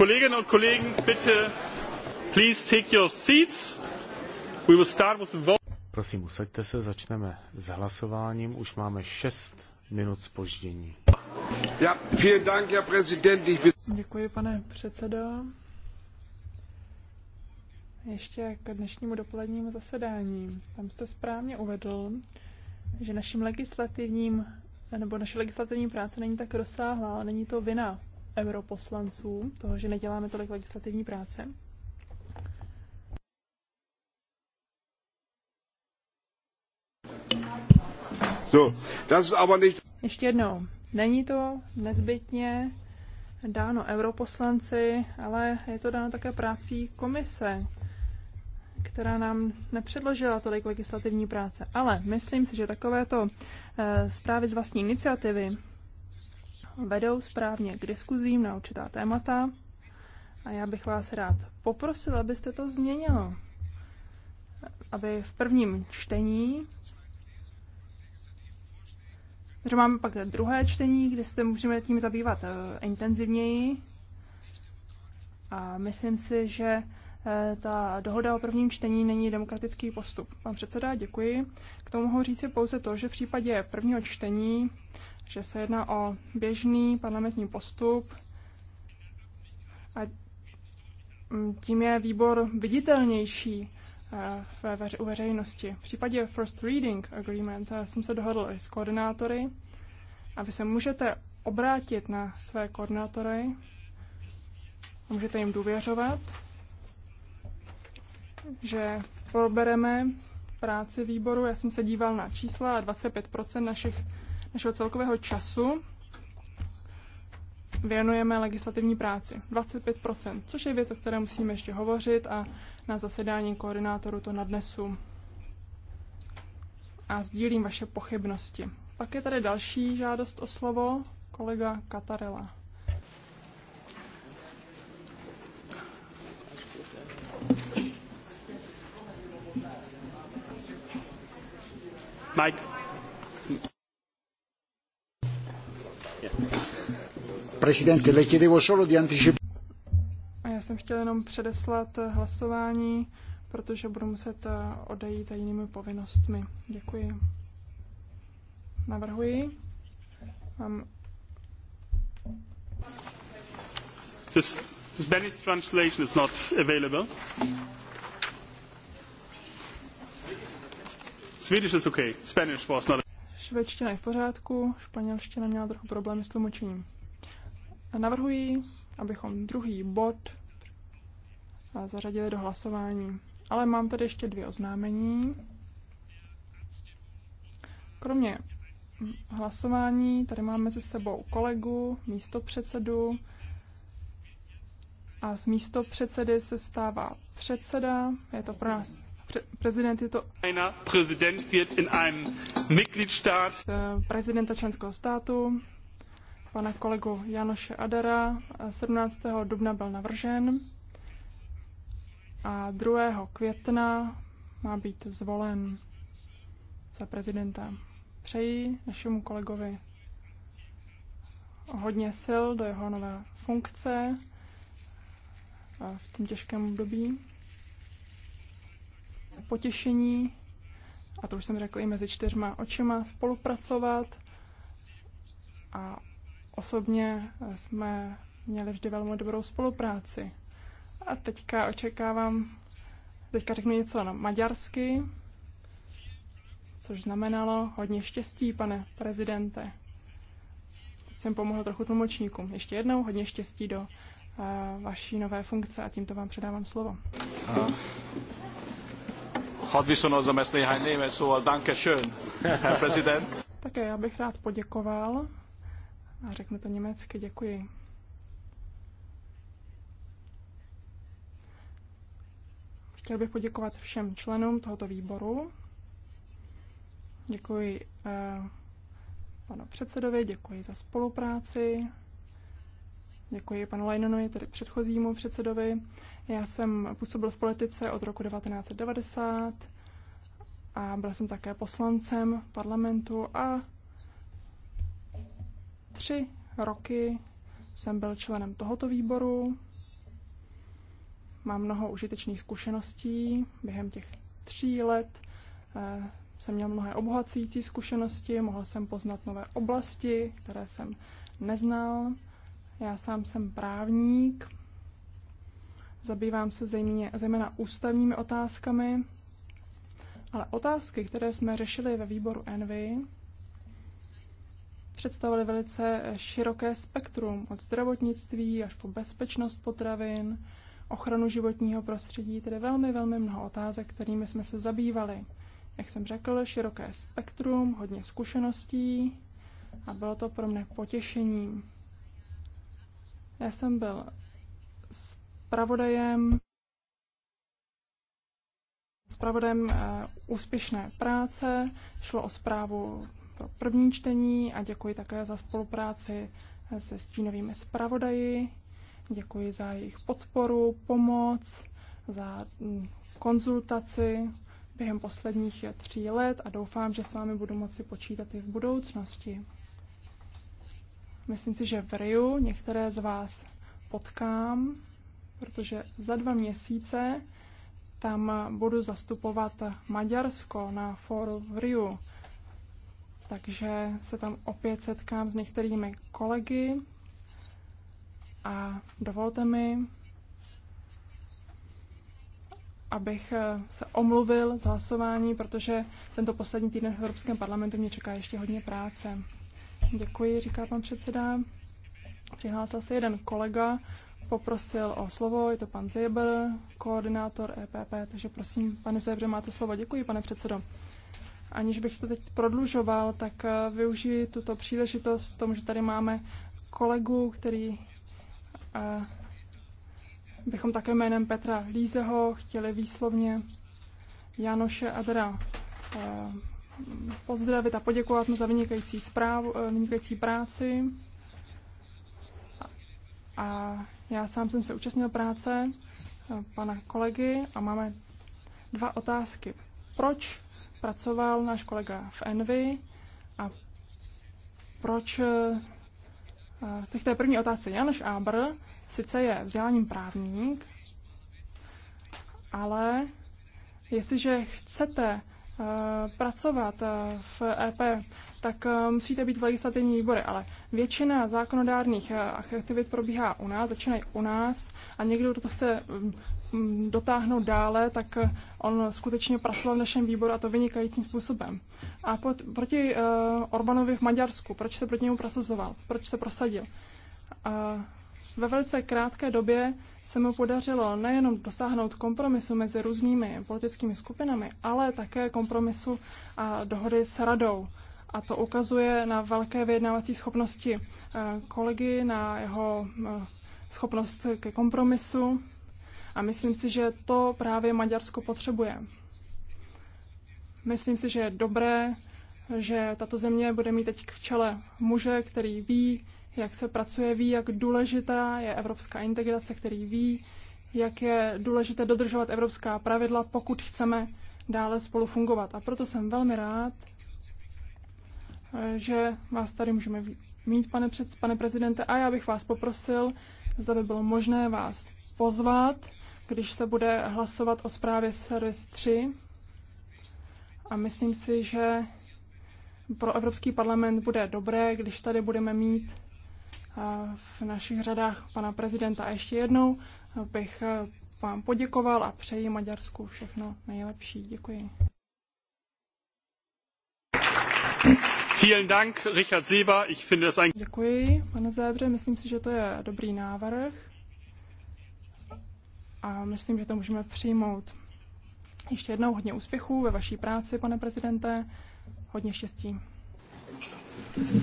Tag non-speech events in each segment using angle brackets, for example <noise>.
Kolleginnen und Kollegen, bitte, please take your seats. We will start with the vote. Prosím, usaďte se, začneme s hlasováním. Už máme 6 minut spoždění. Ja, vielen Dank, Herr Präsident. Ich bin... Děkuji, pane předsedo. Ještě k dnešnímu dopolednímu zasedání. Tam jste správně uvedl, že naším legislativním, nebo naše legislativní práce není tak rozsáhlá, není to vina europoslancům, toho, že neděláme tolik legislativní práce. So, das ist aber nicht... Ještě jednou. Není to nezbytně dáno europoslanci, ale je to dáno také prácí komise, která nám nepředložila tolik legislativní práce. Ale myslím si, že takovéto eh, zprávy z vlastní iniciativy vedou správně k diskuzím na určitá témata. A já bych vás rád poprosil, abyste to změnilo. Aby v prvním čtení, že máme pak druhé čtení, kde se můžeme tím zabývat eh, intenzivněji. A myslím si, že eh, ta dohoda o prvním čtení není demokratický postup. Pan předseda, děkuji. K tomu mohu říci pouze to, že v případě prvního čtení že se jedná o běžný parlamentní postup a tím je výbor viditelnější eh, u veřejnosti. V případě First Reading Agreement eh, jsem se dohodl i s koordinátory a vy se můžete obrátit na své koordinátory a můžete jim důvěřovat, že probereme práci výboru. Já jsem se díval na čísla a 25% našich našeho celkového času věnujeme legislativní práci. 25%, což je věc, o které musíme ještě hovořit a na zasedání koordinátoru to nadnesu. A sdílím vaše pochybnosti. Pak je tady další žádost o slovo, kolega Katarela. Mike. Presidente, le chiedevo solo di anticipare. A já jsem chtěl jenom předeslat eh, hlasování, protože budu muset eh, odejít a jinými povinnostmi. Děkuji. Navrhuji. Mám... This, this Spanish translation is not available. Swedish is okay. Spanish was not. Švédština je v pořádku, španělština měla trochu problém s tlumočením. Navrhuji, abychom druhý bod zařadili do hlasování. Ale mám tady ještě dvě oznámení. Kromě hlasování tady máme mezi sebou kolegu, místopředsedu a z místopředsedy se stává předseda. Je to pro nás prezident je to Einer wird in einem Mitgliedstaat. Eh, prezidenta členského státu pana kolegu Janoše Adara. 17. dubna byl navržen a 2. května má být zvolen za prezidenta. Přeji našemu kolegovi hodně sil do jeho nové funkce v tom těžkém období. Potěšení, a to už jsem řekl i mezi čtyřma očima, spolupracovat a osobně jsme měli vždy velmi dobrou spolupráci. A teďka očekávám, teďka řeknu něco na maďarsky, což znamenalo hodně štěstí, pane prezidente. Teď jsem pomohl trochu tlumočníkům. Ještě jednou hodně štěstí do uh, vaší nové funkce a tímto vám předávám slovo. Uh, Danke schön, Také já bych rád poděkoval a řeknu to německy, děkuji. Chtěl bych poděkovat všem členům tohoto výboru. Děkuji eh, panu předsedovi, děkuji za spolupráci. Děkuji panu Leinenovi, tedy předchozímu předsedovi. Já jsem působil v politice od roku 1990 a byl jsem také poslancem parlamentu a Tři roky jsem byl členem tohoto výboru. Mám mnoho užitečných zkušeností. Během těch tří let eh, jsem měl mnohé obohacující zkušenosti, mohl jsem poznat nové oblasti, které jsem neznal. Já sám jsem právník, zabývám se zejmě, zejména ústavními otázkami, ale otázky, které jsme řešili ve výboru Envy, představily velice široké spektrum od zdravotnictví až po bezpečnost potravin, ochranu životního prostředí, tedy velmi, velmi mnoho otázek, kterými jsme se zabývali. Jak jsem řekl, široké spektrum, hodně zkušeností a bylo to pro mě potěšením. Já jsem byl s s zpravodajem eh, úspěšné práce. Šlo o zprávu první čtení a děkuji také za spolupráci se stínovými zpravodaji. Děkuji za jejich podporu, pomoc, za mm, konzultaci během posledních tří let a doufám, že s vámi budu moci počítat i v budoucnosti. Myslím si, že v Riu některé z vás potkám, protože za dva měsíce tam budu zastupovat Maďarsko na fóru v Riu takže se tam opět setkám s některými kolegy a dovolte mi, abych eh, se omluvil z hlasování, protože tento poslední týden v Evropském parlamentu mě čeká ještě hodně práce. Děkuji, říká pan předseda. Přihlásil se jeden kolega, poprosil o slovo, je to pan Zebr, koordinátor EPP, takže prosím, pane Zebře, máte slovo. Děkuji, pane předsedo. Aniž bych to teď prodlužoval, tak eh, využiji tuto příležitost tomu, že tady máme kolegu, který eh, bychom také jménem Petra Lízeho chtěli výslovně Janoše Adra eh, pozdravit a poděkovat mu za vynikající, zprávu, vynikající práci. A já sám jsem se účastnil práce pana kolegy a máme dva otázky. Proč pracoval náš kolega v Envy a proč k eh, té první otázce Janoš Ábr sice je vzděláním právník, ale jestliže chcete eh, pracovat eh, v EP, tak musíte být v legislativní výbory, ale většina zákonodárných aktivit probíhá u nás, začínají u nás a někdo, kdo to chce mm, dotáhnout dále, tak eh, on skutečně pracoval v našem výboru a to vynikajícím způsobem. A pod proti uh, eh, Orbanovi v Maďarsku, proč se proti němu prosazoval, proč se prosadil? Uh, ve velice krátké době se mu podařilo nejenom dosáhnout kompromisu mezi různými politickými skupinami, ale také kompromisu a dohody s radou. A to ukazuje na velké vyjednávací schopnosti eh, kolegy, na jeho schopnost ke kompromisu a myslím si, že to právě Maďarsko potřebuje. Myslím si, že je dobré, že tato země bude mít teď v čele muže, který ví, jak se pracuje, ví, jak důležitá je evropská integrace, který ví, jak je důležité dodržovat evropská pravidla, pokud chceme dále spolu fungovat. A proto jsem velmi rád, že vás tady můžeme mít, pane, před, pane prezidente, a já bych vás poprosil, zda by bylo možné vás pozvat když se bude hlasovat o zprávě Service 3. A myslím si, že pro Evropský parlament bude dobré, když tady budeme mít v našich řadách pana prezidenta. A ještě jednou bych vám poděkoval a přeji Maďarsku všechno nejlepší. Děkuji. Vielen Dank, Richard Seber. Ich finde das ein... Děkuji, pane Zébře. Myslím si, že to je dobrý návrh a myslím, že to můžeme přijmout. Ještě jednou hodně úspěchů ve vaší práci, pane prezidente. Hodně štěstí. Uh,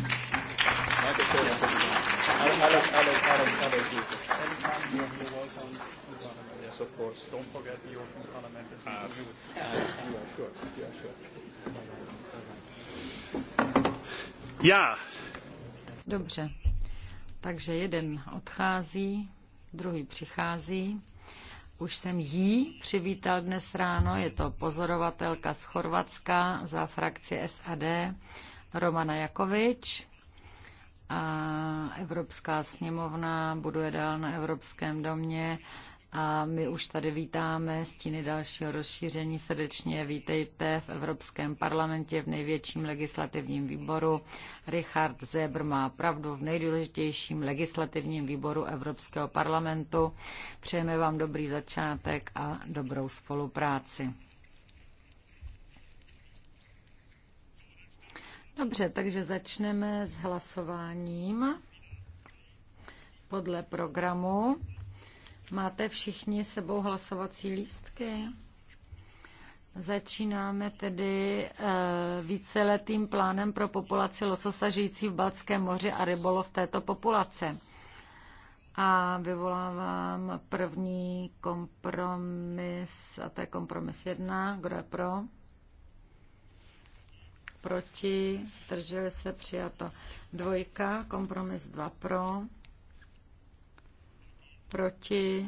Já. Dobře. Takže jeden odchází, druhý přichází. Už jsem jí přivítal dnes ráno, je to pozorovatelka z Chorvatska za frakci SAD, Romana Jakovič. A Evropská sněmovna buduje dál na Evropském domě a my už tady vítáme stíny dalšího rozšíření. Srdečně vítejte v Evropském parlamentě v největším legislativním výboru. Richard Zebr má pravdu v nejdůležitějším legislativním výboru Evropského parlamentu. Přejeme vám dobrý začátek a dobrou spolupráci. Dobře, takže začneme s hlasováním podle programu. Máte všichni sebou hlasovací lístky? Začínáme tedy eh, víceletým plánem pro populaci lososa žijící v Balckém moři a rybolov této populace. A vyvolávám první kompromis, a to je kompromis jedna. Kdo je pro? Proti? Zdrželi se přijato dvojka, kompromis dva pro proti,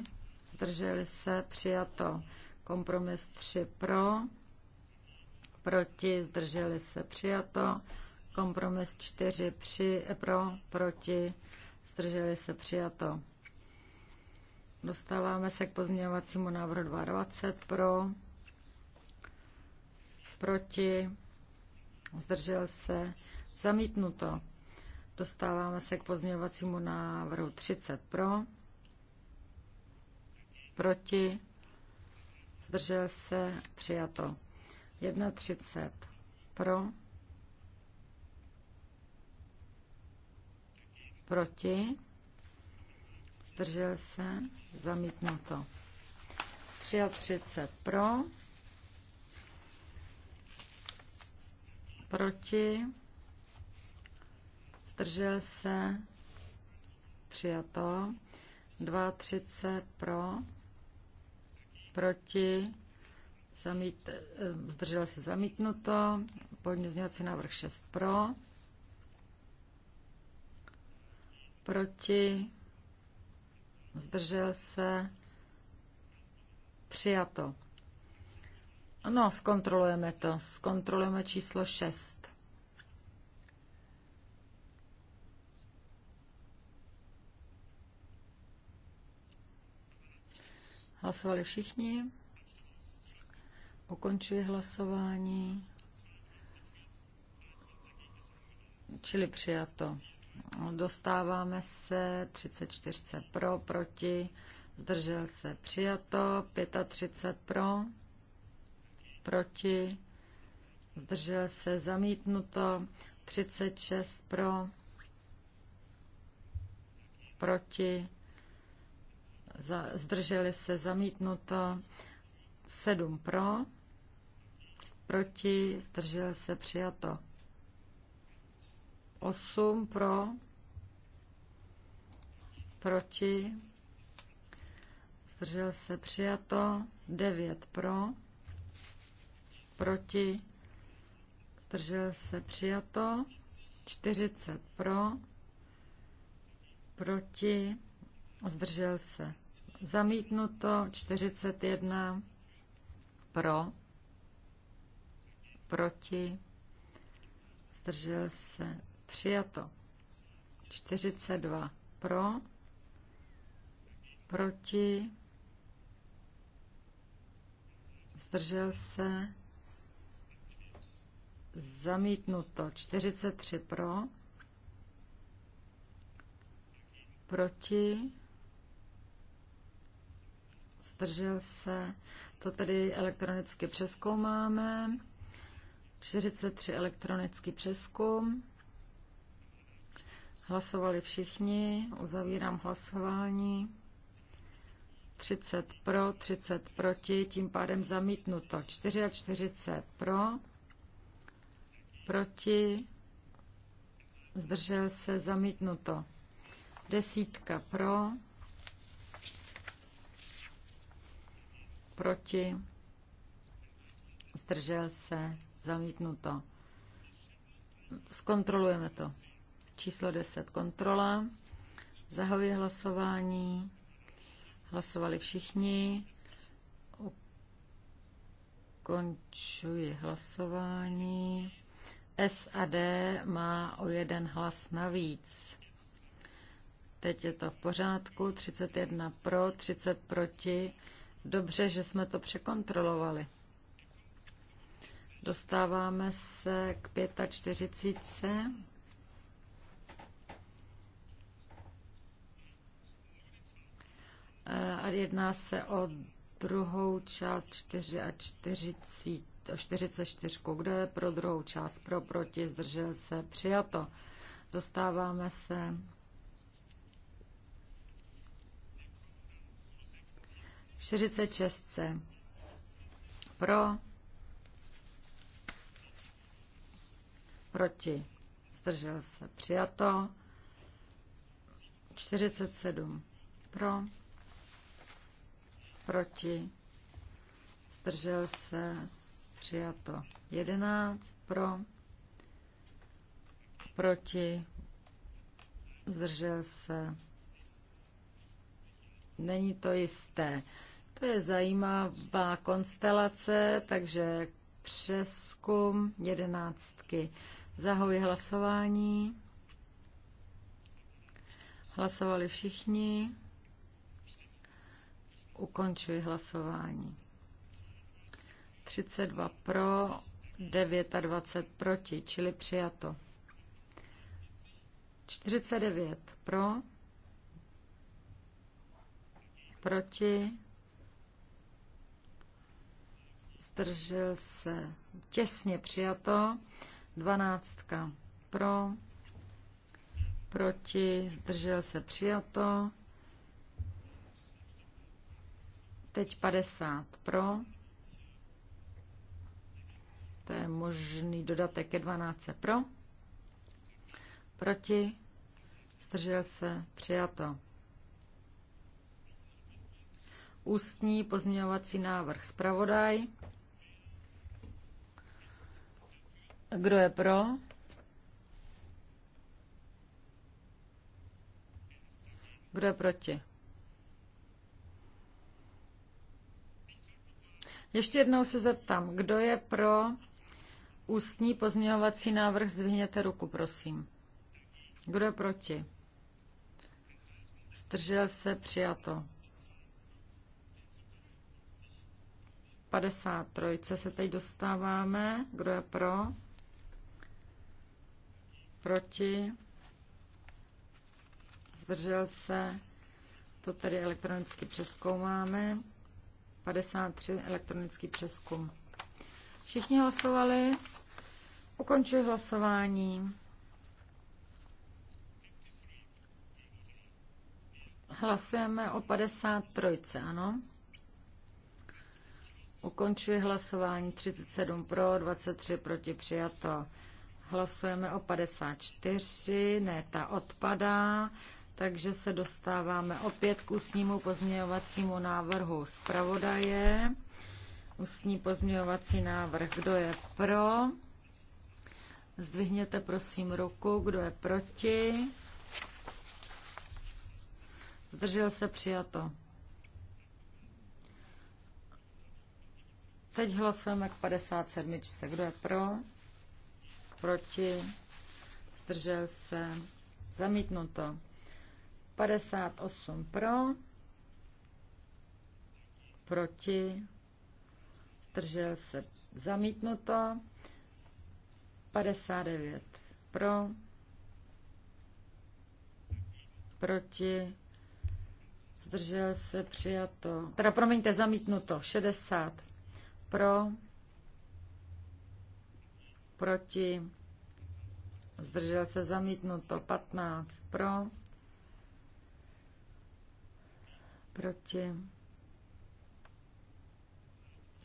zdrželi se, přijato. Kompromis 3 pro, proti, zdrželi se, přijato. Kompromis 4 při, pro, proti, zdrželi se, přijato. Dostáváme se k pozměňovacímu návrhu 22 pro, proti, zdržel se, zamítnuto. Dostáváme se k pozměňovacímu návrhu 30 pro, proti, zdržel se, přijato. 1,30 pro, proti, zdržel se, zamítnuto. 3,30 pro, proti, zdržel se, přijato, 2,30 pro, proti, zamít, eh, zdržel se zamítnuto, podnězňovací návrh 6 pro, proti, zdržel se, přijato. No, zkontrolujeme to. Zkontrolujeme číslo 6. Hlasovali všichni. Ukončuji hlasování. Čili přijato. Dostáváme se 34 pro, proti, zdržel se přijato, 35 pro, proti, zdržel se zamítnuto, 36 pro, proti, zdrželi se zamítnuto 7 pro, proti, zdrželi se přijato 8 pro, proti, zdrželi se přijato 9 pro, proti, zdrželi se přijato 40 pro, proti, zdržel se Zamítnuto 41 pro, proti, zdržel se, přijato 42 pro, proti, zdržel se, zamítnuto 43 pro, proti, zdržel se, to tedy elektronicky přeskoumáme. 43 elektronický přeskum. Hlasovali všichni, uzavírám hlasování. 30 pro, 30 proti, tím pádem zamítnuto. 44 pro, proti, zdržel se, zamítnuto. Desítka pro, proti, zdržel se, zamítnuto. Zkontrolujeme to. Číslo 10, kontrola. Zahově hlasování. Hlasovali všichni. Ukončuji hlasování. S a D má o jeden hlas navíc. Teď je to v pořádku. 31 pro, 30 proti. Dobře, že jsme to překontrolovali. Dostáváme se k 45. Eh, a jedná se o druhou část 4 a 44. Kde je pro druhou část? Pro, proti, zdržel se, přijato. Dostáváme se 46. Pro. Proti. Zdržel se. Přijato. 47. Pro. Proti. Zdržel se. Přijato. 11. Pro. Proti. Zdržel se. Není to jisté. To je zajímavá konstelace, takže přeskum jedenáctky. Zahoji hlasování. Hlasovali všichni. Ukončuji hlasování. 32 pro, 29 proti, čili přijato. 49 pro, proti, zdržel se těsně přijato. Dvanáctka pro, proti, zdržel se přijato. Teď 50 pro. To je možný dodatek ke 12 pro. Proti, zdržel se přijato. Ústní pozměňovací návrh zpravodaj. Kdo je pro? Kdo je proti? Ještě jednou se zeptám, kdo je pro ústní pozměňovací návrh, zdvihněte ruku, prosím. Kdo je proti? Zdržel se, přijato. 53. se teď dostáváme. Kdo je pro? proti, zdržel se, to tedy elektronicky přeskoumáme, 53 elektronický přeskum. Všichni hlasovali, ukončuji hlasování. Hlasujeme o 53, ano. Ukončuji hlasování 37 pro, 23 proti přijato. Hlasujeme o 54, ne, ta odpadá, takže se dostáváme opět k ústnímu pozměňovacímu návrhu zpravodaje. Ústní pozměňovací návrh, kdo je pro? Zdvihněte prosím ruku, kdo je proti? Zdržel se přijato. Teď hlasujeme k 57. Kdo je pro? proti, zdržel se, zamítnuto. 58 pro, proti, zdržel se, zamítnuto. 59 pro, proti, zdržel se, přijato. Teda promiňte, zamítnuto. 60 pro, proti, zdržel se zamítnuto 15 pro, proti,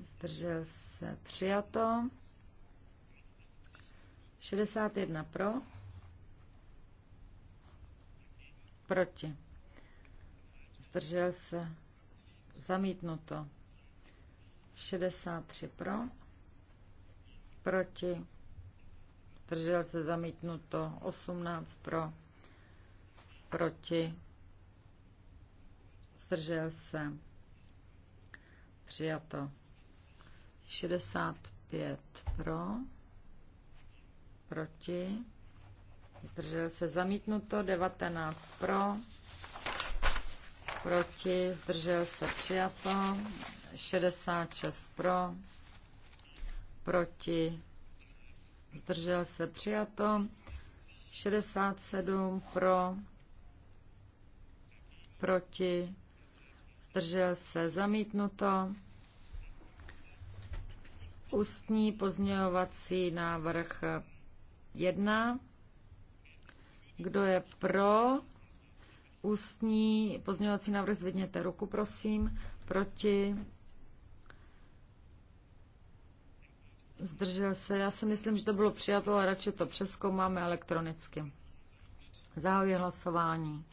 zdržel se přijato, 61 pro, proti, zdržel se zamítnuto, 63 pro, proti, zdržel se zamítnuto, 18 pro, proti, zdržel se, přijato, 65 pro, proti, zdržel se zamítnuto, 19 pro, proti, zdržel se přijato, 66 pro, proti, zdržel se přijato, 67 pro, proti, zdržel se zamítnuto, ústní pozměňovací návrh 1, kdo je pro, ústní pozměňovací návrh, zvedněte ruku, prosím, proti, Zdržel se. Já si myslím, že to bylo přijato, ale radši to přeskoumáme elektronicky. Zahajuji hlasování.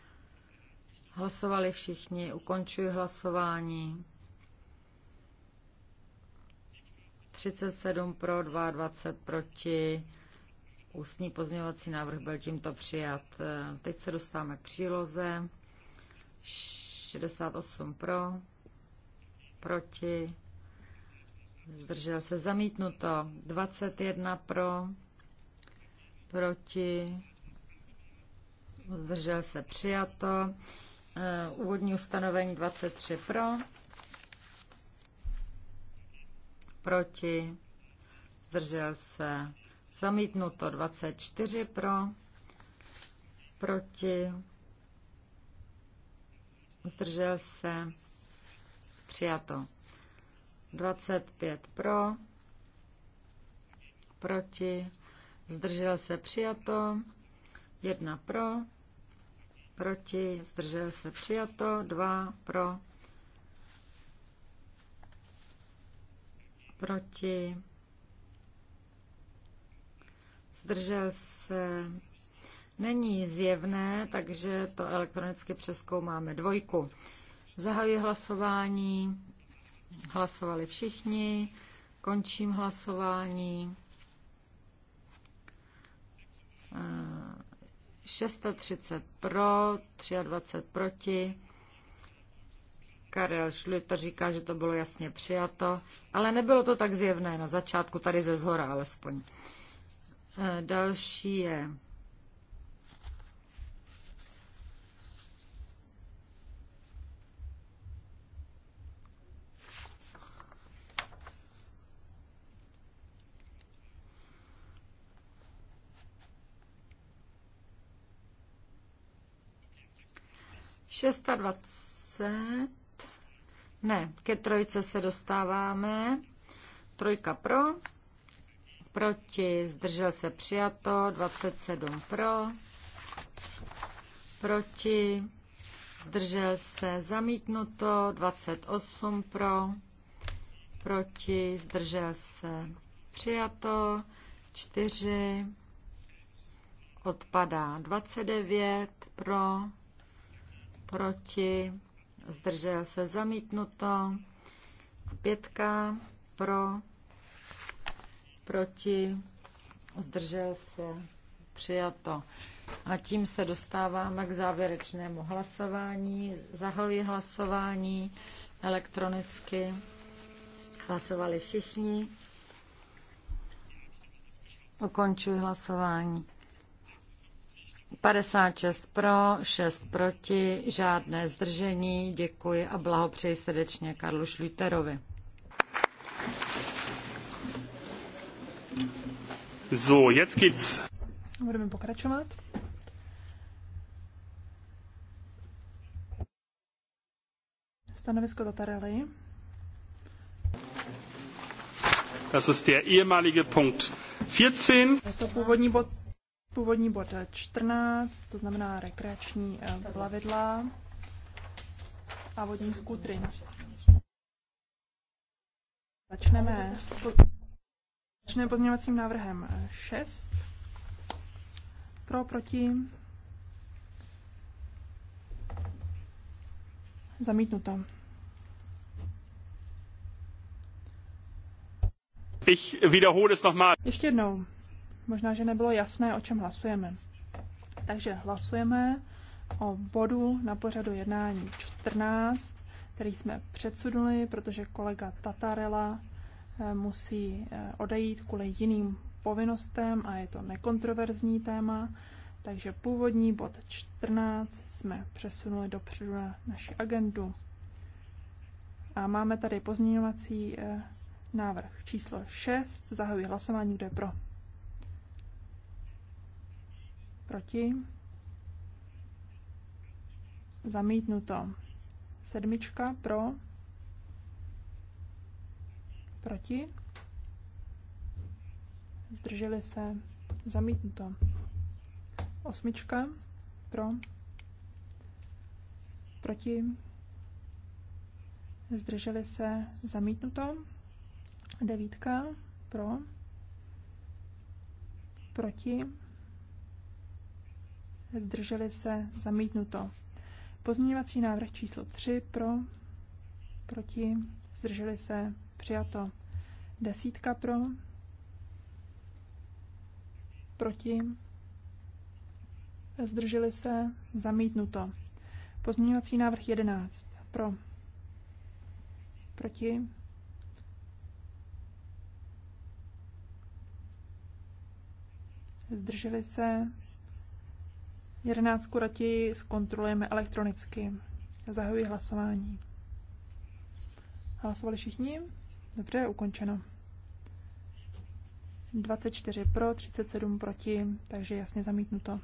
Hlasovali všichni. Ukončuji hlasování. 37 pro, 22 proti. Ústní pozměňovací návrh byl tímto přijat. Teď se dostáváme k příloze. 68 pro, proti, zdržel se zamítnuto. 21 pro, proti, zdržel se přijato. Eh, úvodní ustanovení 23 pro, proti, zdržel se zamítnuto 24 pro, proti, zdržel se přijato. 25 pro, proti, zdržel se přijato, 1 pro, proti, zdržel se přijato, 2 pro, proti, zdržel se, není zjevné, takže to elektronicky přeskoumáme dvojku. Zahajuji hlasování. Hlasovali všichni. Končím hlasování. 630 eh, pro, 23 proti. Karel Šlüter říká, že to bylo jasně přijato, ale nebylo to tak zjevné na začátku, tady ze zhora alespoň. Eh, další je 26. Ne, ke trojce se dostáváme. Trojka pro. Proti, zdržel se přijato. 27 pro. Proti, zdržel se zamítnuto. 28 pro. Proti, zdržel se přijato. 4 odpadá 29 pro proti, zdržel se zamítnuto, pětka pro, proti, zdržel se přijato. A tím se dostáváme k závěrečnému hlasování. Zahojí hlasování elektronicky. Hlasovali všichni. Ukončuji hlasování. 56 pro, 6 proti, žádné zdržení. Děkuji a blahopřeji srdečně Karlu Šlüterovi. So, jetzt geht's. Budeme pokračovat. Stanovisko Tatarely. Das ist der ehemalige Punkt 14. Je to původní bod Původní bod 14, to znamená rekreační eh, plavidla a vodní skutry. Začneme, začneme pozměňovacím návrhem 6. Eh, Pro, proti. Zamítnuto. Ich wiederhole es nochmal. Ještě jednou. Možná, že nebylo jasné, o čem hlasujeme. Takže hlasujeme o bodu na pořadu jednání 14, který jsme předsudili, protože kolega Tatarela eh, musí eh, odejít kvůli jiným povinnostem a je to nekontroverzní téma. Takže původní bod 14 jsme přesunuli dopředu na naši agendu. A máme tady pozměňovací eh, návrh číslo 6. Zahajuji hlasování, kdo je pro. Proti? Zamítnuto. Sedmička pro? Proti? Zdrželi se. Zamítnuto. Osmička pro? Proti? Zdrželi se. Zamítnuto. Devítka pro? Proti? zdrželi se, zamítnuto. Pozměňovací návrh číslo 3 pro, proti, zdrželi se, přijato. Desítka pro, proti, zdrželi se, zamítnuto. Pozměňovací návrh 11 pro, proti, zdrželi se, Jedenáctku raději zkontrolujeme elektronicky. Zahajuji hlasování. Hlasovali všichni? Dobře, ukončeno. 24 pro, 37 proti, takže jasně zamítnuto.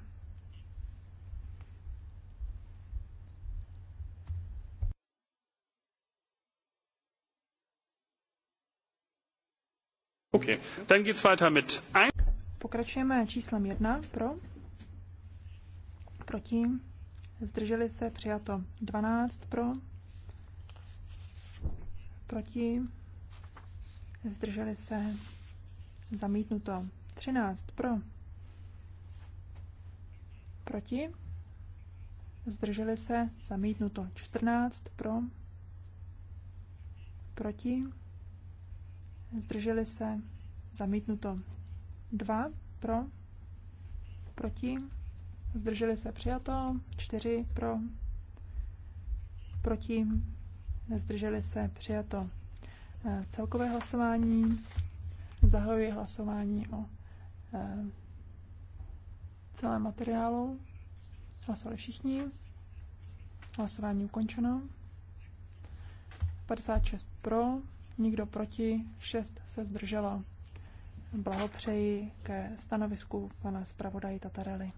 Okay. Dann geht's weiter mit Pokračujeme číslem 1 pro proti, zdrželi se, přijato 12 pro, proti, zdrželi se, zamítnuto 13 pro, proti, zdrželi se, zamítnuto 14 pro, proti, zdrželi se, zamítnuto 2 pro, proti, zdrželi se přijato, čtyři pro, proti, zdrželi se přijato. Eh, celkové hlasování, zahajuji hlasování o eh, celém materiálu. Hlasovali všichni. Hlasování ukončeno. 56 pro, nikdo proti, 6 se zdrželo. Blahopřeji ke stanovisku pana zpravodaji Tatarely.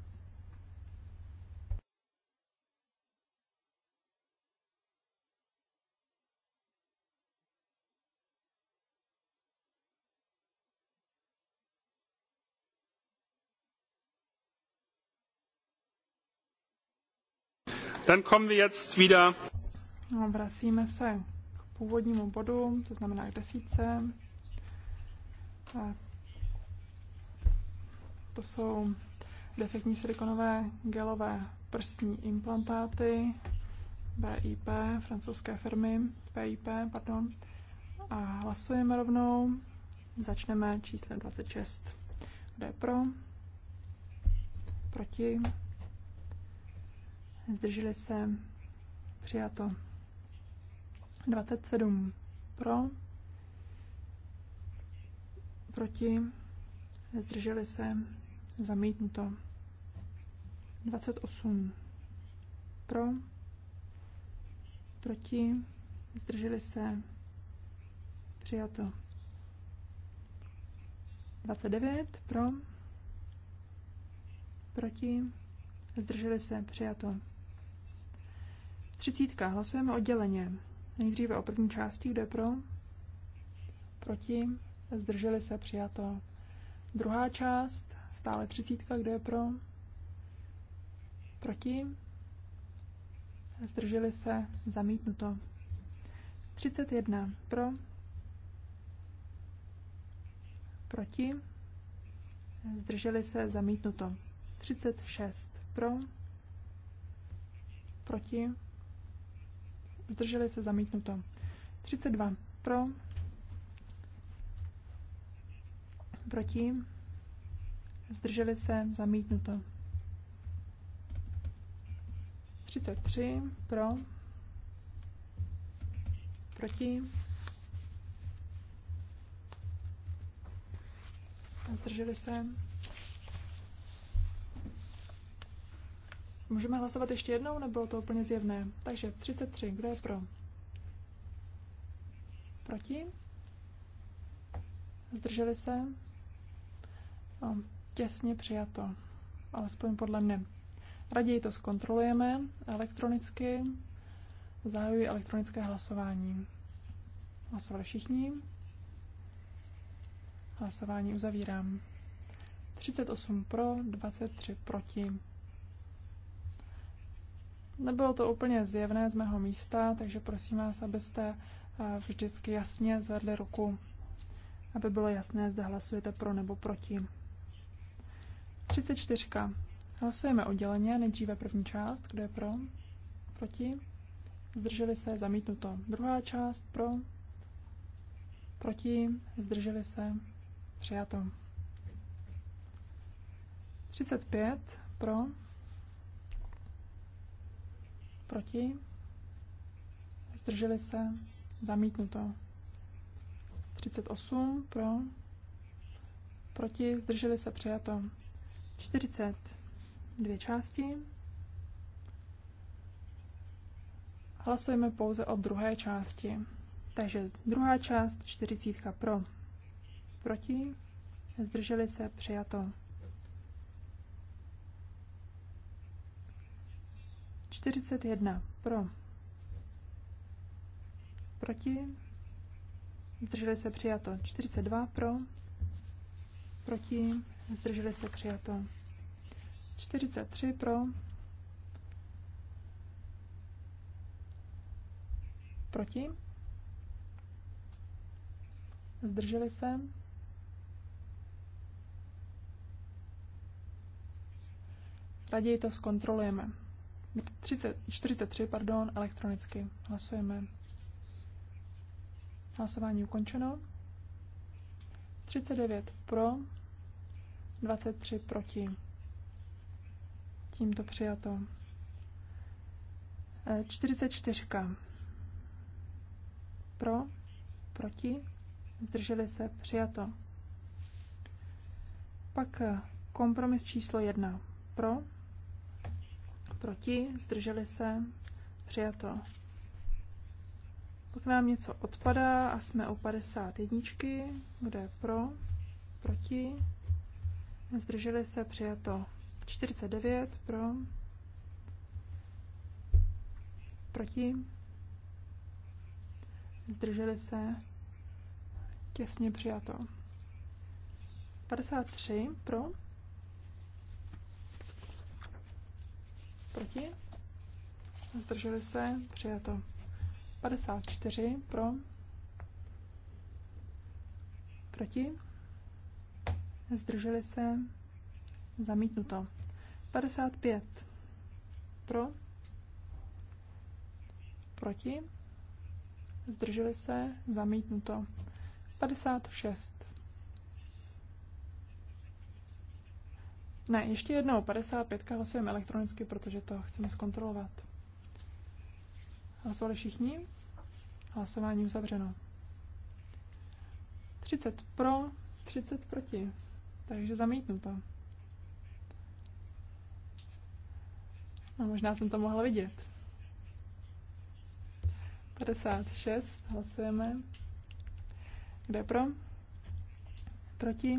Dann kommen wir jetzt wieder. No, vracíme se k původnímu bodu, to znamená k desíce. A to jsou defektní silikonové gelové prsní implantáty BIP, francouzské firmy BIP, pardon. A hlasujeme rovnou. Začneme číslem 26. Kdo je pro? Proti? zdrželi se, přijato. 27 pro, proti, zdrželi se, zamítnuto. 28 pro, proti, zdrželi se, přijato. 29 pro, proti, zdrželi se, přijato. Třicítka. Hlasujeme odděleně. Nejdříve o první části, je pro, proti, zdrželi se, přijato. Druhá část, stále třicítka, kde je pro, proti, zdrželi se, zamítnuto. 31 pro, proti, zdrželi se, zamítnuto. 36 pro, proti, zdrželi se zamítnuto. 32 pro, proti, zdrželi se zamítnuto. 33 pro, proti, zdrželi se Můžeme hlasovat ještě jednou, nebylo to úplně zjevné. Takže 33, kdo je pro? Proti? Zdrželi se? No, těsně přijato, alespoň podle mne. Raději to zkontrolujeme elektronicky. Zahajuji elektronické hlasování. Hlasovali všichni. Hlasování uzavírám. 38 pro, 23 proti. Nebylo to úplně zjevné z mého místa, takže prosím vás, abyste eh, vždycky jasně zvedli ruku, aby bylo jasné, zda hlasujete pro nebo proti. 34. Hlasujeme odděleně, nejdříve první část, kdo je pro, proti, zdrželi se, zamítnuto. Druhá část pro, proti, zdrželi se, přijato. 35 pro, Proti? Zdrželi se? Zamítnuto. 38 pro. Proti? Zdrželi se? Přijato. 40. Dvě části. Hlasujeme pouze o druhé části. Takže druhá část 40 pro. Proti? Zdrželi se? Přijato. 41 pro. Proti. Zdrželi se přijato. 42 pro. Proti. Zdrželi se přijato. 43 pro. Proti. Zdrželi se. Raději to zkontrolujeme. 43, pardon, elektronicky. Hlasujeme. Hlasování ukončeno. 39 pro, 23 proti. Tímto přijato. 44. E, pro, proti, zdrželi se, přijato. Pak e, kompromis číslo 1. Pro, proti, zdrželi se, přijato. Pak nám něco odpadá a jsme u 51. Kdo je pro? Proti? Zdrželi se, přijato. 49 pro. Proti? Zdrželi se, těsně přijato. 53 pro Proti? Zdrželi se? Přijato. 54 pro. Proti? Zdrželi se? Zamítnuto. 55 pro. Proti? Zdrželi se? Zamítnuto. 56 Ne, ještě jednou 55 hlasujeme elektronicky, protože to chceme zkontrolovat. Hlasovali všichni? Hlasování uzavřeno. 30 pro, 30 proti. Takže zamítnu to. No, možná jsem to mohla vidět. 56, hlasujeme. Kde pro? Proti?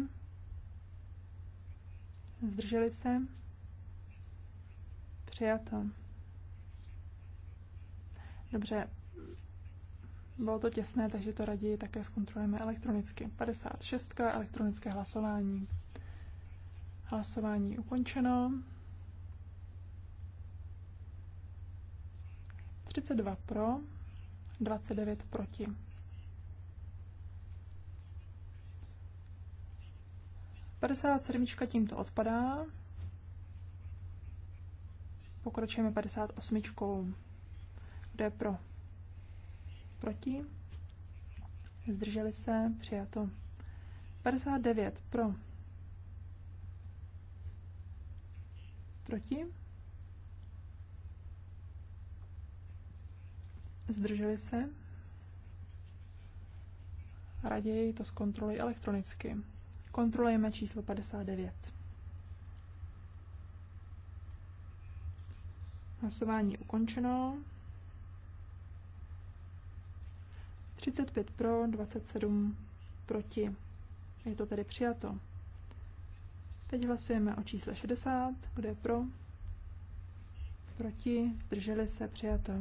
Zdrželi se? Přijato. Dobře, bylo to těsné, takže to raději také zkontrolujeme elektronicky. 56. Elektronické hlasování. Hlasování ukončeno. 32 pro, 29 proti. 57 tímto odpadá. Pokračujeme 58. Kdo je pro? Proti? Zdrželi se? Přijato. 59 pro. Proti? Zdrželi se? Raději to zkontroluji elektronicky. Kontrolujeme číslo 59. Hlasování ukončeno. 35 pro, 27 proti. Je to tedy přijato. Teď hlasujeme o čísle 60. Kdo je pro? Proti. Zdrželi se. Přijato.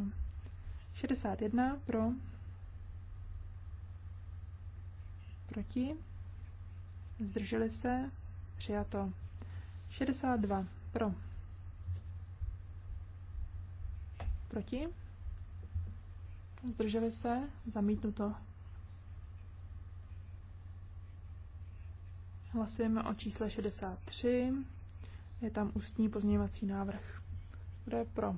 61 pro. Proti zdrželi se, přijato. 62 pro, proti, zdrželi se, zamítnuto. Hlasujeme o čísle 63. Je tam ústní pozměňovací návrh. Kdo je pro?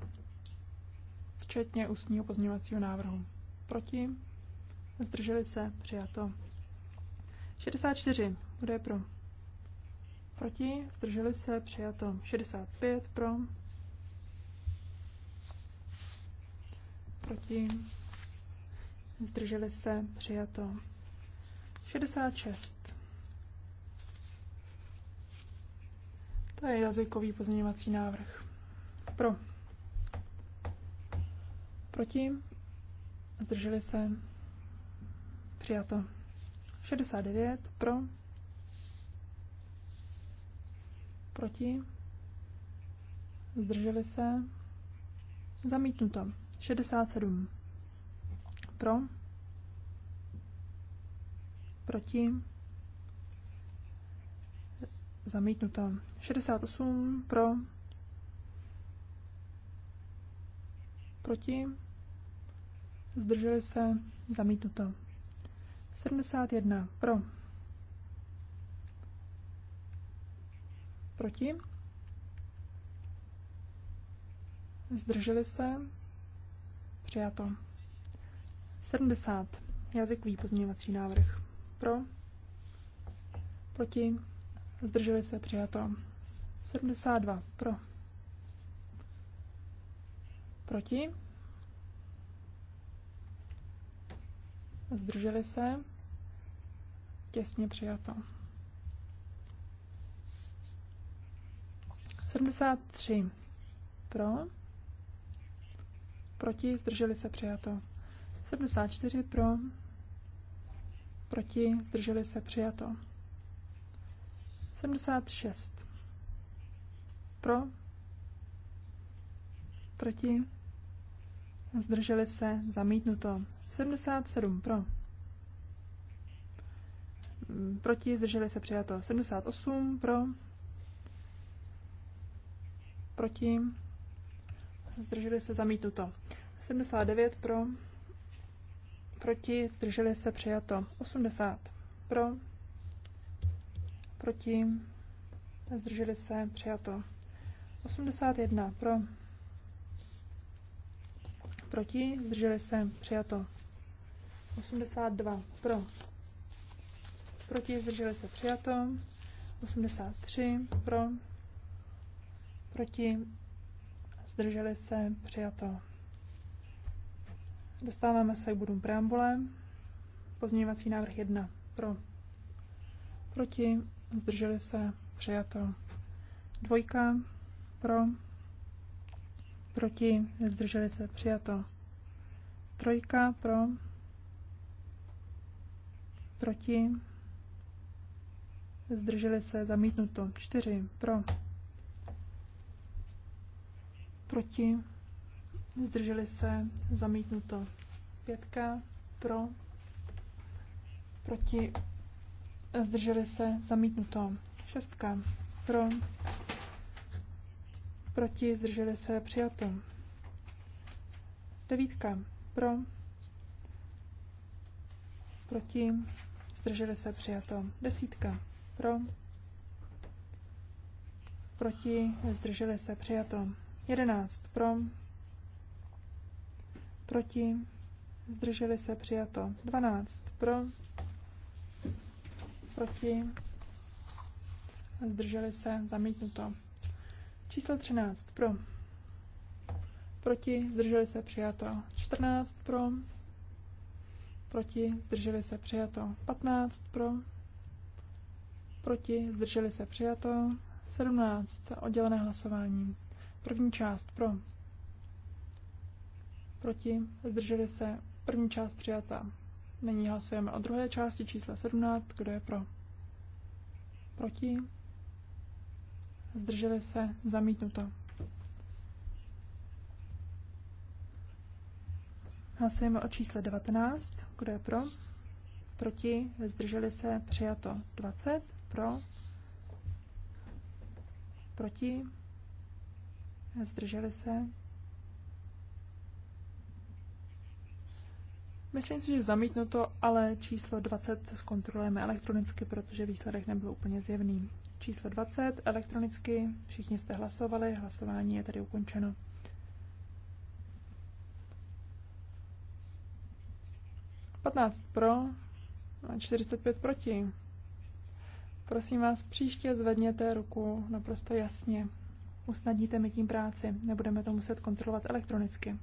Včetně ústního pozměňovacího návrhu. Proti? Zdrželi se? Přijato. 64. Kdo je pro? Proti? Zdrželi se? Přijato. 65 pro. Proti? Zdrželi se? Přijato. 66. To je jazykový pozměňovací návrh. Pro. Proti? Zdrželi se? Přijato. 69 pro Proti? Zdrželi se? Zamítnuto. 67. Pro? Proti? Zamítnuto. 68. Pro? Proti? Zdrželi se? Zamítnuto. 71. Pro? Proti? Zdrželi se? Přijato. 70. Jazykový pozměňovací návrh. Pro? Proti? Zdrželi se? Přijato. 72. Pro? Proti? Zdrželi se? Těsně přijato. 73 pro, proti, zdrželi se přijato. 74 pro, proti, zdrželi se přijato. 76 pro, proti, zdrželi se zamítnuto. 77 pro, proti, zdrželi se přijato. 78 pro, proti, zdrželi se zamítnuto. 79 pro, proti, zdrželi se přijato. 80 pro, proti, zdrželi se přijato. 81 pro, proti, zdrželi se přijato. 82 pro, proti, zdrželi se přijato. 83 pro, Proti? Zdrželi se? Přijato. Dostáváme se k bodům preambule. Pozměňovací návrh 1. Pro. Proti? Zdrželi se? Přijato. Dvojka. Pro. Proti? Zdrželi se? Přijato. Trojka. Pro. Proti? Zdrželi se? Zamítnuto. 4. Pro proti, zdrželi se, zamítnuto. Pětka, pro, proti, zdrželi se, zamítnuto. Šestka, pro, proti, zdrželi se, přijato. Devítka, pro, proti, zdrželi se, přijato. Desítka, pro, proti, zdrželi se, přijato. 11 pro, proti, zdrželi se přijato. 12 pro, proti, zdrželi se zamítnuto. Číslo 13 pro, proti, zdrželi se přijato. 14 pro, proti, zdrželi se přijato. 15 pro, proti, zdrželi se přijato. 17. Oddělené hlasování. První část pro. Proti. Zdrželi se. První část přijatá. Nyní hlasujeme o druhé části čísla 17. Kdo je pro? Proti. Zdrželi se. Zamítnuto. Hlasujeme o čísle 19. Kdo je pro? Proti. Zdrželi se. Přijato. 20. Pro. Proti Zdrželi se? Myslím si, že zamítnuto, ale číslo 20 zkontrolujeme elektronicky, protože výsledek nebyl úplně zjevný. Číslo 20 elektronicky, všichni jste hlasovali, hlasování je tady ukončeno. Patnáct pro a 45 proti. Prosím vás, příště zvedněte ruku naprosto jasně usnadníte mi tím práci, nebudeme to muset kontrolovat elektronicky.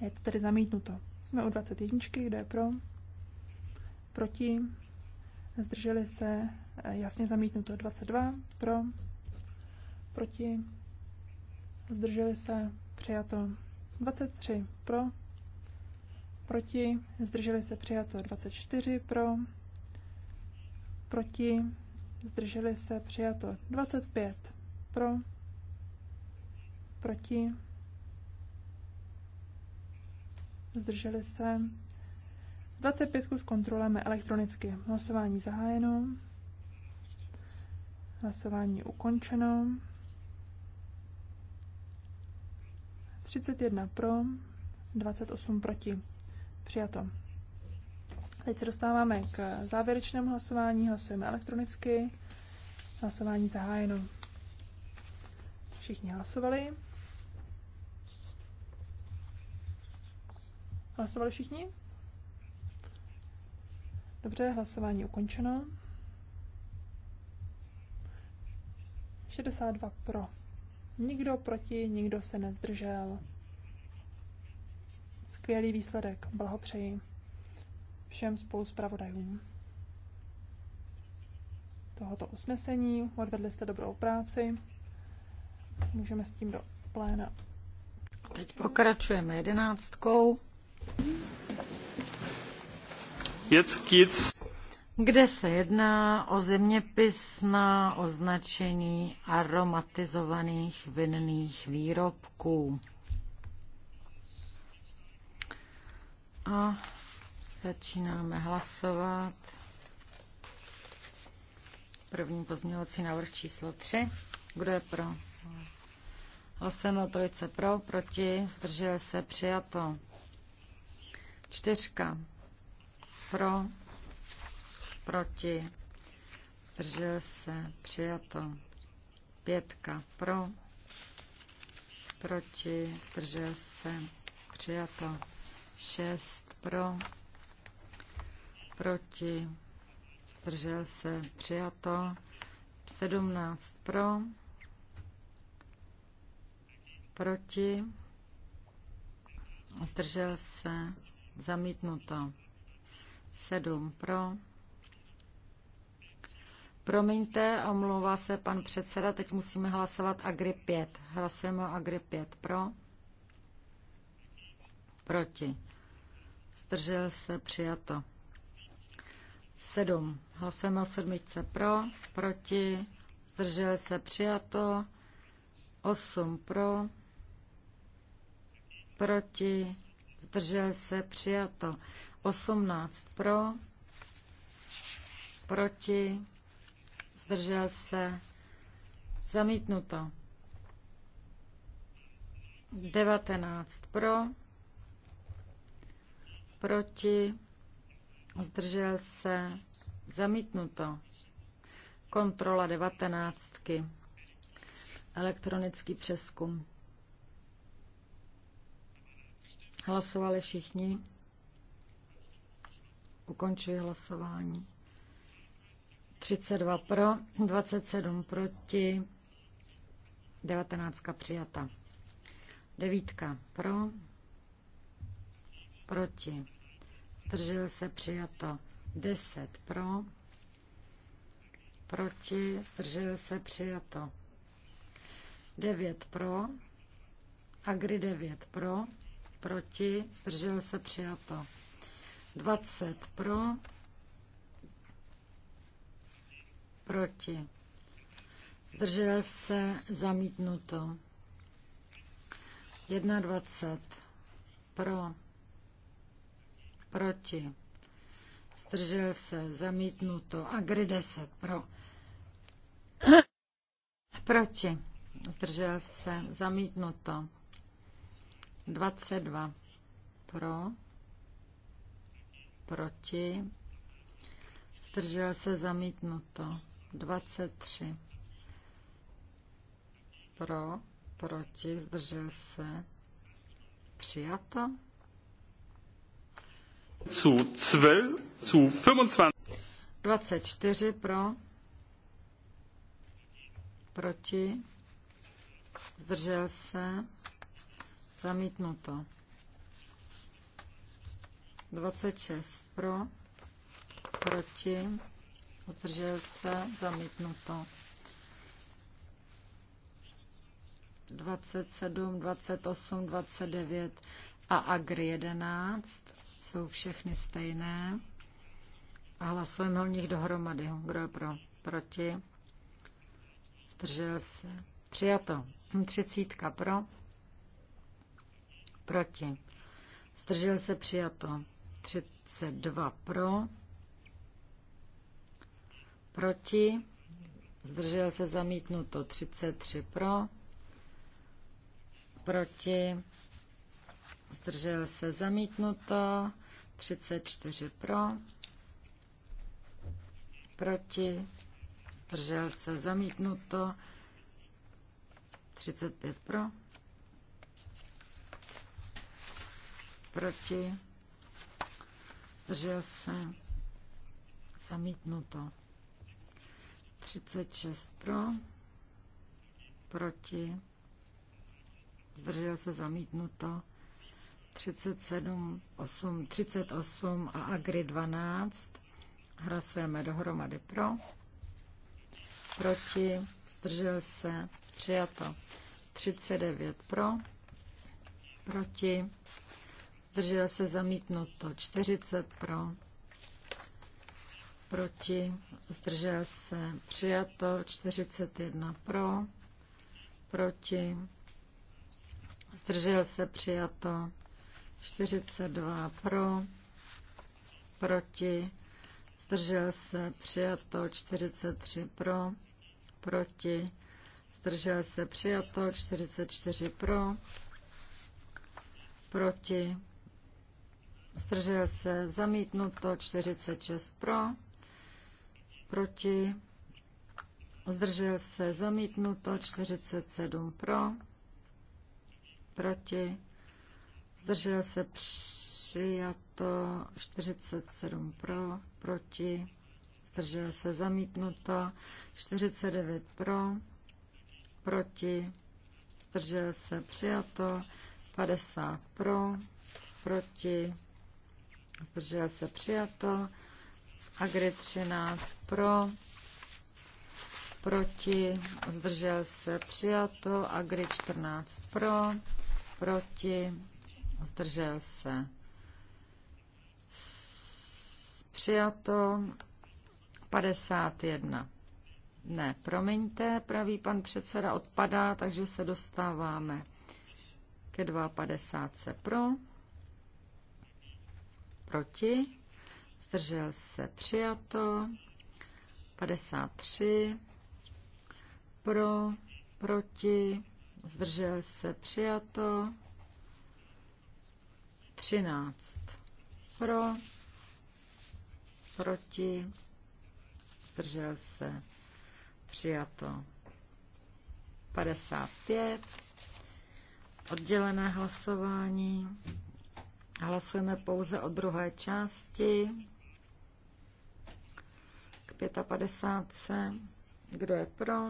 Je to tedy zamítnuto. Jsme u 21, kde je pro, proti, zdrželi se, jasně zamítnuto 22, pro, proti, zdrželi se, přijato 23, pro, proti, zdrželi se, přijato 24, pro, proti, zdrželi se, přijato 25, pro, proti, zdrželi se. 25 zkontrolujeme elektronicky. Hlasování zahájeno. Hlasování ukončeno. 31 pro, 28 proti. Přijato. Teď se dostáváme k závěrečnému hlasování. Hlasujeme elektronicky. Hlasování zahájeno. Všichni hlasovali. Hlasovali všichni? Dobře, hlasování ukončeno. 62 pro. Nikdo proti, nikdo se nezdržel. Skvělý výsledek, blahopřeji všem spolu zpravodajům tohoto usnesení. Odvedli jste dobrou práci. Můžeme s tím do pléna. Teď pokračujeme jedenáctkou. Kde se jedná o zeměpisná označení aromatizovaných vinných výrobků. A začínáme hlasovat. První pozměňovací návrh číslo 3. Kdo je pro? Hlasujeme o trojce pro, proti, zdržel se, přijato. Čtyřka. Pro, proti, držel se, přijato. Pětka. Pro, proti, zdržel se, přijato. Šest. Pro, proti, zdržel se, přijato. Sedmnáct. Pro, proti, zdržel se, Zamítnuto. 7 pro. Promiňte, omlouvá se pan předseda, teď musíme hlasovat Agri 5. Hlasujeme o Agri 5 pro. Proti. Zdržel se, přijato. 7. Hlasujeme o sedmičce pro, proti, zdržel se, přijato. 8 pro, proti, zdržel se, přijato. 18 pro, proti, zdržel se, zamítnuto. 19 pro, proti, zdržel se, zamítnuto. Kontrola 19. Elektronický přeskum. Hlasovali všichni? Ukončuji hlasování. 32 pro, 27 proti, 19 přijata. Devítka pro, proti, držel se přijato. 10 pro, proti, zdržel se přijato. 9 pro, Agri 9 pro, proti, zdržel se přijato. 20 pro, proti, zdržel se zamítnuto. 21 pro, proti, zdržel se zamítnuto. A kdy 10 pro, proti, zdržel se zamítnuto. 22 pro, proti, zdržel se zamítnuto. 23 pro, proti, zdržel se přijato. Zu 12, zu 25. 24 pro, proti, zdržel se Zamítnuto. 26 pro, proti, zdržel se, zamítnuto. 27, 28, 29 a Agri 11 jsou všechny stejné. A hlasujeme o nich dohromady. Kdo je pro? Proti? Zdržel se. Přijato. Třicítka pro proti. Zdržel se přijato 32 pro, proti, zdržel se zamítnuto 33 pro, proti, zdržel se zamítnuto 34 pro, proti, zdržel se zamítnuto 35 pro. proti, zdržel se, zamítnuto. 36 pro, proti, zdržel se, zamítnuto. 37, 8, 38 a Agri 12. Hlasujeme dohromady pro, proti, zdržel se, přijato. 39 pro, proti, zdržel se zamítnuto 40 pro, proti, zdržel se přijato 41 pro, proti, zdržel se přijato 42 pro, proti, zdržel se přijato 43 pro, proti, zdržel se přijato 44 pro, proti, zdržel se, zamítnuto 46 pro, proti, zdržel se, zamítnuto 47 pro, proti, zdržel se, přijato 47 pro, proti, zdržel se, zamítnuto 49 pro, proti, zdržel se, přijato 50 pro, proti, zdržel se přijato. Agri 13 pro, proti, zdržel se přijato. Agri 14 pro, proti, zdržel se přijato. 51 ne, promiňte, pravý pan předseda odpadá, takže se dostáváme ke 2,50 pro, proti, zdržel se přijato, 53 pro, proti, zdržel se přijato, 13 pro, proti, zdržel se přijato, 55 oddělené hlasování. Hlasujeme pouze o druhé části k 55. Kdo je pro?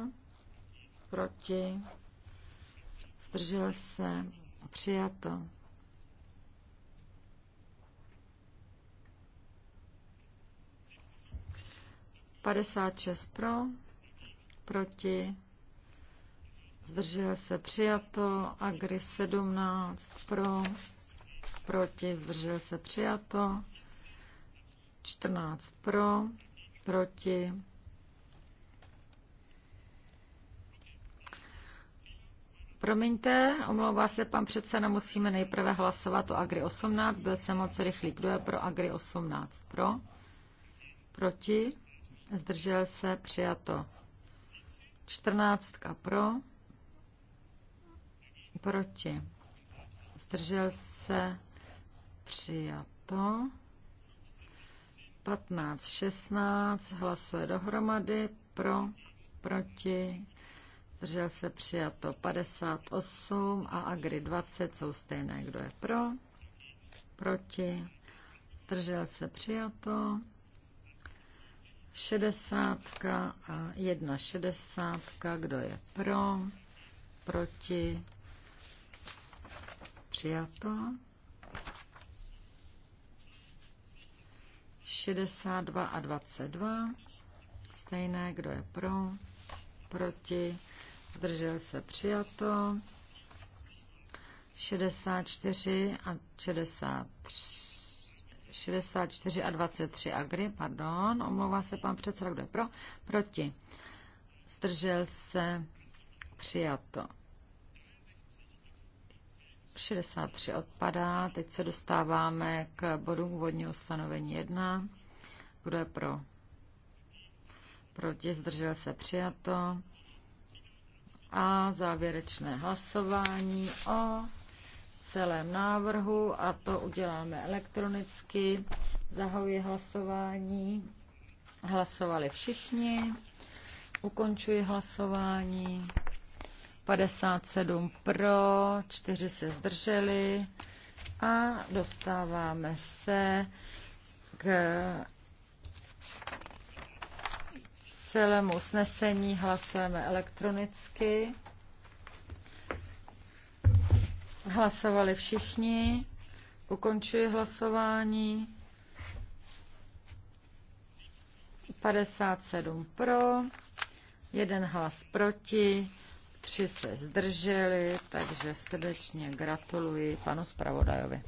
Proti? Zdržel se? Přijato. Padesát šest pro, proti, zdržel se přijato, Agri sedmnáct pro, proti, zdržel se přijato. 14 pro, proti. Promiňte, omlouvá se pan předseda, musíme nejprve hlasovat o Agri 18. Byl jsem moc rychlý. Kdo je pro Agri 18? Pro? Proti? Zdržel se, přijato. 14 pro? Proti? zdržel se, přijato. 15, 16, hlasuje dohromady, pro, proti, zdržel se, přijato. 58 a Agri 20 jsou stejné, kdo je pro, proti, zdržel se, přijato. 60 a 1,60, kdo je pro, proti, Přijato. 62 a 22. Stejné, kdo je pro, proti, zdržel se přijato. 64 a 63. 64 a 23 agri, pardon, omlouvá se pan předseda, kdo je pro, proti. Zdržel se přijato. 63 odpadá. Teď se dostáváme k bodu úvodního stanovení 1. Kdo je pro? Proti zdržel se přijato. A závěrečné hlasování o celém návrhu a to uděláme elektronicky. Zahajuji hlasování. Hlasovali všichni. Ukončuji hlasování. 57 pro, 4 se zdrželi a dostáváme se k celému usnesení hlasujeme elektronicky. Hlasovali všichni. Ukončuji hlasování. 57 pro, jeden hlas proti tři se zdrželi, takže srdečně gratuluji panu zpravodajovi.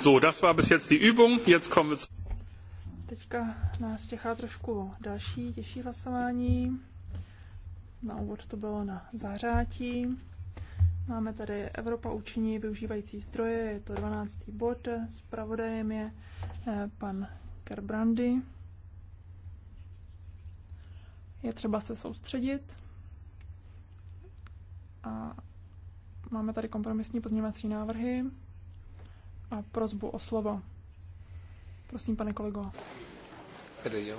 So, das war bis jetzt die Übung. Jetzt kommen wir zu Teďka nás těchá trošku další, těžší hlasování. Na úvod to bylo na zahřátí. Máme tady Evropa učiní využívající zdroje, je to 12. bod, zpravodajem je eh, pan Kerbrandy. Je třeba se soustředit a máme tady kompromisní pozměňovací návrhy a prozbu o slovo. Prosím, pane kolego. Tady jo.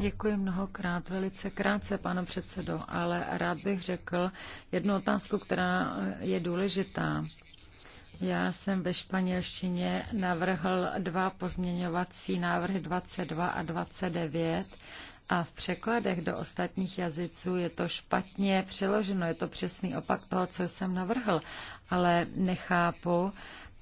Děkuji mnohokrát, velice krátce, pane předsedo, ale rád bych řekl jednu otázku, která je důležitá. Já jsem ve španělštině navrhl dva pozměňovací návrhy 22 a 29 a v překladech do ostatních jazyců je to špatně přeloženo, je to přesný opak toho, co jsem navrhl, ale nechápu,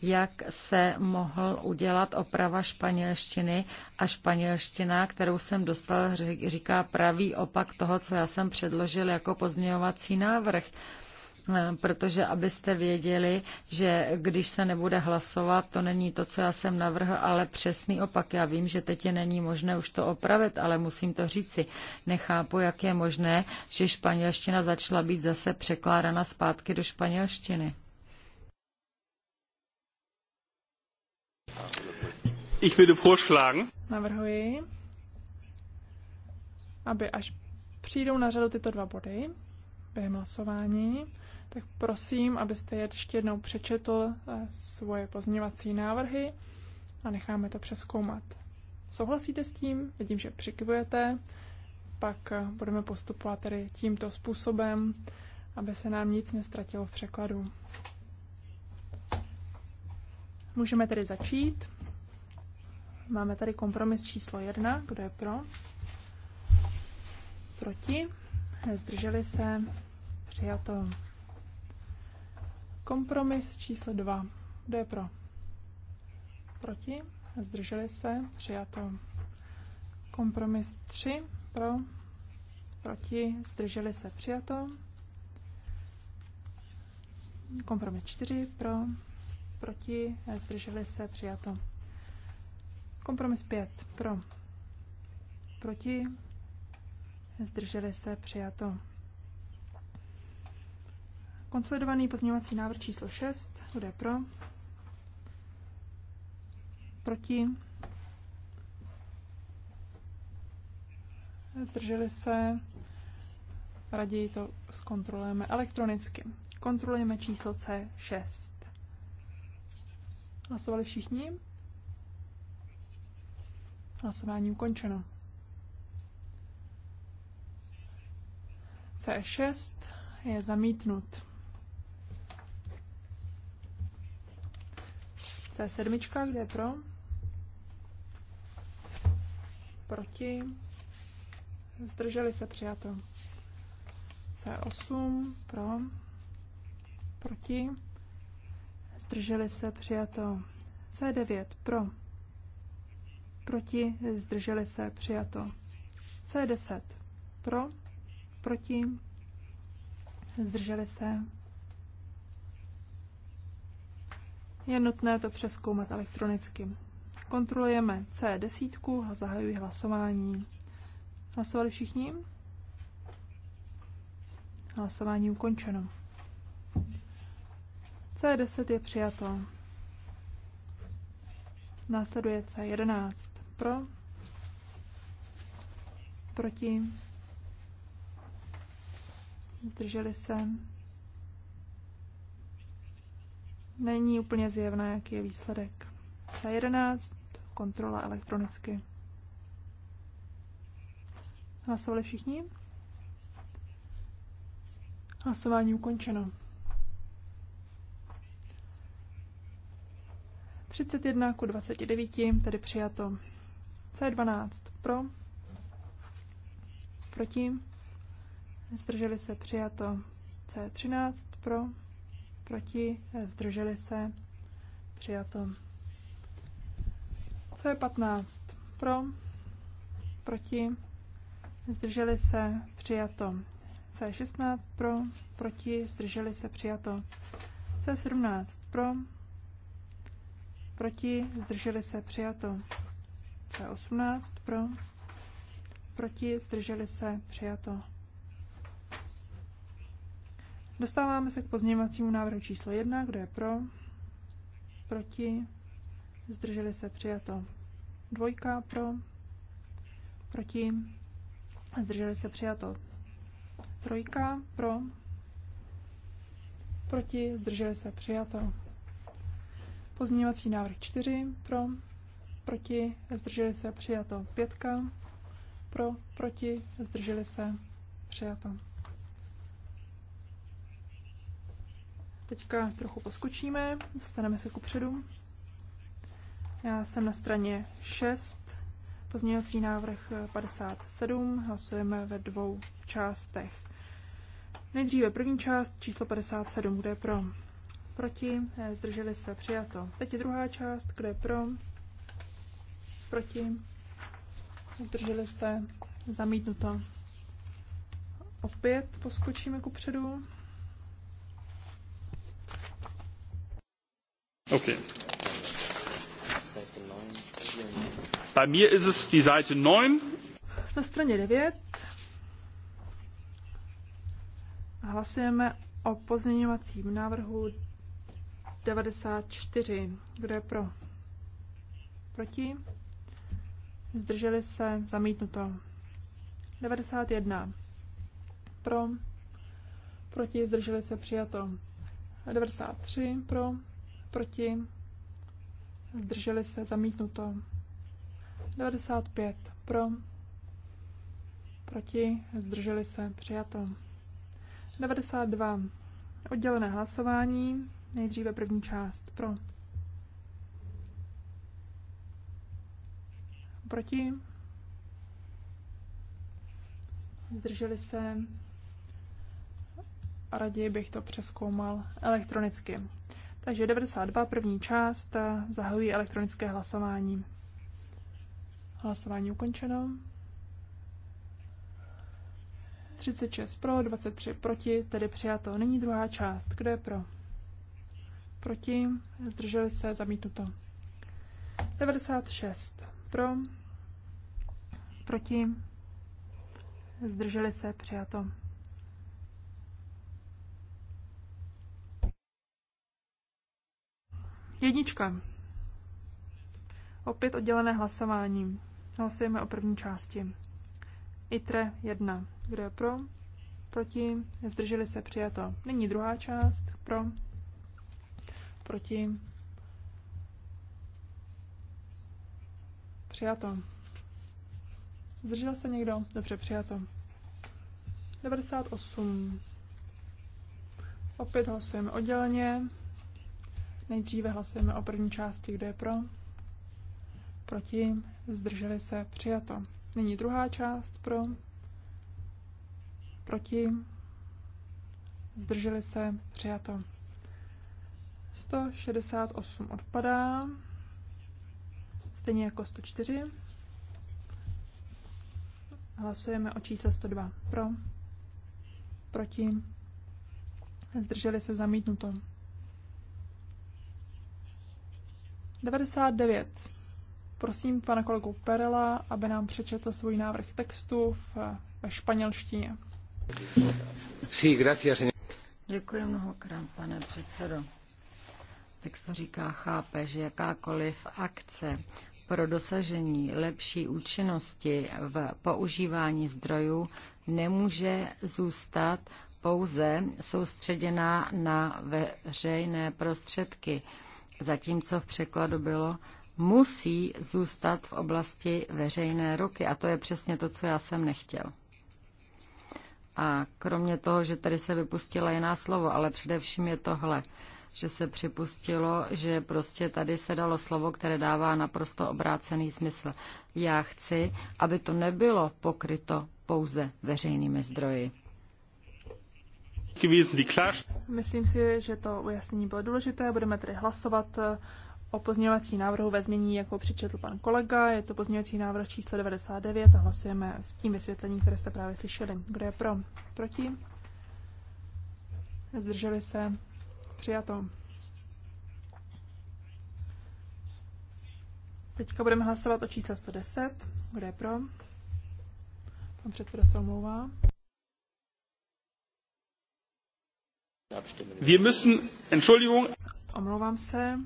jak se mohl udělat oprava španělštiny a španělština, kterou jsem dostal, říká pravý opak toho, co já jsem předložil jako pozměňovací návrh eh, protože abyste věděli, že když se nebude hlasovat, to není to, co já jsem navrhl, ale přesný opak. Já vím, že teď je není možné už to opravit, ale musím to říci. Nechápu, jak je možné, že španělština začala být zase překládána zpátky do španělštiny. Ich würde vorschlagen. Navrhuji, aby až přijdou na řadu tyto dva body během hlasování, tak prosím, abyste ještě jednou přečetl eh, svoje pozměňovací návrhy a necháme to přeskoumat. Souhlasíte s tím? Vidím, že přikivujete. Pak eh, budeme postupovat tedy tímto způsobem, aby se nám nic nestratilo v překladu. Můžeme tedy začít. Máme tady kompromis číslo jedna. Kdo je pro? Proti? Zdrželi se? Přijato. Kompromis číslo dva. Kdo je pro? Proti? Zdrželi se? Přijato. Kompromis 3 pro, proti, zdrželi se, přijato. Kompromis 4 pro, proti, zdrželi se, přijato. Kompromis 5 pro. Proti. Zdrželi se přijato. Konsolidovaný pozměňovací návrh číslo 6 bude pro. Proti. Zdrželi se. Raději to zkontrolujeme elektronicky. Kontrolujeme číslo C6. Hlasovali všichni? Hlasování ukončeno. C6 je zamítnut. C7, kde je pro? Proti. Zdrželi se přijato. C8 pro. Proti. Zdrželi se přijato. C9 pro proti, zdrželi se, přijato. C10 pro, proti, zdrželi se. Je nutné to přeskoumat elektronicky. Kontrolujeme C10 a zahajuji hlasování. Hlasovali všichni? Hlasování ukončeno. C10 je přijato. Následuje C11. Pro. Proti. Zdrželi se. Není úplně zjevné, jaký je výsledek. C11. Kontrola elektronicky. Hlasovali všichni? Hlasování ukončeno. 31 ku 29, tedy přijato. C12 pro, proti, zdrželi se přijato. C13 pro, proti, zdrželi se přijato. C15 pro, proti, zdrželi se přijato. C16 pro, proti, zdrželi se přijato. C17 pro, proti, zdrželi se, přijato. C18 pro, proti, zdrželi se, přijato. Dostáváme se k pozměňovacímu návrhu číslo 1, kdo je pro, proti, zdrželi se, přijato. Dvojka pro, proti, zdrželi se, přijato. Trojka pro, proti, zdrželi se, přijato. Pozměňovací návrh 4 pro, proti, zdrželi se, přijato. Pětka pro, proti, zdrželi se, přijato. Teďka trochu poskočíme, dostaneme se ku předu. Já jsem na straně 6, pozměňovací návrh 57, hlasujeme ve dvou částech. Nejdříve první část, číslo 57, kde je pro Proti? Zdrželi se. Přijato. Teď je druhá část. Kdo je pro? Proti? Zdrželi se. Zamítnuto. Opět poskočíme ku předu. Okay. Bei mir ist es die Seite 9. Na straně 9 hlasujeme o pozměňovacím návrhu 94. Kdo je pro? Proti? Zdrželi se? Zamítnuto. 91. Pro? Proti? Zdrželi se? Přijato. 93. Pro? Proti? Zdrželi se? Zamítnuto. 95. Pro? Proti? Zdrželi se? Přijato. 92. Oddělené hlasování. Nejdříve první část. Pro. Proti. Zdrželi se. A raději bych to přeskoumal elektronicky. Takže 92, první část, zahajují elektronické hlasování. Hlasování ukončeno. 36 pro, 23 proti, tedy přijato. Nyní druhá část. Kdo je pro? proti, zdrželi se, zamítnuto. 96 pro, proti, zdrželi se, přijato. Jednička. Opět oddělené hlasování. Hlasujeme o první části. ITRE 1. Kdo je pro? Proti? Zdrželi se přijato. Nyní druhá část. Pro? proti, přijato. Zdržel se někdo? Dobře, přijato. 98. Opět hlasujeme odděleně. Nejdříve hlasujeme o první části, kdo je pro. Proti, zdrželi se, přijato. Nyní druhá část pro. Proti, zdrželi se, přijato. 168 odpadá, stejně jako 104. Hlasujeme o čísle 102 pro, proti, zdrželi se zamítnuto. 99. Prosím pana kolegu Perela, aby nám přečetl svůj návrh textu v, ve španělštině. Sí, gracias, Děkuji mnohokrát, pane předsedo to říká, chápe, že jakákoliv akce pro dosažení lepší účinnosti v používání zdrojů nemůže zůstat pouze soustředěná na veřejné prostředky, zatímco v překladu bylo musí zůstat v oblasti veřejné ruky. A to je přesně to, co já jsem nechtěl. A kromě toho, že tady se vypustila jiná slovo, ale především je tohle že se připustilo, že prostě tady se dalo slovo, které dává naprosto obrácený smysl. Já chci, aby to nebylo pokryto pouze veřejnými zdroji. Myslím si, že to ujasnění bylo důležité. Budeme tedy hlasovat eh, o pozměňovací návrhu ve znění, jako přičetl pan kolega. Je to pozměňovací návrh číslo 99 a hlasujeme s tím vysvětlením, které jste právě slyšeli. Kdo je pro? Proti? Zdrželi se? Přijato. Teďka budeme hlasovat o čísle 110. Kdo je pro? Pan předseda se omlouvá. Wir müssen, Entschuldigung. Omlouvám se.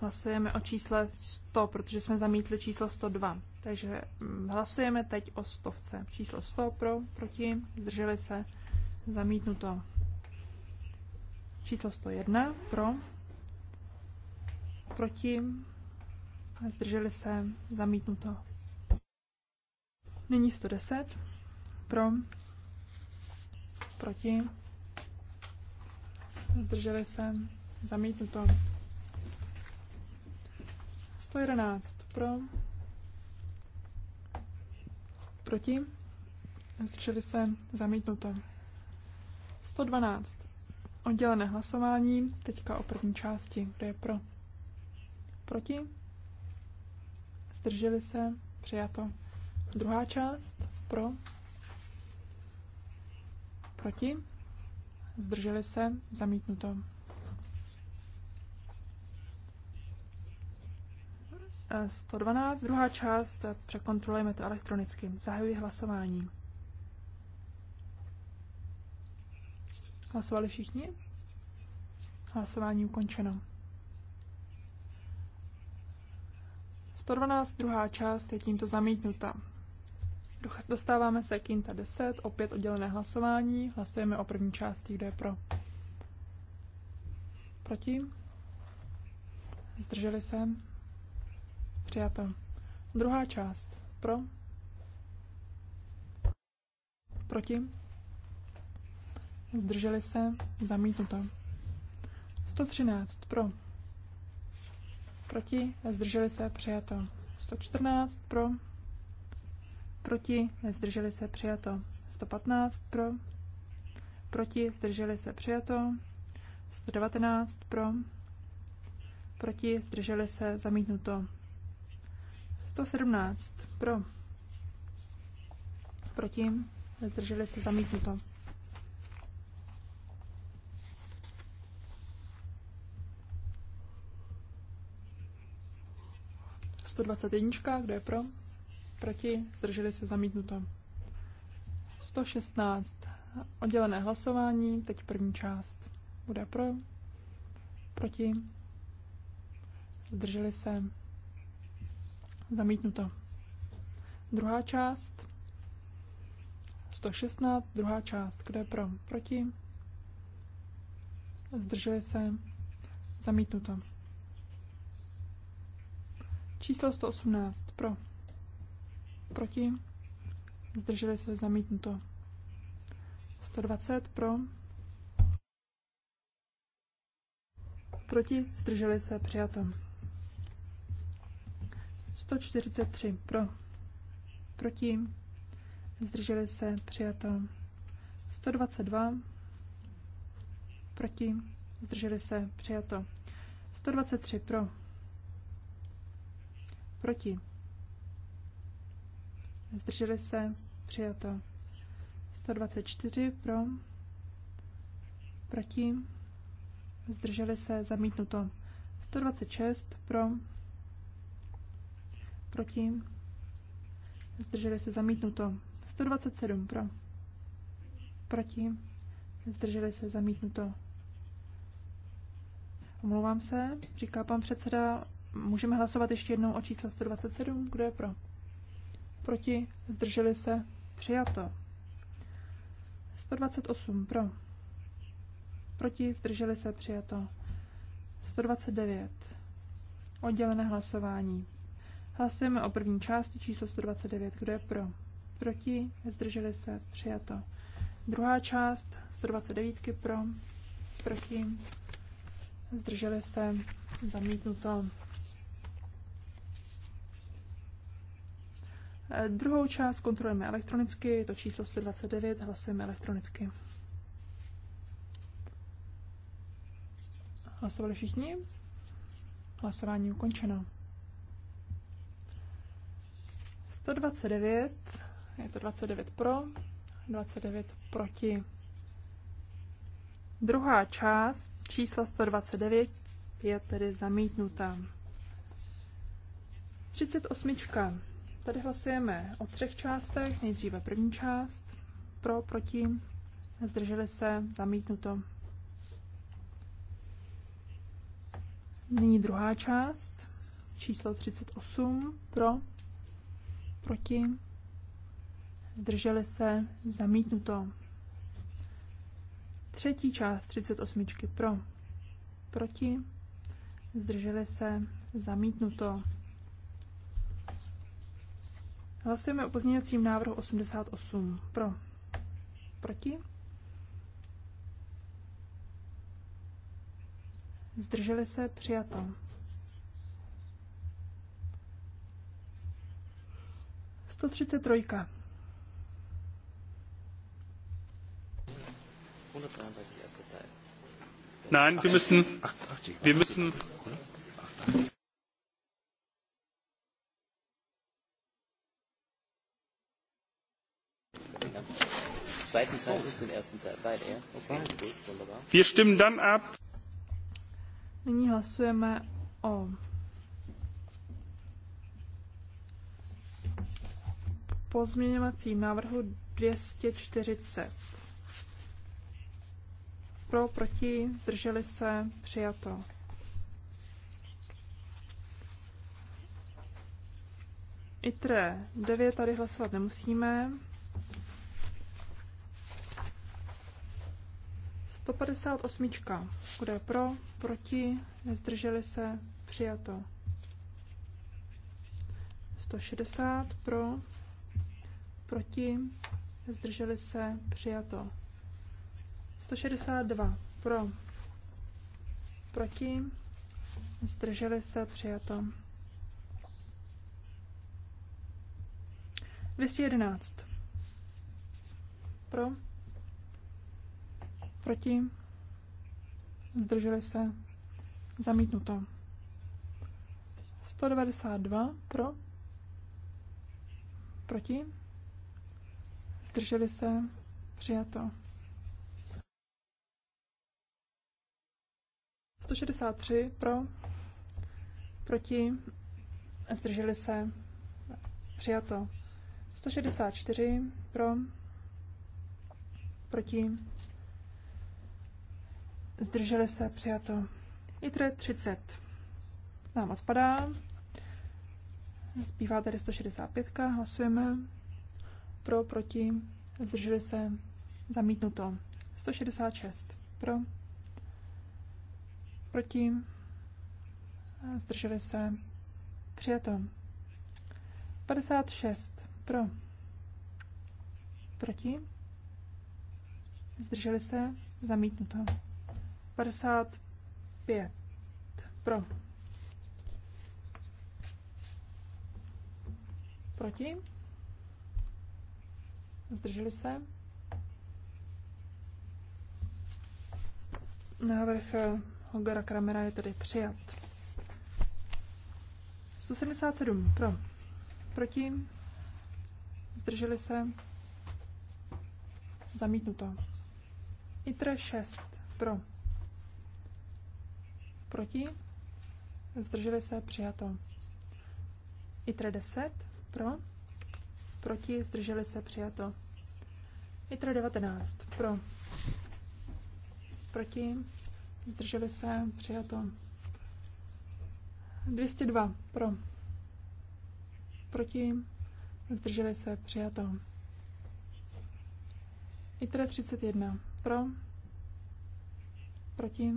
Hlasujeme o čísle 100, protože jsme zamítli číslo 102. Takže mm, hlasujeme teď o stovce. Číslo 100 pro, proti, zdrželi se, zamítnuto. Číslo 101 pro, proti, zdrželi se, zamítnuto. Nyní 110 pro, proti, zdrželi se, zamítnuto. 111 pro, proti, zdrželi se, zamítnuto. 112 Oddělené hlasování, teďka o první části. Kdo je pro? Proti? Zdrželi se? Přijato. Druhá část? Pro? Proti? Zdrželi se? Zamítnuto. E, eh, 112, druhá část, překontrolujeme to elektronicky. Zahajuji hlasování. Hlasovali všichni? Hlasování ukončeno. 112, druhá část je tímto zamítnuta. Dostáváme se k INTA 10, opět oddělené hlasování. Hlasujeme o první části, kdo je pro. Proti? Zdrželi se? Přijato. Druhá část. Pro? Proti? zdrželi se, zamítnuto. 113 pro, proti, zdrželi se, přijato. 114 pro, proti, zdrželi se, přijato. 115 pro, proti, zdrželi se, přijato. 119 pro, proti, zdrželi se, zamítnuto. 117 pro, proti, zdrželi se, zamítnuto. 121, kdo je pro? Proti? Zdrželi se zamítnuto. 116. Oddělené hlasování, teď první část. Bude pro? Proti? Zdrželi se zamítnuto. Druhá část. 116, druhá část. Kdo je pro? Proti? Zdrželi se zamítnuto. Číslo 118. Pro. Proti. Zdrželi se zamítnuto. 120. Pro. Proti. Zdrželi se přijato. 143. Pro. Proti. Zdrželi se přijato. 122. Proti. Zdrželi se přijato. 123. Pro Proti. Zdrželi se. Přijato. 124 pro. Proti. Zdrželi se. Zamítnuto. 126 pro. Proti. Zdrželi se. Zamítnuto. 127 pro. Proti. Zdrželi se. Zamítnuto. Omlouvám se, říká pan předseda, Můžeme hlasovat ještě jednou o čísle 127. Kdo je pro? Proti? Zdrželi se? Přijato. 128. Pro. Proti? Zdrželi se? Přijato. 129. Oddělené hlasování. Hlasujeme o první části číslo 129. Kdo je pro? Proti? Zdrželi se? Přijato. Druhá část 129. Pro. Proti? Zdrželi se? Zamítnuto. Eh, druhou část kontrolujeme elektronicky, je to číslo 129, hlasujeme elektronicky. Hlasovali všichni? Hlasování ukončeno. 129, je to 29 pro, 29 proti. Druhá část čísla 129 je tedy zamítnutá. 38. Tady hlasujeme o třech částech. Nejdříve první část. Pro, proti, zdrželi se, zamítnuto. Nyní druhá část, číslo 38, pro, proti, zdrželi se, zamítnuto. Třetí část 38, pro, proti, zdrželi se, zamítnuto. Hlasujeme o pozměňovacím návrhu 88. Pro. Proti. Zdrželi se přijato. Sto třicet trojka. Nein, wir müssen, wir müssen zweiten Teil und den ersten Teil. Beide, ja? Okay, gut, wunderbar. Wir stimmen dann ab. Nyní hlasujeme o pozměňovacím návrhu 240. Pro, proti, zdrželi se, přijato. ITRE 9 tady hlasovat nemusíme. 158. Kdo je pro? Proti? Nezdrželi se? Přijato. 160. Pro? Proti? Zdrželi se? Přijato. 162. Pro? Proti? Zdrželi se? Přijato. 211. Pro? Proti? Zdrželi se? Zamítnuto. 192 pro? Proti? Zdrželi se? Přijato. 163 pro? Proti? Zdrželi se? Přijato. 164 pro? Proti? zdrželi se, přijato. ITRE 30 nám odpadá. Zbývá tedy 165, hlasujeme pro, proti, zdrželi se, zamítnuto. 166 pro, proti, zdrželi se, přijato. 56 pro, proti, zdrželi se, zamítnuto. 55 pro. Proti? Zdrželi se? Návrh eh, Hogara Kramera je tedy přijat. 177 pro. Proti? Zdrželi se? Zamítnuto. ITRE 6 pro. Proti? Zdrželi se přijato. ITRE 10 pro. Proti? Zdrželi se přijato. ITRE 19 pro. Proti? Zdrželi se přijato. 202 pro. Proti? Zdrželi se přijato. ITRE 31 pro. Proti?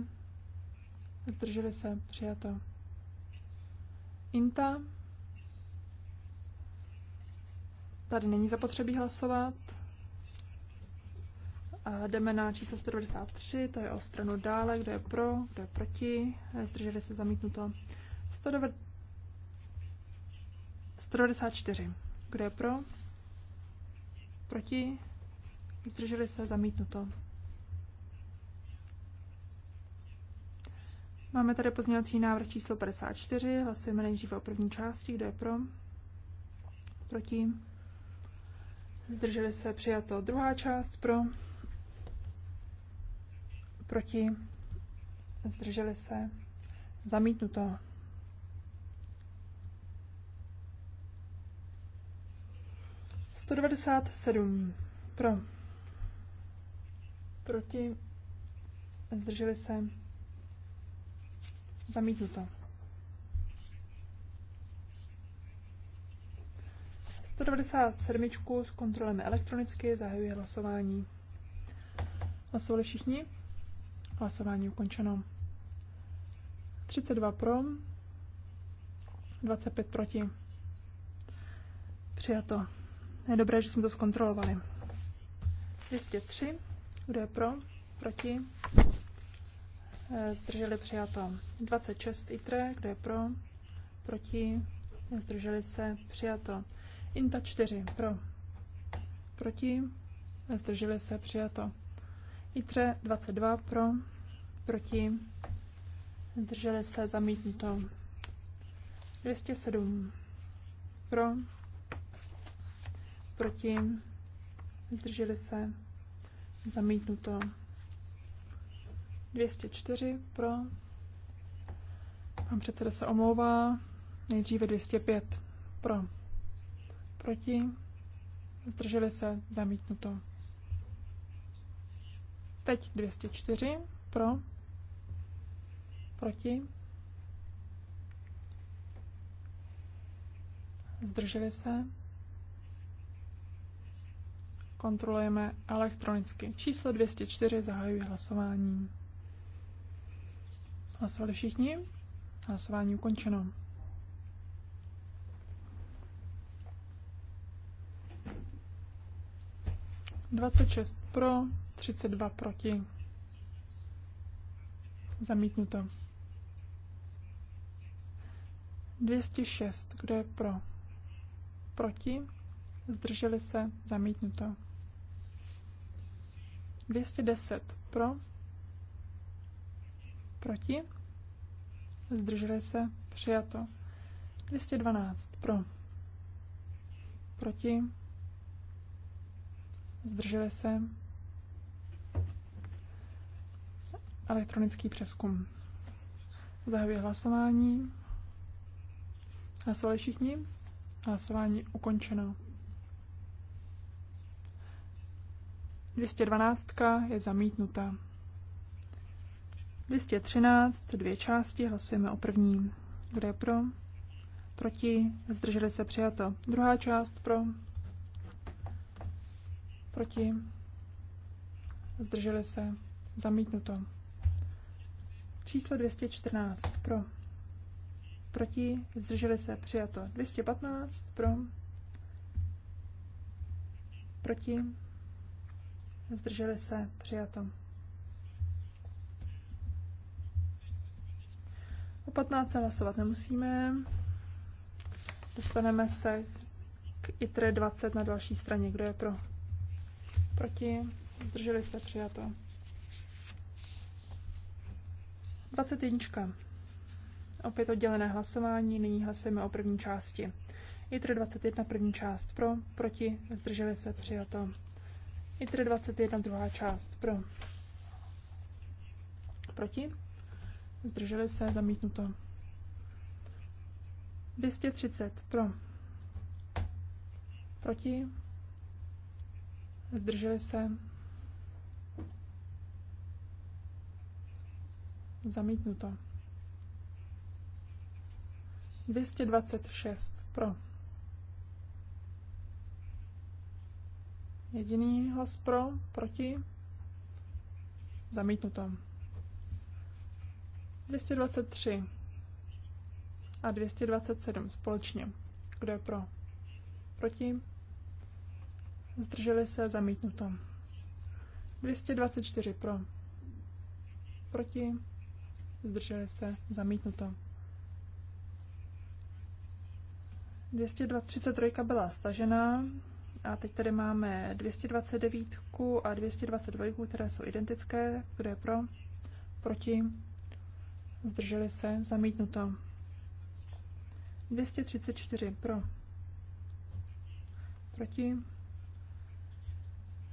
Zdrželi se. Přijato. Inta. Tady není zapotřebí hlasovat. A jdeme na číslo 193, to je o stranu dále, kdo je pro, kdo je proti, zdrželi se zamítnuto. 194, kdo je pro, proti, zdrželi se zamítnuto. Máme tady pozměňovací návrh číslo 54. Hlasujeme nejdříve o první části. Kdo je pro? Proti? Zdrželi se přijato druhá část pro? Proti? Zdrželi se zamítnuto. Sto devadesát sedm pro. Proti? Zdrželi se Zamítnuto. s zkontrolujeme elektronicky, zahajuji hlasování. Hlasovali všichni? Hlasování ukončeno. 32 pro, 25 proti. Přijato. Je dobré, že jsme to zkontrolovali. 203. Kdo je pro? Proti? Eh, zdrželi přijato 26 ITRE, kdo je pro, proti, zdrželi se přijato INTA 4 pro, proti, zdrželi se přijato ITRE 22 pro, proti, zdrželi se zamítnuto 207 pro, proti, zdrželi se zamítnuto 204 pro. Pan předseda se omlouvá. Nejdříve 205 pro. Proti. Zdrželi se zamítnuto. Teď 204 pro. Proti. Zdrželi se. Kontrolujeme elektronicky. Číslo 204 zahajuje hlasování. Hlasovali všichni? Hlasování ukončeno. Dvacet šest pro, třicet dva proti. Zamítnuto. šest, Kdo je pro? Proti? Zdrželi se? Zamítnuto. deset Pro? Proti? Zdrželi se? Přijato. 212. Pro. Proti? Zdrželi se? Elektronický přeskum. Zahajuji hlasování. Hlasovali všichni? Hlasování ukončeno. 212 je zamítnuta. 213, dvě části, hlasujeme o první. Kdo je pro? Proti? Zdrželi se přijato. Druhá část pro? Proti? Zdrželi se. Zamítnuto. Číslo 214 pro. Proti? Zdrželi se. Přijato. 215 pro. Proti? Zdrželi se. Přijato. 15 hlasovat nemusíme. Dostaneme se k ITRE 20 na další straně. Kdo je pro? Proti? Zdrželi se? Přijato. 21. Opět oddělené hlasování. Nyní hlasujeme o první části. ITRE 21 první část pro, proti, zdrželi se, přijato. ITRE 21 druhá část pro, proti, zdrželi se, zamítnuto. 230 pro, proti, zdrželi se, zamítnuto. 226 pro. Jediný hlas pro, proti, zamítnuto. 223 a 227 společně. Kdo je pro? Proti? Zdrželi se zamítnuto. 224 pro. Proti? Zdrželi se zamítnuto. 233 byla stažená a teď tady máme 229 a 222, které jsou identické. Kdo je pro? Proti? zdrželi se, zamítnuto. 234 pro, proti,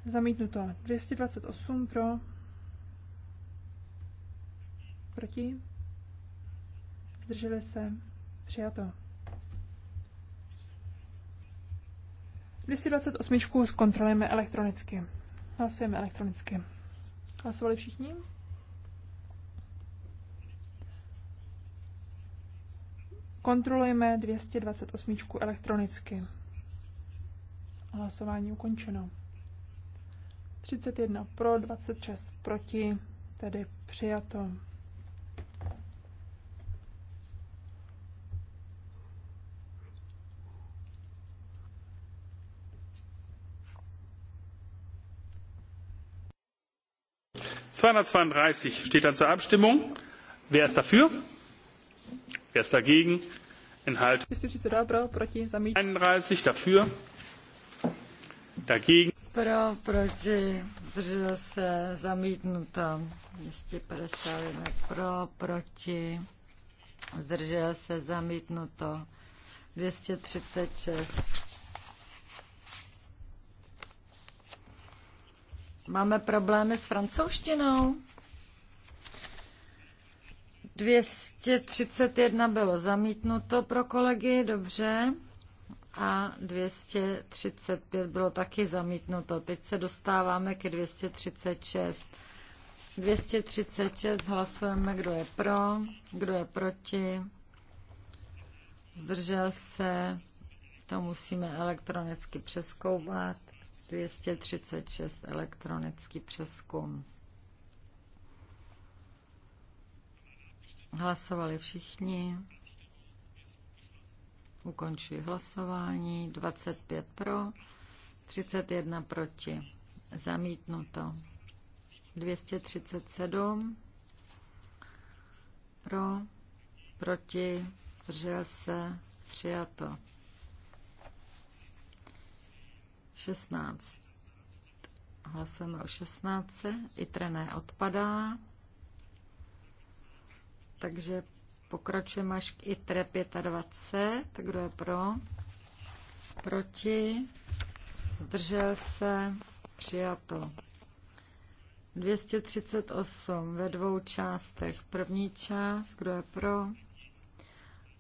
zamítnuto. 228 pro, proti, zdrželi se, přijato. 228 zkontrolujeme elektronicky. Hlasujeme elektronicky. Hlasovali všichni? Kontrolujeme 228 elektronicky. Hlasování ukončeno. 31 pro, 26 proti, tedy přijato. zweihundertzweiunddreißig steht dann zur abstimmung. wer ist dafür? Wer ist dagegen? Enthaltung. 31 dafür. Dagegen. Pro, proti, zdržel se, zamítnuto. 251 pro, proti, zdržel se, zamítnuto. 236. Máme problémy s francouzštinou. 231 bylo zamítnuto pro kolegy, dobře. A 235 bylo taky zamítnuto. Teď se dostáváme ke 236. 236 hlasujeme, kdo je pro, kdo je proti. Zdržel se, to musíme elektronicky přeskoumat. 236 elektronický přeskum. Hlasovali všichni. Ukončuji hlasování. 25 pro, 31 proti. Zamítnuto. 237 pro, proti, zdržel se, přijato. 16. Hlasujeme o 16. I trené odpadá. Takže pokračujeme až k ITRE 25. Tak kdo je pro? Proti? Zdržel se? Přijato. 238 ve dvou částech. První část, kdo je pro?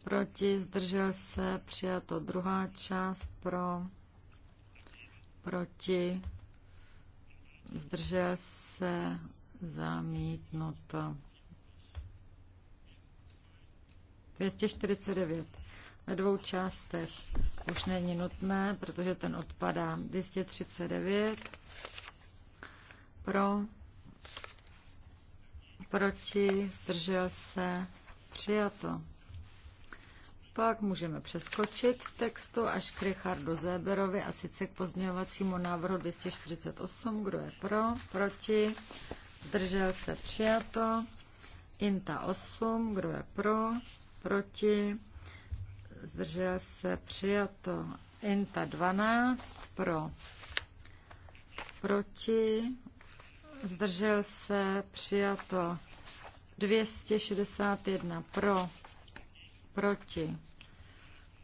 Proti? Zdržel se? Přijato. Druhá část pro? Proti? Zdržel se? Zamítnuto. 249 ve dvou částech. Už není nutné, protože ten odpadá. 239 pro, proti, zdržel se, přijato. Pak můžeme přeskočit v textu až k Richardu Zéberovi a sice k pozměňovacímu návrhu 248. Kdo je pro? Proti? Zdržel se přijato. Inta 8. Kdo je pro? proti, zdržel se přijato. Inta 12 pro, proti, zdržel se přijato. 261 pro, proti,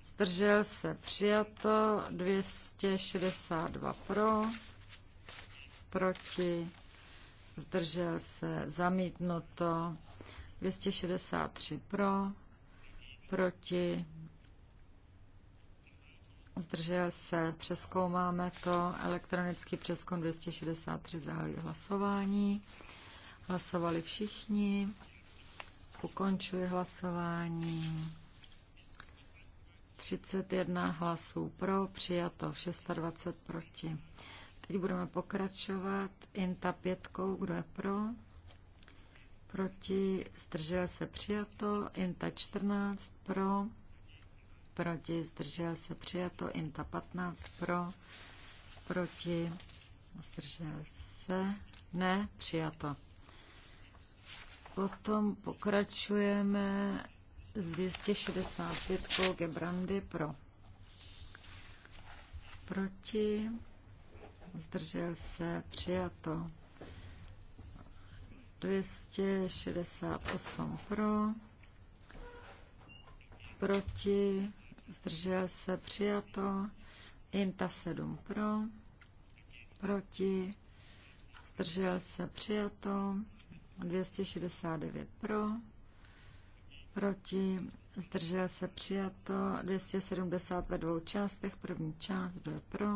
zdržel se přijato. 262 pro, proti, zdržel se zamítnuto. 263 pro, proti, zdržel se, přeskoumáme to, elektronický přeskum 263 zahájí hlasování, hlasovali všichni, ukončuji hlasování. 31 hlasů pro, přijato 26 proti. Teď budeme pokračovat INTA pětkou, kdo je pro? proti, zdržel se přijato, INTA 14 pro, proti, zdržel se přijato, INTA 15 pro, proti, zdržel se, ne, přijato. Potom pokračujeme s 265 Gebrandy pro. Proti, zdržel se, přijato. 268 pro, proti, zdržel se, přijato, Inta 7 pro, proti, zdržel se, přijato, 269 pro, proti, zdržel se, přijato, 270 ve dvou částech, první část, kdo je pro,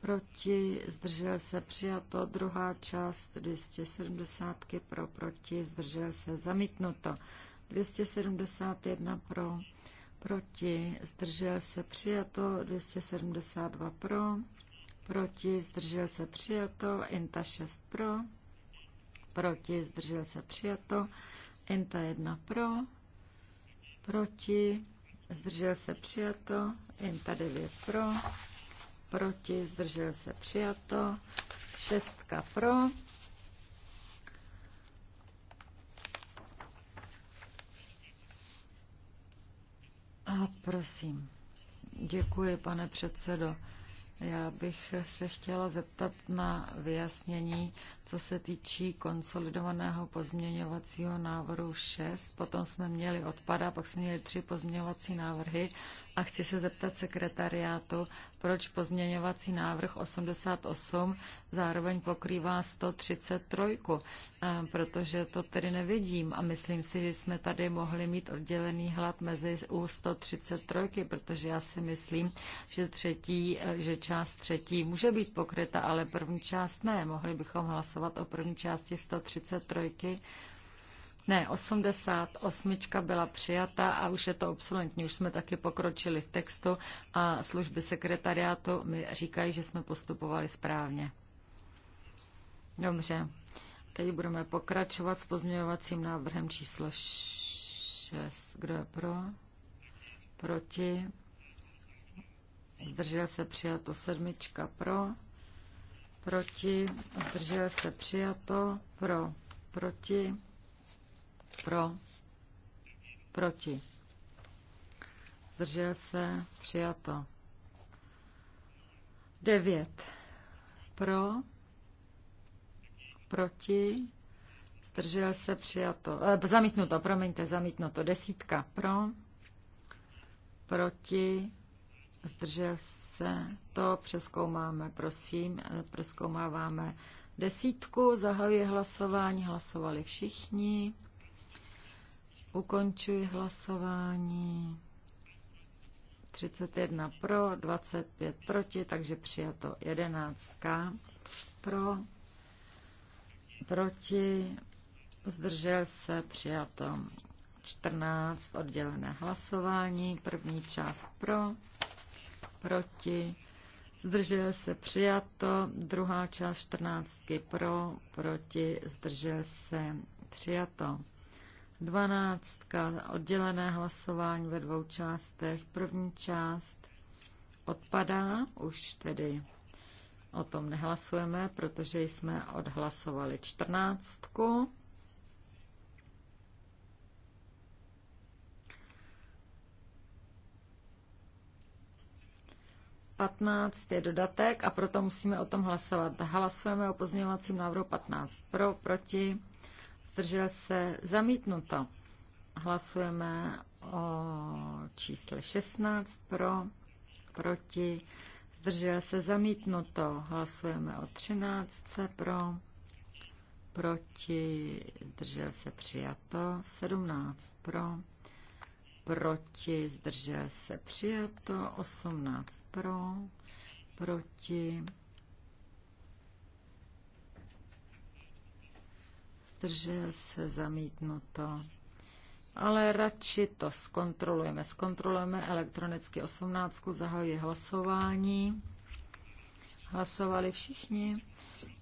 proti, zdržel se přijato, druhá část 270 pro, proti, zdržel se zamítnuto, 271 pro, proti, zdržel se přijato, 272 pro, proti, zdržel se přijato, INTA 6 pro, proti, zdržel se přijato, INTA 1 pro, proti, zdržel se přijato, INTA 9 pro, proti, zdržel se přijato, šestka pro, A prosím. Děkuji, pane předsedo. Já bych se chtěla zeptat na vyjasnění co se týče konsolidovaného pozměňovacího návrhu 6, potom jsme měli odpada, pak jsme měli tři pozměňovací návrhy a chci se zeptat sekretariátu, proč pozměňovací návrh 88 zároveň pokrývá 133, eh, protože to tedy nevidím a myslím si, že jsme tady mohli mít oddělený hlad mezi u 133, protože já si myslím, že třetí, eh, že část třetí může být pokryta, ale první část ne. Mohli bychom hlasovat hlasovat o první části 133. Ne, 88 byla přijata a už je to obsolentní, už jsme taky pokročili v textu a služby sekretariátu mi říkají, že jsme postupovali správně. Dobře, teď budeme pokračovat s pozměňovacím návrhem číslo 6. Kdo je pro? Proti? Zdržel se přijato sedmička pro proti, zdržel se přijato, pro, proti, pro, proti, zdržel se přijato. 9. Pro, proti, zdržel se přijato, eh, zamítnuto, promiňte, zamítnuto, desítka pro, proti, zdržel se se to přeskoumáme, prosím, přeskoumáváme desítku, zahajuji hlasování, hlasovali všichni, ukončuji hlasování, 31 pro, 25 proti, takže přijato 11 pro, proti, zdržel se, přijato 14 oddělené hlasování, první část pro, proti, zdržel se přijato, druhá část 14 pro, proti, zdržel se přijato. 12. Oddělené hlasování ve dvou částech. První část odpadá, už tedy o tom nehlasujeme, protože jsme odhlasovali 14. 15 je dodatek a proto musíme o tom hlasovat. Hlasujeme o pozměňovacím návrhu 15. Pro, proti, zdržel se, zamítnuto. Hlasujeme o čísle 16. Pro, proti, zdržel se, zamítnuto. Hlasujeme o 13. Pro, proti, zdržel se, přijato. 17. Pro, proti, zdržel se přijato, 18 pro, proti, zdržel se zamítnuto. Ale radši to zkontrolujeme. Zkontrolujeme elektronicky 18. Zahajuji hlasování. Hlasovali všichni.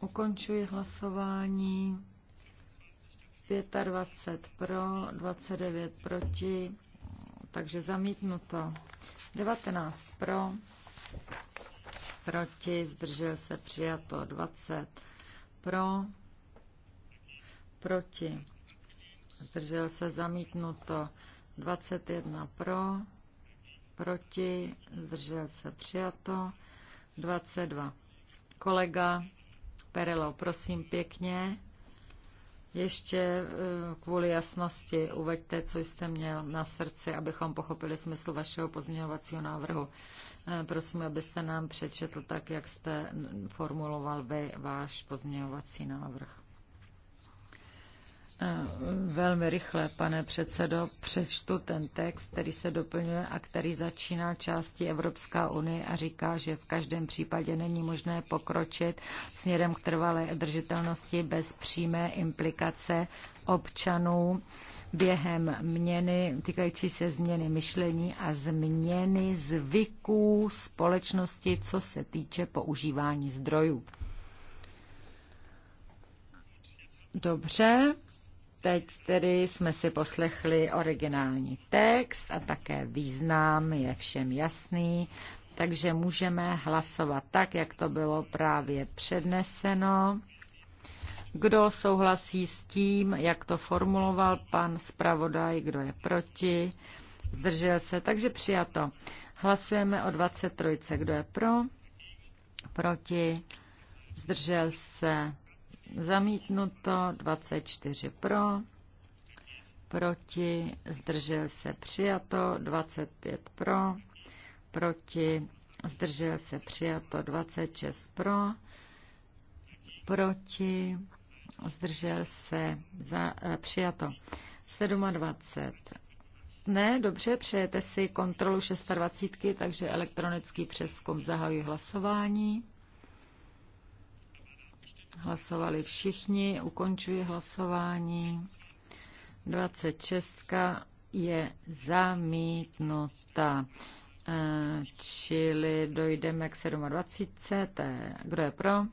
Ukončuji hlasování. 25 pro, 29 proti takže zamítnuto. 19 pro, proti, zdržel se přijato 20 pro, proti, zdržel se zamítnuto 21 pro, proti, zdržel se přijato 22. Kolega Perelo, prosím pěkně. Ještě eh, kvůli jasnosti uveďte, co jste měl na srdci, abychom pochopili smysl vašeho pozměňovacího návrhu. Eh, prosím, abyste nám přečetl tak, jak jste formuloval vy váš pozměňovací návrh. Velmi rychle, pane předsedo, přečtu ten text, který se doplňuje a který začíná části Evropská unie a říká, že v každém případě není možné pokročit směrem k trvalé držitelnosti bez přímé implikace občanů během měny, týkající se změny myšlení a změny zvyků společnosti, co se týče používání zdrojů. Dobře, Teď tedy jsme si poslechli originální text a také význam je všem jasný, takže můžeme hlasovat tak, jak to bylo právě předneseno. Kdo souhlasí s tím, jak to formuloval pan zpravodaj, kdo je proti, zdržel se, takže přijato. Hlasujeme o 23. Kdo je pro? Proti? Zdržel se? Zamítnuto 24 pro, proti, zdržel se přijato 25 pro, proti, zdržel se přijato 26 pro, proti, zdržel se za, eh, přijato 27. Ne, dobře, přejete si kontrolu 26, takže elektronický přeskum zahajuji hlasování. Hlasovali všichni, ukončuji hlasování. 26 je zamítnuta. Eh, čili dojdeme k 27. Kdo je pro?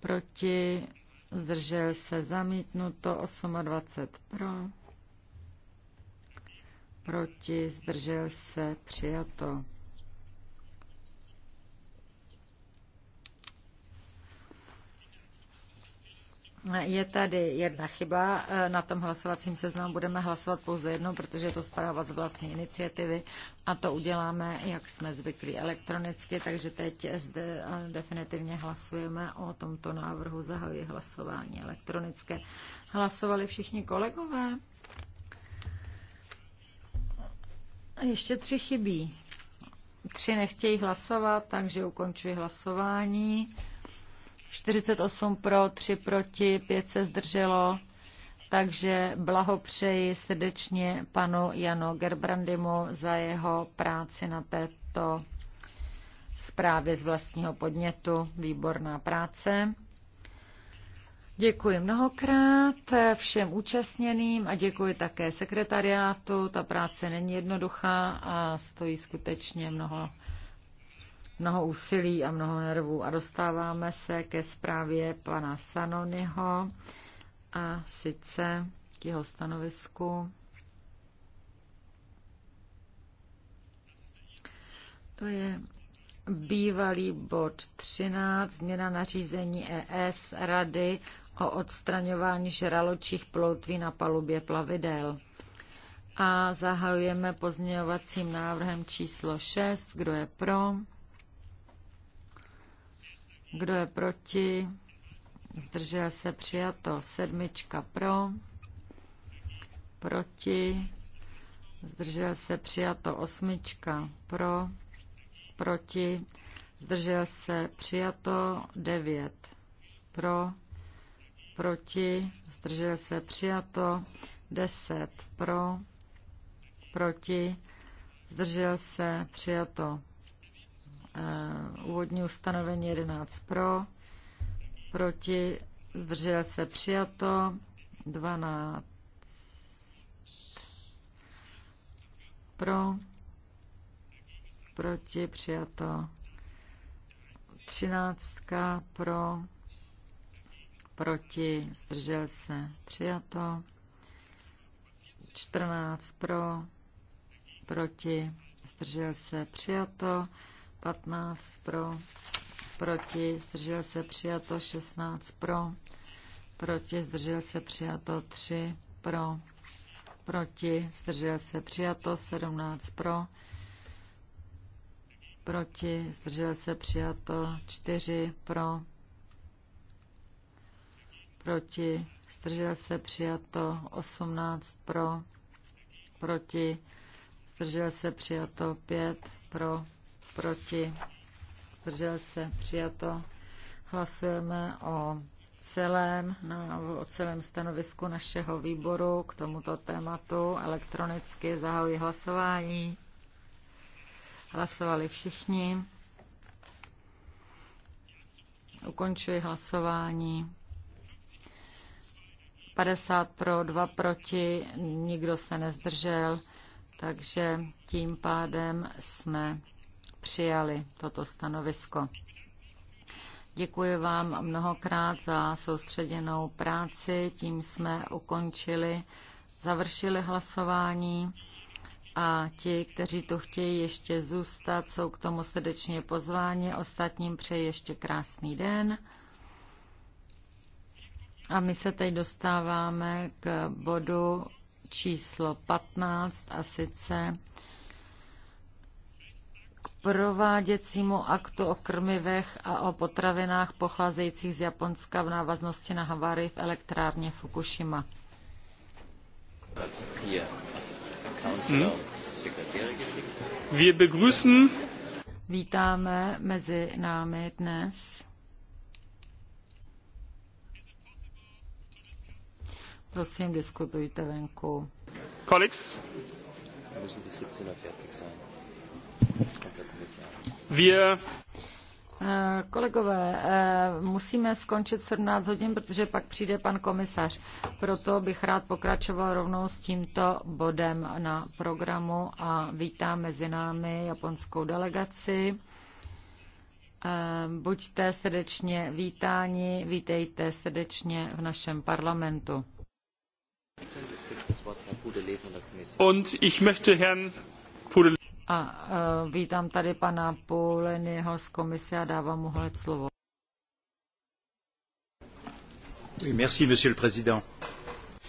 Proti? Zdržel se zamítnuto 28 pro. Proti? Zdržel se přijato. Je tady jedna chyba. E, na tom hlasovacím seznamu budeme hlasovat pouze jednou, protože je to zpráva z vlastní iniciativy a to uděláme, jak jsme zvyklí, elektronicky, takže teď zde definitivně hlasujeme o tomto návrhu. Zahajuji hlasování elektronické. Hlasovali všichni kolegové? Ještě tři chybí. Tři nechtějí hlasovat, takže ukončuji hlasování. 48 pro, 3 proti, 5 se zdrželo. Takže blahopřeji srdečně panu Janu Gerbrandimu za jeho práci na této zprávě z vlastního podnětu. Výborná práce. Děkuji mnohokrát všem účastněným a děkuji také sekretariátu. Ta práce není jednoduchá a stojí skutečně mnoho mnoho úsilí a mnoho nervů. A dostáváme se ke zprávě pana Sanonyho a sice k jeho stanovisku. To je bývalý bod 13, změna nařízení ES Rady o odstraňování žraločích ploutví na palubě plavidel. A zahajujeme pozměňovacím návrhem číslo 6. Kdo je pro? Kdo je proti? Zdržel se přijato. Sedmička pro. Proti. Zdržel se přijato. Osmička pro. Proti. Zdržel se přijato. Devět pro. Proti. Zdržel se přijato. Deset pro. Proti. Zdržel se přijato. Eh, úvodní ustanovení 11 pro, proti, zdržel se přijato, 12 pro, proti, přijato, 13 pro, proti, zdržel se, přijato, 14 pro, proti, zdržel se, přijato, 15 pro, proti, zdržel se přijato 16 pro, proti, zdržel se přijato 3 pro, proti, zdržel se přijato 17 pro, proti, zdržel se přijato 4 pro, proti, zdržel se přijato 18 pro, proti, zdržel se přijato 5 pro, proti, zdržel se, přijato. Hlasujeme o celém, no, o celém stanovisku našeho výboru k tomuto tématu. Elektronicky zahajuji hlasování. Hlasovali všichni. Ukončuji hlasování. 50 pro, 2 proti, nikdo se nezdržel, takže tím pádem jsme přijali toto stanovisko. Děkuji vám mnohokrát za soustředěnou práci. Tím jsme ukončili, završili hlasování a ti, kteří tu chtějí ještě zůstat, jsou k tomu srdečně pozváni. Ostatním přeji ještě krásný den. A my se teď dostáváme k bodu číslo 15 a sice k prováděcímu aktu o krmivech a o potravinách pocházejících z Japonska v návaznosti na havárii v elektrárně Fukushima. Hmm. Vítáme mezi námi dnes Prosím, diskutujte venku. Kolik? Wir eh, Kolegové, eh, musíme skončit 17 hodin, protože pak přijde pan komisař. Proto bych rád pokračoval rovnou s tímto bodem na programu a vítám mezi námi japonskou delegaci. Eh, buďte srdečně vítáni, vítejte srdečně v našem parlamentu. Und ich möchte Herrn a e, vítám tady pana Poulenyho z komise a dávám mu hled slovo. Merci, monsieur le président.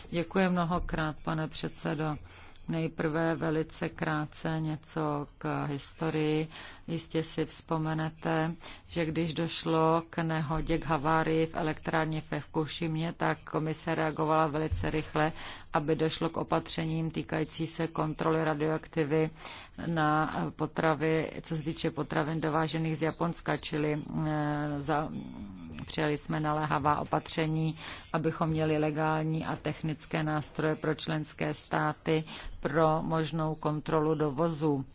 Děkuji mnohokrát, pane předsedo. Nejprve velice krátce něco k historii. Jistě si vzpomenete, že když došlo k nehodě, k havárii v elektrárně ve Fukushimě, tak komise reagovala velice rychle aby došlo k opatřením týkající se kontroly radioaktivy na potravy, co se týče potravin dovážených z Japonska, čili eh, za, přijali jsme naléhavá opatření, abychom měli legální a technické nástroje pro členské státy pro možnou kontrolu dovozu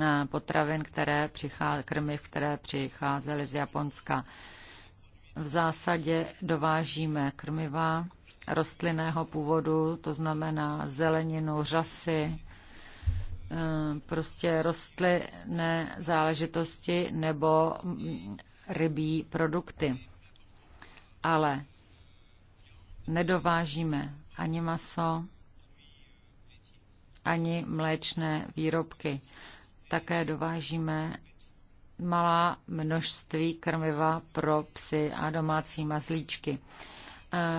eh, potravin, které přicházely, krmiv, které přicházely z Japonska. V zásadě dovážíme krmiva, rostlinného původu, to znamená zeleninu, řasy, eh, prostě rostlinné záležitosti nebo mm, rybí produkty. Ale nedovážíme ani maso, ani mléčné výrobky. Také dovážíme malá množství krmiva pro psy a domácí mazlíčky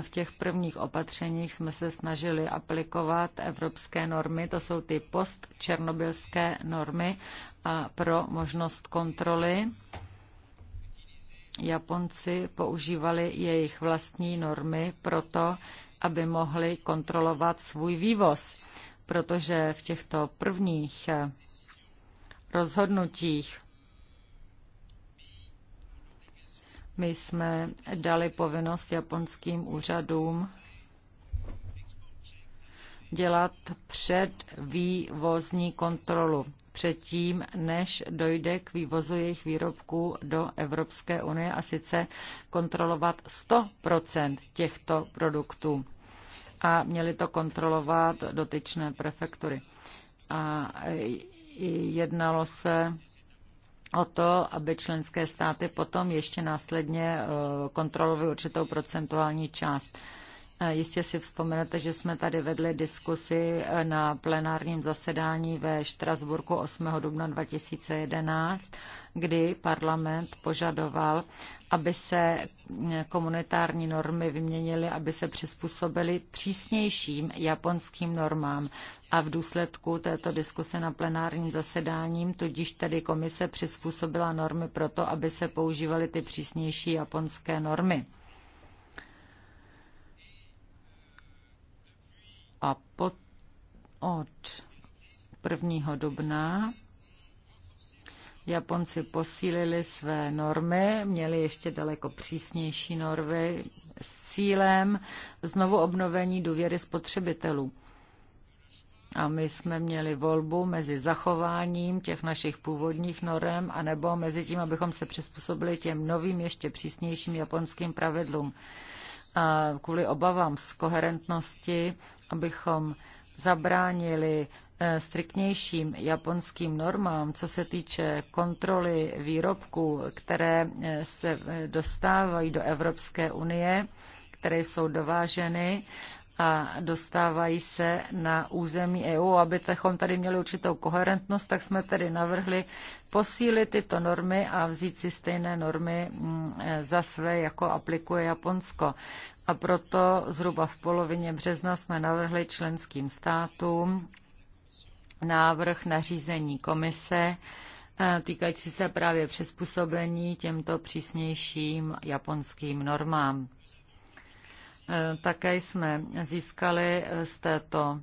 v těch prvních opatřeních jsme se snažili aplikovat evropské normy, to jsou ty postčernobylské normy a pro možnost kontroly. Japonci používali jejich vlastní normy proto, aby mohli kontrolovat svůj vývoz, protože v těchto prvních rozhodnutích My jsme dali povinnost japonským úřadům dělat předvývozní kontrolu předtím, než dojde k vývozu jejich výrobků do Evropské unie a sice kontrolovat 100% těchto produktů. A měli to kontrolovat dotyčné prefektury. A jednalo se o to, aby členské státy potom ještě následně eh, kontrolovaly určitou procentuální část. Jistě si vzpomenete, že jsme tady vedli diskusi eh, na plenárním zasedání ve Štrasburku 8. dubna 2011, kdy parlament požadoval, aby se eh, komunitární normy vyměnily, aby se přizpůsobily přísnějším japonským normám. A v důsledku této diskuse na plenárním zasedáním tudíž tedy komise přizpůsobila normy proto, aby se používaly ty přísnější japonské normy. a pot, od 1. dubna Japonci posílili své normy, měli ještě daleko přísnější normy s cílem znovu obnovení důvěry spotřebitelů. A my jsme měli volbu mezi zachováním těch našich původních norem nebo mezi tím, abychom se přizpůsobili těm novým, ještě přísnějším japonským pravidlům. A kvůli obavám z koherentnosti abychom zabránili eh, striktnějším japonským normám, co se týče kontroly výrobků, které eh, se eh, dostávají do Evropské unie, které jsou dováženy, a dostávají se na území EU. Abychom tady měli určitou koherentnost, tak jsme tedy navrhli posílit tyto normy a vzít si stejné normy mm, za své, jako aplikuje Japonsko. A proto zhruba v polovině března jsme navrhli členským státům návrh nařízení komise e, týkající se právě přizpůsobení těmto přísnějším japonským normám. Také jsme získali z této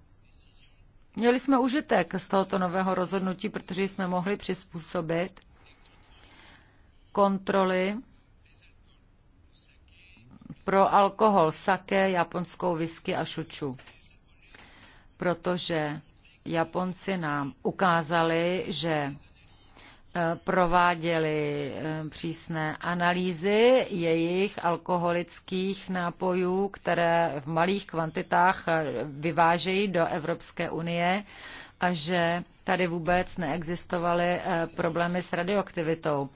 Měli jsme užitek z tohoto nového rozhodnutí, protože jsme mohli přizpůsobit kontroly pro alkohol, sake, japonskou whisky a šuču. Protože Japonci nám ukázali, že Eh, prováděli eh, přísné analýzy jejich alkoholických nápojů, které v malých kvantitách eh, vyvážejí do Evropské unie a že tady vůbec neexistovaly problémy s radioaktivitou,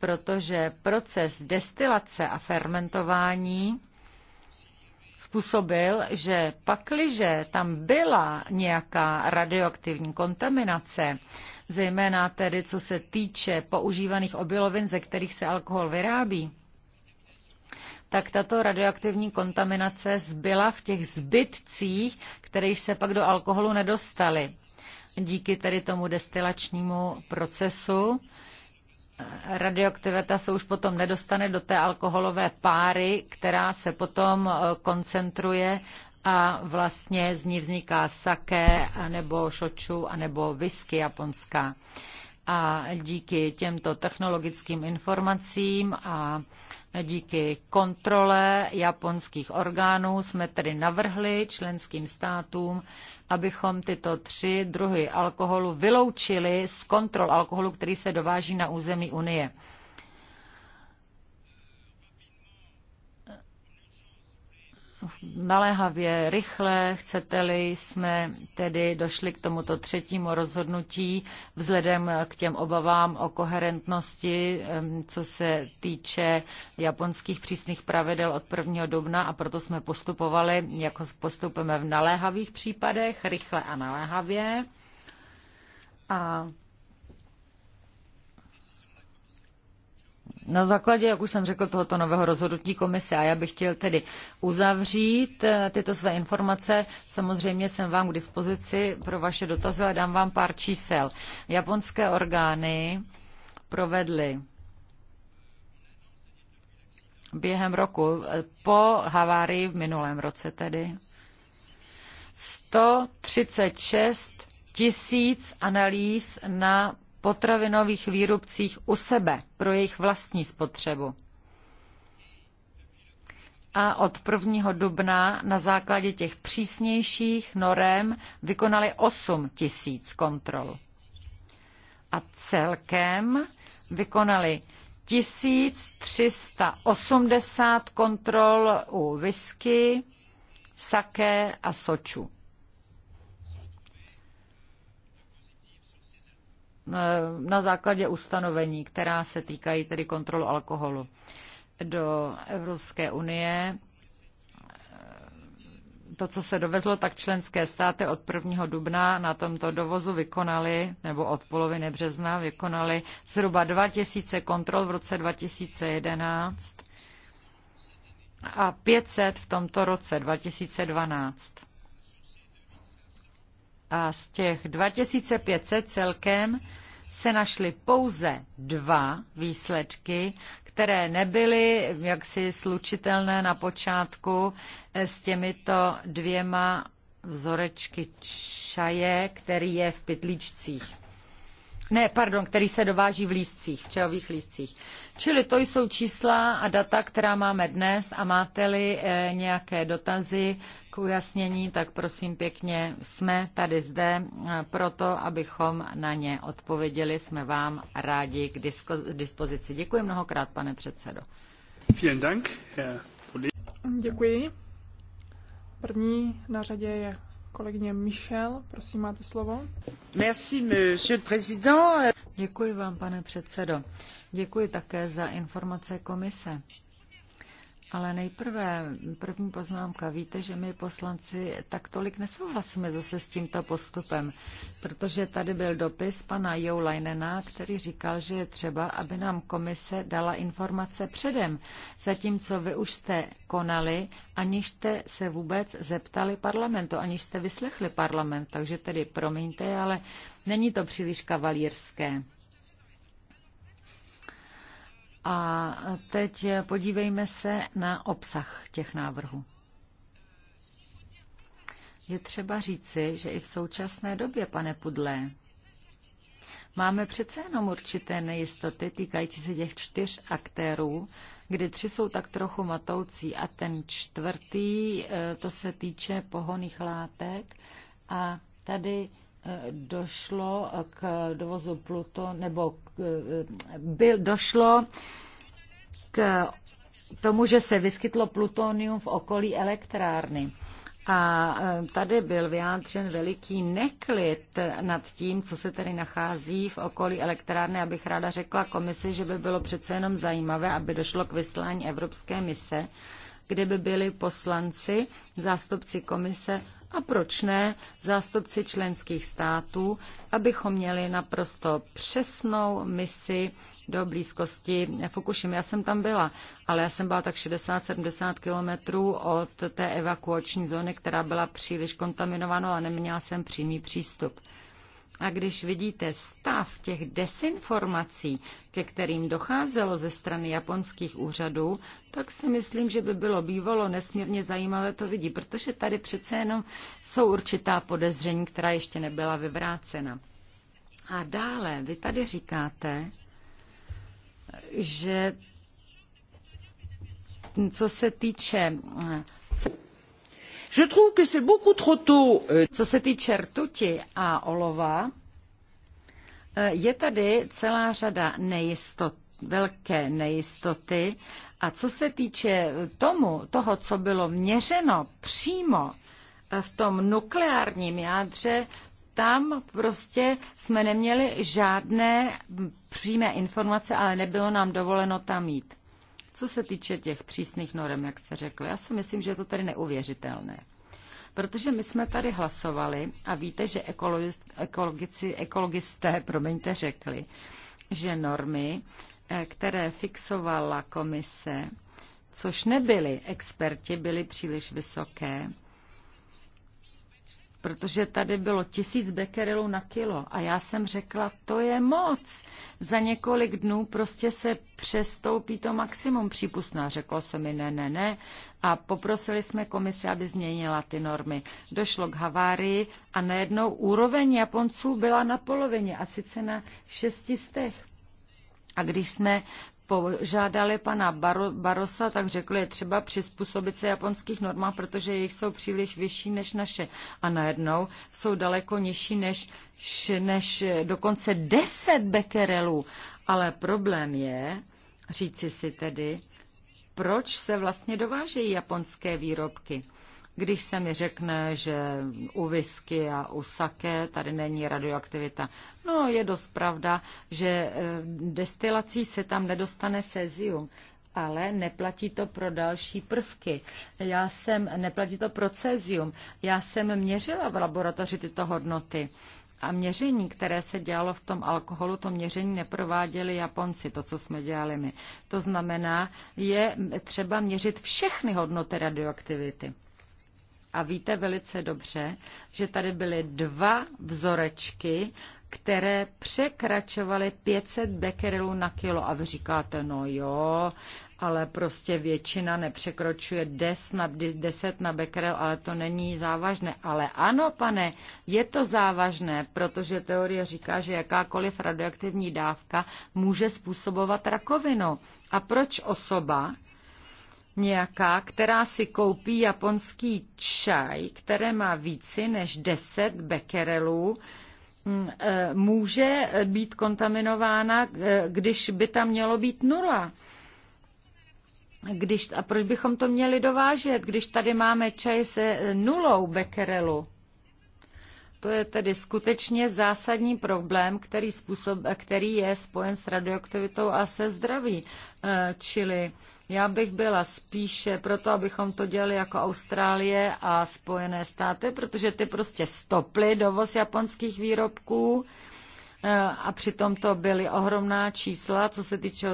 protože proces destilace a fermentování způsobil, že pakliže tam byla nějaká radioaktivní kontaminace, zejména tedy co se týče používaných obilovin, ze kterých se alkohol vyrábí, tak tato radioaktivní kontaminace zbyla v těch zbytcích, které již se pak do alkoholu nedostaly. Díky tedy tomu destilačnímu procesu radioaktivita se už potom nedostane do té alkoholové páry, která se potom e, koncentruje a vlastně z ní vzniká sake, nebo šoču, nebo whisky japonská. A díky těmto technologickým informacím a Díky kontrole japonských orgánů jsme tedy navrhli členským státům, abychom tyto tři druhy alkoholu vyloučili z kontrol alkoholu, který se dováží na území Unie. naléhavě, rychle, chcete-li, jsme tedy došli k tomuto třetímu rozhodnutí vzhledem k těm obavám o koherentnosti, co se týče japonských přísných pravidel od 1. dubna a proto jsme postupovali, jako postupujeme v naléhavých případech, rychle a naléhavě. A na základě, jak už jsem řekl, tohoto nového rozhodnutí komise a já bych chtěl tedy uzavřít eh, tyto své informace. Samozřejmě jsem vám k dispozici pro vaše dotazy, ale dám vám pár čísel. Japonské orgány provedly během roku, eh, po havárii v minulém roce tedy, 136 tisíc analýz na potravinových výrobcích u sebe pro jejich vlastní spotřebu. A od 1. dubna na základě těch přísnějších norem vykonali 8 tisíc kontrol. A celkem vykonali 1380 kontrol u whisky, sake a soču. Eh, na základě ustanovení, která se týkají tedy kontrolu alkoholu do Evropské unie. Eh, to, co se dovezlo, tak členské státy od 1. dubna na tomto dovozu vykonali, nebo od poloviny března vykonali zhruba 2000 kontrol v roce 2011 a 500 v tomto roce 2012. A z těch 2500 celkem se našly pouze dva výsledky, které nebyly jaksi slučitelné na počátku eh, s těmito dvěma vzorečky čaje, který je v pytlíčcích. Ne, pardon, který se dováží v lístcích, v čajových lístcích. Čili to jsou čísla a data, která máme dnes a máte-li eh, nějaké dotazy, k ujasnění, tak prosím pěkně, jsme tady zde eh, proto, abychom na ně odpověděli. Jsme vám rádi k dispozici. Děkuji mnohokrát, pane předsedo. Vielen Dank, Děkuji. První na řadě je kolegyně Michel. Prosím, máte slovo. Merci, monsieur le président. Děkuji vám, pane předsedo. Děkuji také za informace komise. Ale nejprve první poznámka. Víte, že my poslanci tak tolik nesouhlasíme zase s tímto postupem, protože tady byl dopis pana Jo Leinena, který říkal, že je třeba, aby nám komise dala informace předem, zatímco vy už jste konali, aniž jste se vůbec zeptali parlamentu, aniž jste vyslechli parlament. Takže tedy promiňte, ale není to příliš kavalírské. A teď podívejme se na obsah těch návrhů. Je třeba říci, že i v současné době, pane Pudlé, máme přece jenom určité nejistoty týkající se těch čtyř aktérů, kdy tři jsou tak trochu matoucí a ten čtvrtý, eh, to se týče pohoných látek a tady došlo k dovozu pluto, nebo k, byl, došlo k tomu, že se vyskytlo plutonium v okolí elektrárny. A e, tady byl vyjádřen veliký neklid nad tím, co se tady nachází v okolí elektrárny. Abych ráda řekla komisi, že by bylo přece jenom zajímavé, aby došlo k vyslání Evropské mise, kde by byli poslanci, zástupci komise a proč ne zástupci členských států, abychom měli naprosto přesnou misi do blízkosti Fukushima. Já jsem tam byla, ale já jsem byla tak 60-70 kilometrů od té evakuační zóny, která byla příliš kontaminovaná a neměla jsem přímý přístup. A když vidíte stav těch desinformací, ke kterým docházelo ze strany japonských úřadů, tak si myslím, že by bylo bývalo nesmírně zajímavé to vidět, protože tady přece jenom jsou určitá podezření, která ještě nebyla vyvrácena. A dále, vy tady říkáte, že co se týče je trouve que c'est beaucoup trop tôt. Euh, co se týče rtuti a olova, eh, je tady celá řada nejistot, velké nejistoty. A co se týče tomu, toho, co bylo měřeno přímo eh, v tom nukleárním jádře, tam prostě jsme neměli žádné přímé informace, ale nebylo nám dovoleno tam jít. Co se týče těch přísných norm, jak jste řekl, já si myslím, že je to tady neuvěřitelné. Protože my jsme tady hlasovali a víte, že ekologist, ekologici, ekologisté <laughs> promiňte, řekli, že normy, eh, které fixovala komise, což nebyli experti, byly příliš vysoké protože tady bylo tisíc bekerelů na kilo a já jsem řekla, to je moc. Za několik dnů prostě se přestoupí to maximum přípustná. Řeklo se mi ne, ne, ne a poprosili jsme komisi, aby změnila ty normy. Došlo k havárii a najednou úroveň Japonců byla na polovině a sice na šestistech. A když jsme požádali pana Baro, Barosa, tak řekli, je třeba přizpůsobit se japonských normách, protože jejich jsou příliš vyšší než naše. A najednou jsou daleko nižší než, než dokonce 10 bekerelů. Ale problém je, říci si tedy, proč se vlastně dovážejí japonské výrobky. Když se mi řekne, že u whisky a u sake tady není radioaktivita, no je dost pravda, že eh, destilací se tam nedostane sezium ale neplatí to pro další prvky. Já jsem, neplatí to pro cezium. Já jsem měřila v laboratoři tyto hodnoty. A měření, které se dělalo v tom alkoholu, to měření neprováděli Japonci, to, co jsme dělali my. To znamená, je třeba měřit všechny hodnoty radioaktivity. A víte velice dobře, že tady byly dva vzorečky, které překračovaly 500 bekerelů na kilo. A vy říkáte, no jo, ale prostě většina nepřekročuje 10 na, 10 na bekerel, ale to není závažné. Ale ano, pane, je to závažné, protože teorie říká, že jakákoliv radioaktivní dávka může způsobovat rakovinu. A proč osoba, nějaká, která si koupí japonský čaj, které má více než 10 bekerelů, mm, eh, může být kontaminována, eh, když by tam mělo být nula. Když, a proč bychom to měli dovážet, když tady máme čaj se nulou bekerelu? To je tedy skutečně zásadní problém, který, způsob, který je spojen s radioaktivitou a se zdraví. Eh, čili já bych byla spíše proto, abychom to dělali jako Austrálie a Spojené státy, protože ty prostě stoply dovoz japonských výrobků Eh, a přitom to byly ohromná čísla, co se týče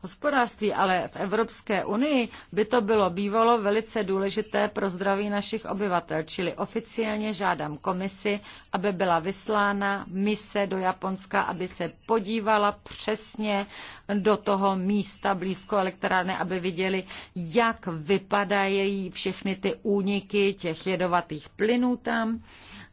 hospodářství, ale v Evropské unii by to bylo bývalo velice důležité pro zdraví našich obyvatel, čili oficiálně žádám komisi, aby byla vyslána mise do Japonska, aby se podívala přesně do toho místa blízko elektrárny, aby viděli, jak vypadají všechny ty úniky těch jedovatých plynů tam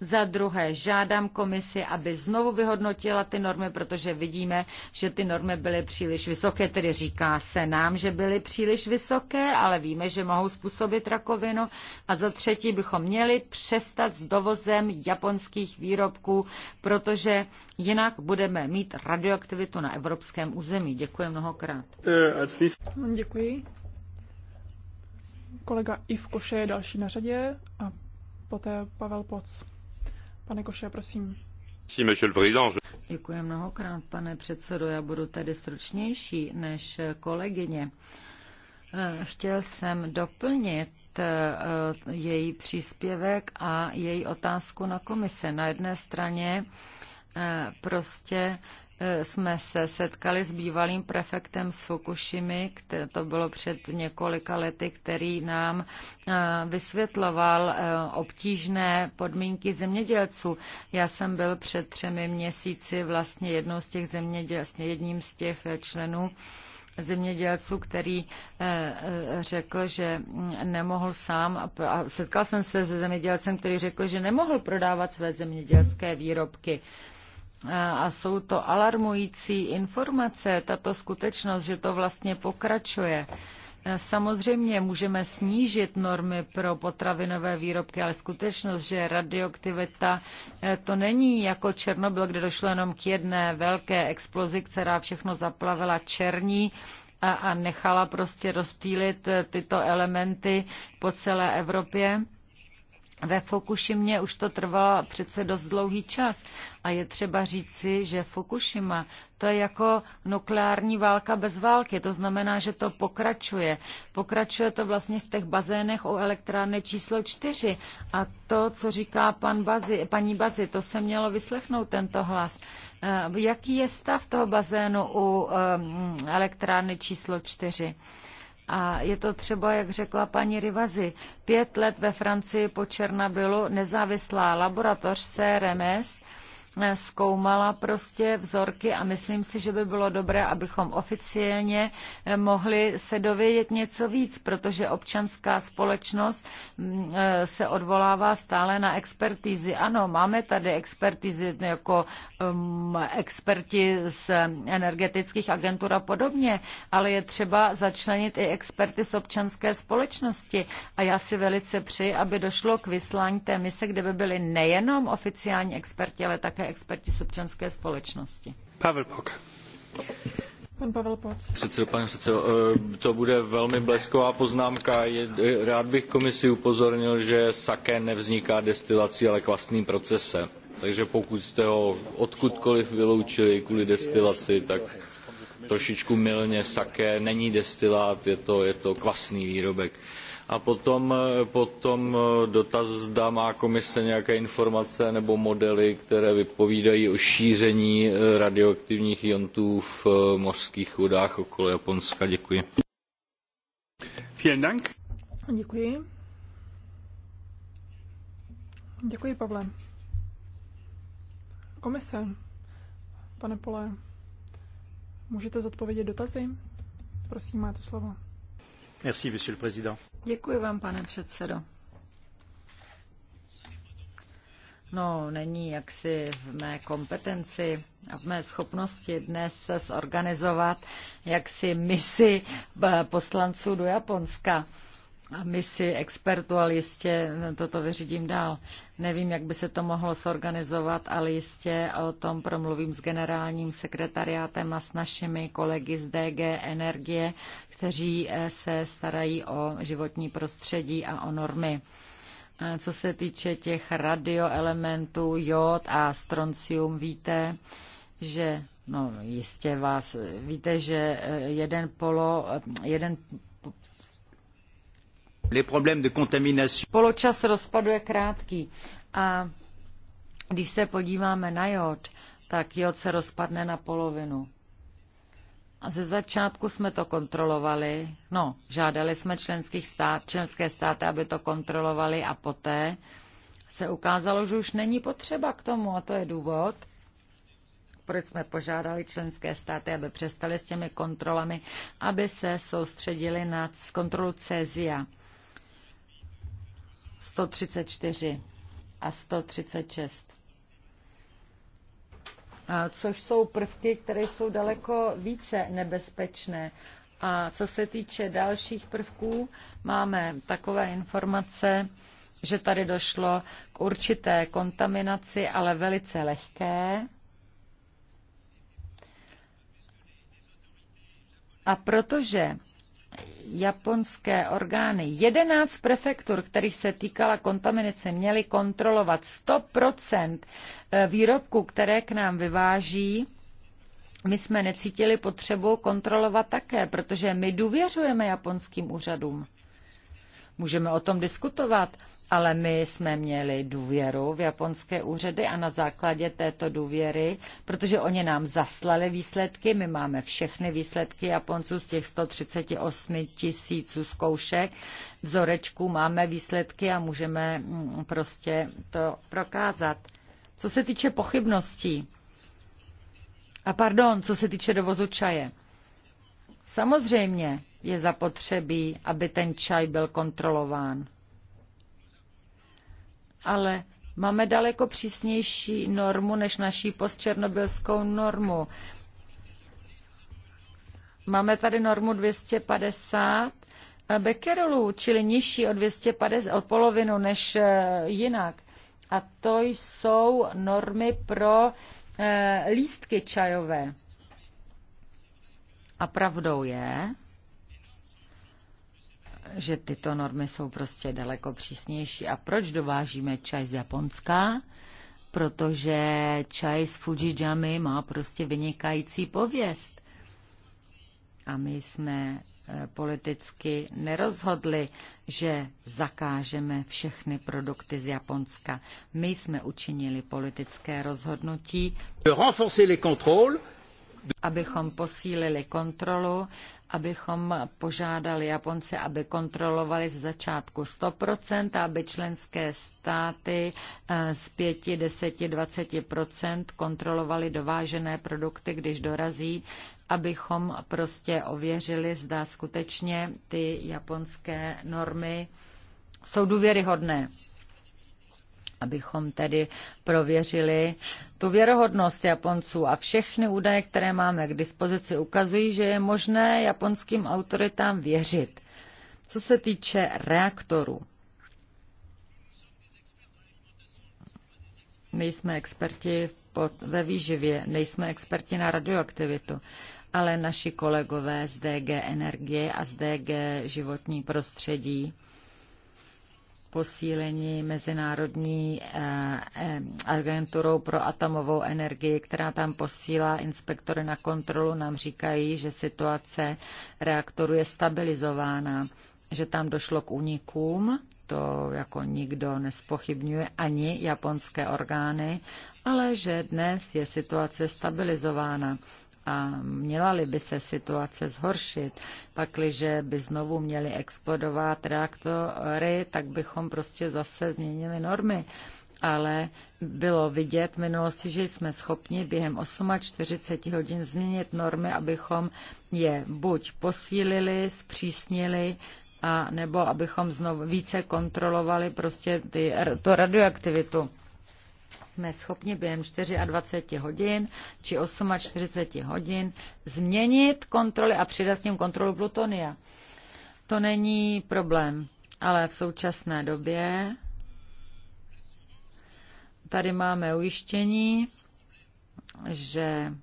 za druhé žádám komisi, aby znovu vyhodnotila ty normy, protože vidíme, že ty normy byly příliš vysoké, tedy říká se nám, že byly příliš vysoké, ale víme, že mohou způsobit rakovinu. A za třetí bychom měli přestat s dovozem japonských výrobků, protože jinak budeme mít radioaktivitu na evropském území. Děkuji mnohokrát. Děkuji. Kolega Ivkoše je další na řadě a poté Pavel Poc. Pane Koše, prosím. Děkuji mnohokrát, pane předsedo. Já budu tady stručnější než kolegyně. Eh, chtěl jsem doplnit eh, její příspěvek a její otázku na komise. Na jedné straně eh, prostě jsme se setkali s bývalým prefektem z Fukushimy, to bylo před několika lety, který nám eh, vysvětloval eh, obtížné podmínky zemědělců. Já jsem byl před třemi měsíci vlastně jednou z těch zemědělců, vlastně jedním z těch eh, členů zemědělců, který řekl, že mm, nemohl sám, a setkal jsem se se zemědělcem, který řekl, že nemohl prodávat své zemědělské výrobky a jsou to alarmující informace, tato skutečnost, že to vlastně pokračuje. E, samozřejmě můžeme snížit normy pro potravinové výrobky, ale skutečnost, že radioaktivita e, to není jako Černobyl, kde došlo jenom k jedné velké explozi, která všechno zaplavila černí a, a nechala prostě rozptýlit e, tyto elementy po celé Evropě. Ve Fukushimě už to trvalo přece dost dlouhý čas a je třeba říci, že Fukushima to je jako nukleární válka bez války, to znamená, že to pokračuje. Pokračuje to vlastně v těch bazénech u elektrárny číslo čtyři. a to, co říká pan Bazi, paní Bazi, to se mělo vyslechnout tento hlas. Eh, jaký je stav toho bazénu u eh, elektrárny číslo čtyři? A je to třeba, jak řekla paní Rivazi, pět let ve Francii po Černabylu nezávislá laboratoř CRMS zkoumala prostě vzorky a myslím si, že by bylo dobré, abychom oficiálně eh, mohli se dovědět něco víc, protože občanská společnost mm, eh, se odvolává stále na expertízy. Ano, máme tady expertízy jako um, experti z energetických agentur a podobně, ale je třeba začlenit i experty z občanské společnosti. A já si velice přeji, aby došlo k vyslání té mise, kde by byli nejenom oficiální experti, ale také také experti z občanské společnosti. Pavel Pok. Pan Pavel Poc. Předsedo, pane předsedo, eh, to bude velmi blesková poznámka. Eh, rád bych komisi upozornil, že saké nevzniká destilací, ale kvasným procesem. Takže pokud jste ho odkudkoliv vyloučili kvůli destilaci, tak trošičku milně saké není destilát, je to, je to kvasný výrobek. A potom, eh, potom eh, dotaz, zda má komise nějaké informace nebo modely, které vypovídají o šíření eh, radioaktivních jontů v mořských vodách okolo Japonska. Děkuji. Vielen Dank. Děkuji. Děkuji, Pavle. Komise, pane Pole, můžete zodpovědět dotazy? Prosím, máte slovo. Merci, monsieur le président. Děkuji vám, pane předsedo. No, není jaksi v mé kompetenci a v mé schopnosti dnes zorganizovat jaksi misi poslanců do Japonska a misi expertů, ale jistě toto vyřídím dál. Nevím, jak by se to mohlo sorganizovat, ale jistě o tom promluvím s generálním sekretariátem a s našimi kolegy z DG Energie, kteří eh, se starají o životní prostředí a o normy. Eh, co se týče těch radioelementů, jod a stroncium, víte, že No, jistě vás. Víte, že eh, jeden polo, jeden Poločas rozpadu je krátký a když se podíváme na jod, tak jod se rozpadne na polovinu. A ze začátku jsme to kontrolovali, no, žádali jsme členských stát, členské státy, aby to kontrolovali a poté se ukázalo, že už není potřeba k tomu a to je důvod, proč jsme požádali členské státy, aby přestali s těmi kontrolami, aby se soustředili na kontrolu Cezia 134 a 136. A což jsou prvky, které jsou daleko více nebezpečné. A co se týče dalších prvků, máme takové informace, že tady došlo k určité kontaminaci, ale velice lehké. A protože japonské orgány Jedenáct prefektur, kterých se týkala kontaminace, měly kontrolovat 100% eh, výrobků, které k nám vyváží, my jsme necítili potřebu kontrolovat také, protože my důvěřujeme japonským úřadům. Můžeme o tom diskutovat, ale my jsme měli důvěru v japonské úřady a na základě této důvěry, protože oni nám zaslali výsledky, my máme všechny výsledky Japonců z těch 138 tisíců zkoušek, vzorečků máme výsledky a můžeme mm, prostě to prokázat. Co se týče pochybností, a pardon, co se týče dovozu čaje. Samozřejmě, je zapotřebí, aby ten čaj byl kontrolován. Ale máme daleko přísnější normu než naší postčernobylskou normu. Máme tady normu 250 eh, bekerolů, čili nižší o, 250, o polovinu než eh, jinak. A to jsou normy pro eh, lístky čajové. A pravdou je, že tyto normy jsou prostě daleko přísnější. A proč dovážíme čaj z Japonska? Protože čaj z Fujijami má prostě vynikající pověst. A my jsme eh, politicky nerozhodli, že zakážeme všechny produkty z Japonska. My jsme učinili politické rozhodnutí. Renforcer les contrôles abychom posílili kontrolu, abychom požádali Japonce, aby kontrolovali z začátku 100%, a aby členské státy eh, z 5, 10, 20% kontrolovali dovážené produkty, když dorazí, abychom prostě ověřili, zda skutečně ty japonské normy jsou důvěryhodné abychom tedy prověřili tu věrohodnost Japonců a všechny údaje, které máme k dispozici, ukazují, že je možné japonským autoritám věřit. Co se týče reaktorů, my jsme experti pod, ve výživě, nejsme experti na radioaktivitu, ale naši kolegové z DG Energie a z DG Životní prostředí posílení Mezinárodní eh, eh, agenturou pro atomovou energii, která tam posílá inspektory na kontrolu, nám říkají, že situace reaktoru je stabilizována, že tam došlo k únikům, to jako nikdo nespochybňuje, ani japonské orgány, ale že dnes je situace stabilizována a měla-li by se situace zhoršit, pakliže by znovu měli explodovat reaktory, tak bychom prostě zase změnili normy. Ale bylo vidět v minulosti, že jsme schopni během 48 hodin změnit normy, abychom je buď posílili, zpřísnili, a nebo abychom znovu více kontrolovali prostě ty, to radioaktivitu jsme schopni během 24 hodin či 48 hodin změnit kontroly a přidat k něm kontrolu plutonia. To není problém, ale v současné době tady máme ujištění, že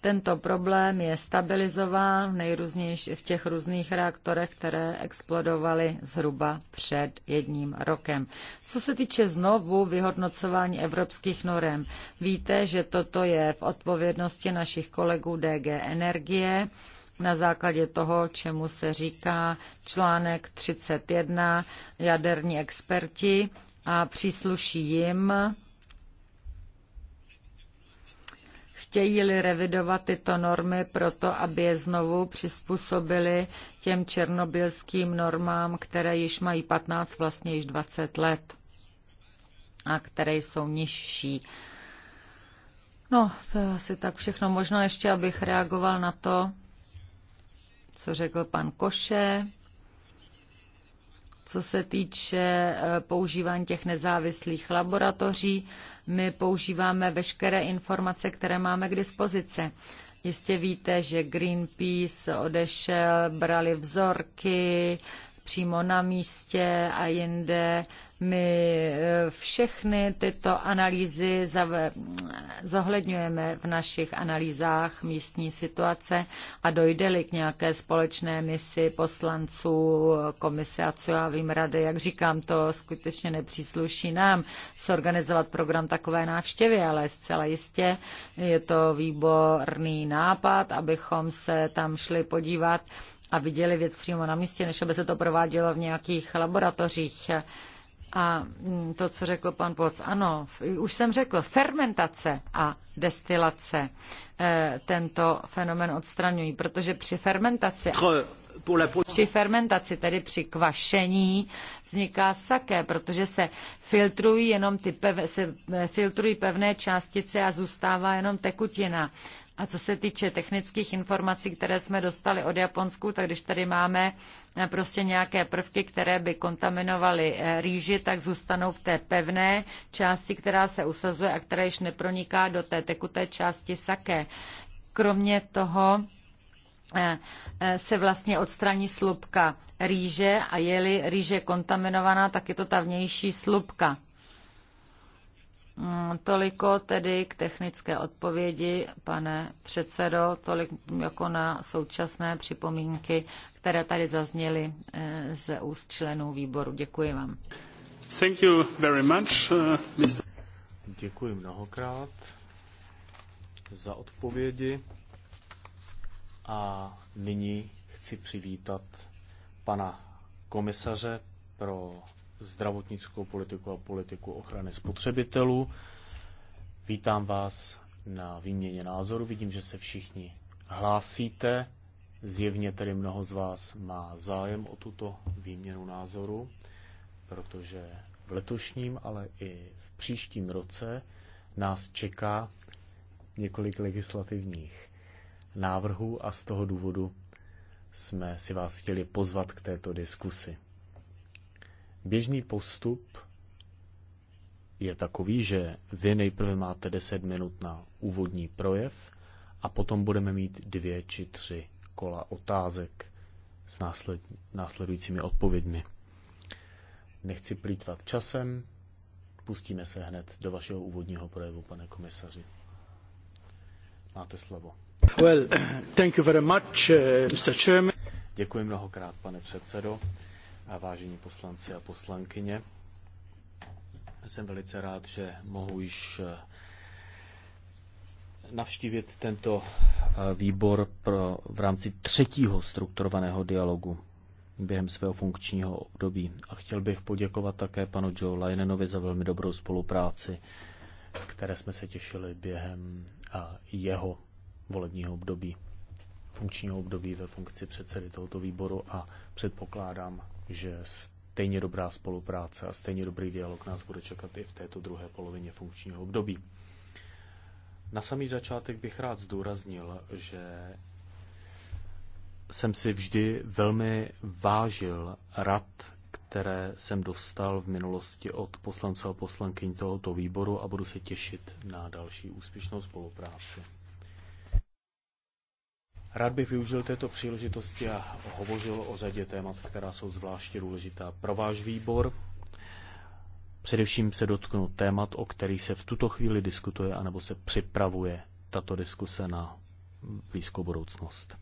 tento problém je stabilizován v, v těch různých reaktorech, které explodovaly zhruba před jedním rokem. Co se týče znovu vyhodnocování evropských norem, víte, že toto je v odpovědnosti našich kolegů DG Energie na základě toho, čemu se říká článek 31 jaderní experti a přísluší jim chtějí-li revidovat tyto normy proto, aby je znovu přizpůsobili těm černobylským normám, které již mají 15, vlastně již 20 let a které jsou nižší. No, to je asi tak všechno. Možná ještě, abych reagoval na to, co řekl pan Koše. Co se týče eh, používání těch nezávislých laboratoří, my používáme veškeré informace, které máme k dispozici. Jistě víte, že Greenpeace odešel, brali vzorky přímo na místě a jinde my eh, všechny tyto analýzy zohledňujeme v našich analýzách místní situace a dojde-li k nějaké společné misi poslanců komise a co já vím rady, jak říkám, to skutečně nepřísluší nám sorganizovat program takové návštěvy, ale zcela jistě je to výborný nápad, abychom se tam šli podívat a viděli věc přímo na místě, než aby se to provádělo v nějakých laboratořích. A mm, to, co řekl pan Poc, ano, už jsem řekl, fermentace a destilace e, tento fenomen odstraňují, protože při fermentaci při fermentaci, tedy při kvašení, vzniká saké, protože se filtrují jenom ty pev, se e, filtrují pevné částice a zůstává jenom tekutina. A co se týče technických informací, které jsme dostali od Japonsku, tak když tady máme eh, prostě nějaké prvky, které by kontaminovaly eh, rýži, tak zůstanou v té pevné části, která se usazuje a která již neproniká do té tekuté části saké. Kromě toho, eh, se vlastně odstraní slupka rýže a je-li rýže kontaminovaná, tak je to ta vnější slupka. Mm, toliko tedy k technické odpovědi, pane předsedo, tolik jako na současné připomínky, které tady zazněly eh, ze úst členů výboru. Děkuji vám. Thank you very much, uh, Mr. Děkuji mnohokrát za odpovědi a nyní chci přivítat pana komisaře pro zdravotnickou politiku a politiku ochrany spotřebitelů. Vítám vás na výměně názoru. Vidím, že se všichni hlásíte. Zjevně tedy mnoho z vás má zájem o tuto výměnu názoru, protože v letošním, ale i v příštím roce nás čeká několik legislativních návrhů a z toho důvodu jsme si vás chtěli pozvat k této diskusi. Běžný postup je takový, že vy nejprve máte 10 minut na úvodní projev a potom budeme mít dvě či tři kola otázek s násled, následujícími odpověďmi. Nechci plítvat časem, pustíme se hned do vašeho úvodního projevu, pane komisaři. Máte slovo. Well, thank you very much, uh, eh, Mr. Chairman. Děkuji mnohokrát, pane předsedo a vážení poslanci a poslankyně. Jsem velice rád, že mohu již eh, navštívit tento eh, výbor pro, v rámci třetího strukturovaného dialogu během svého funkčního období. A chtěl bych poděkovat také panu Joe Linenovi za velmi dobrou spolupráci, které jsme se těšili během eh, jeho volebního období, funkčního období ve funkci předsedy tohoto výboru a předpokládám že stejně dobrá spolupráce a stejně dobrý dialog nás bude čekat i v této druhé polovině funkčního období. Na samý začátek bych rád zdůraznil, že jsem si vždy velmi vážil rad, které jsem dostal v minulosti od poslanců a poslankyň tohoto výboru a budu se těšit na další úspěšnou spolupráci. Rád bych využil této příležitosti a hovořil o řadě témat, která jsou zvláště důležitá pro váš výbor. Především se dotknu témat, o kterých se v tuto chvíli diskutuje anebo se připravuje tato diskuse na blízkou budoucnost.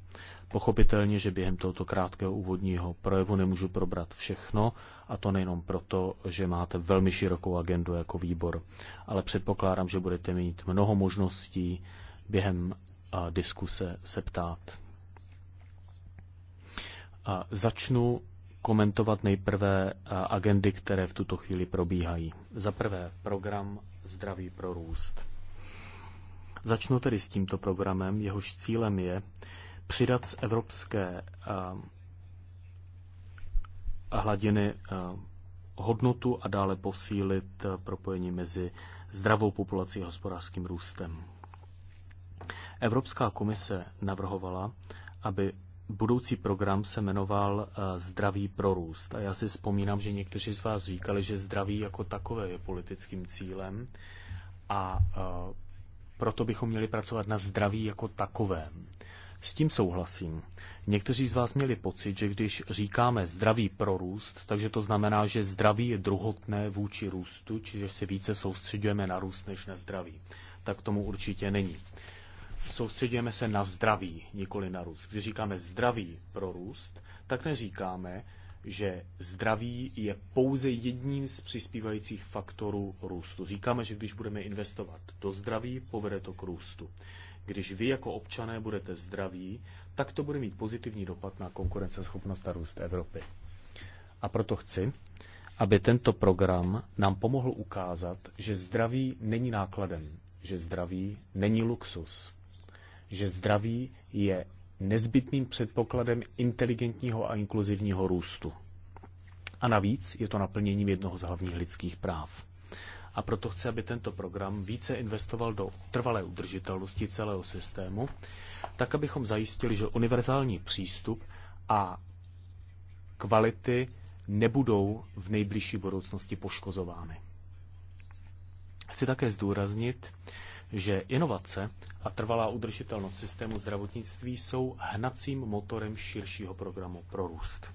Pochopitelně, že během tohoto krátkého úvodního projevu nemůžu probrat všechno, a to nejenom proto, že máte velmi širokou agendu jako výbor, ale předpokládám, že budete mít mnoho možností během a diskuse se ptát. A začnu komentovat nejprve agendy, které v tuto chvíli probíhají. Za prvé program Zdraví pro růst. Začnu tedy s tímto programem, jehož cílem je přidat z evropské hladiny hodnotu a dále posílit propojení mezi zdravou populací a hospodářským růstem. Evropská komise navrhovala, aby budoucí program se jmenoval eh, Zdraví pro růst. A já si vzpomínám, že někteří z vás říkali, že zdraví jako takové je politickým cílem a eh, proto bychom měli pracovat na zdraví jako takovém. S tím souhlasím. Někteří z vás měli pocit, že když říkáme zdraví pro růst, takže to znamená, že zdraví je druhotné vůči růstu, čiže se více soustředujeme na růst než na zdraví. Tak tomu určitě není soustředíme se na zdraví, nikoli na růst. Když říkáme zdraví pro růst, tak neříkáme, že zdraví je pouze jedním z přispívajících faktorů růstu. Říkáme, že když budeme investovat do zdraví, povede to k růstu. Když vy jako občané budete zdraví, tak to bude mít pozitivní dopad na konkurenceschopnost a růst Evropy. A proto chci, aby tento program nám pomohl ukázat, že zdraví není nákladem, že zdraví není luxus že zdraví je nezbytným předpokladem inteligentního a inkluzivního růstu. A navíc je to naplněním jednoho z hlavních lidských práv. A proto chci, aby tento program více investoval do trvalé udržitelnosti celého systému, tak abychom zajistili, že univerzální přístup a kvality nebudou v nejbližší budoucnosti poškozovány. Chci také zdůraznit, že inovace a trvalá udržitelnost systému zdravotnictví jsou hnacím motorem širšího programu pro růst.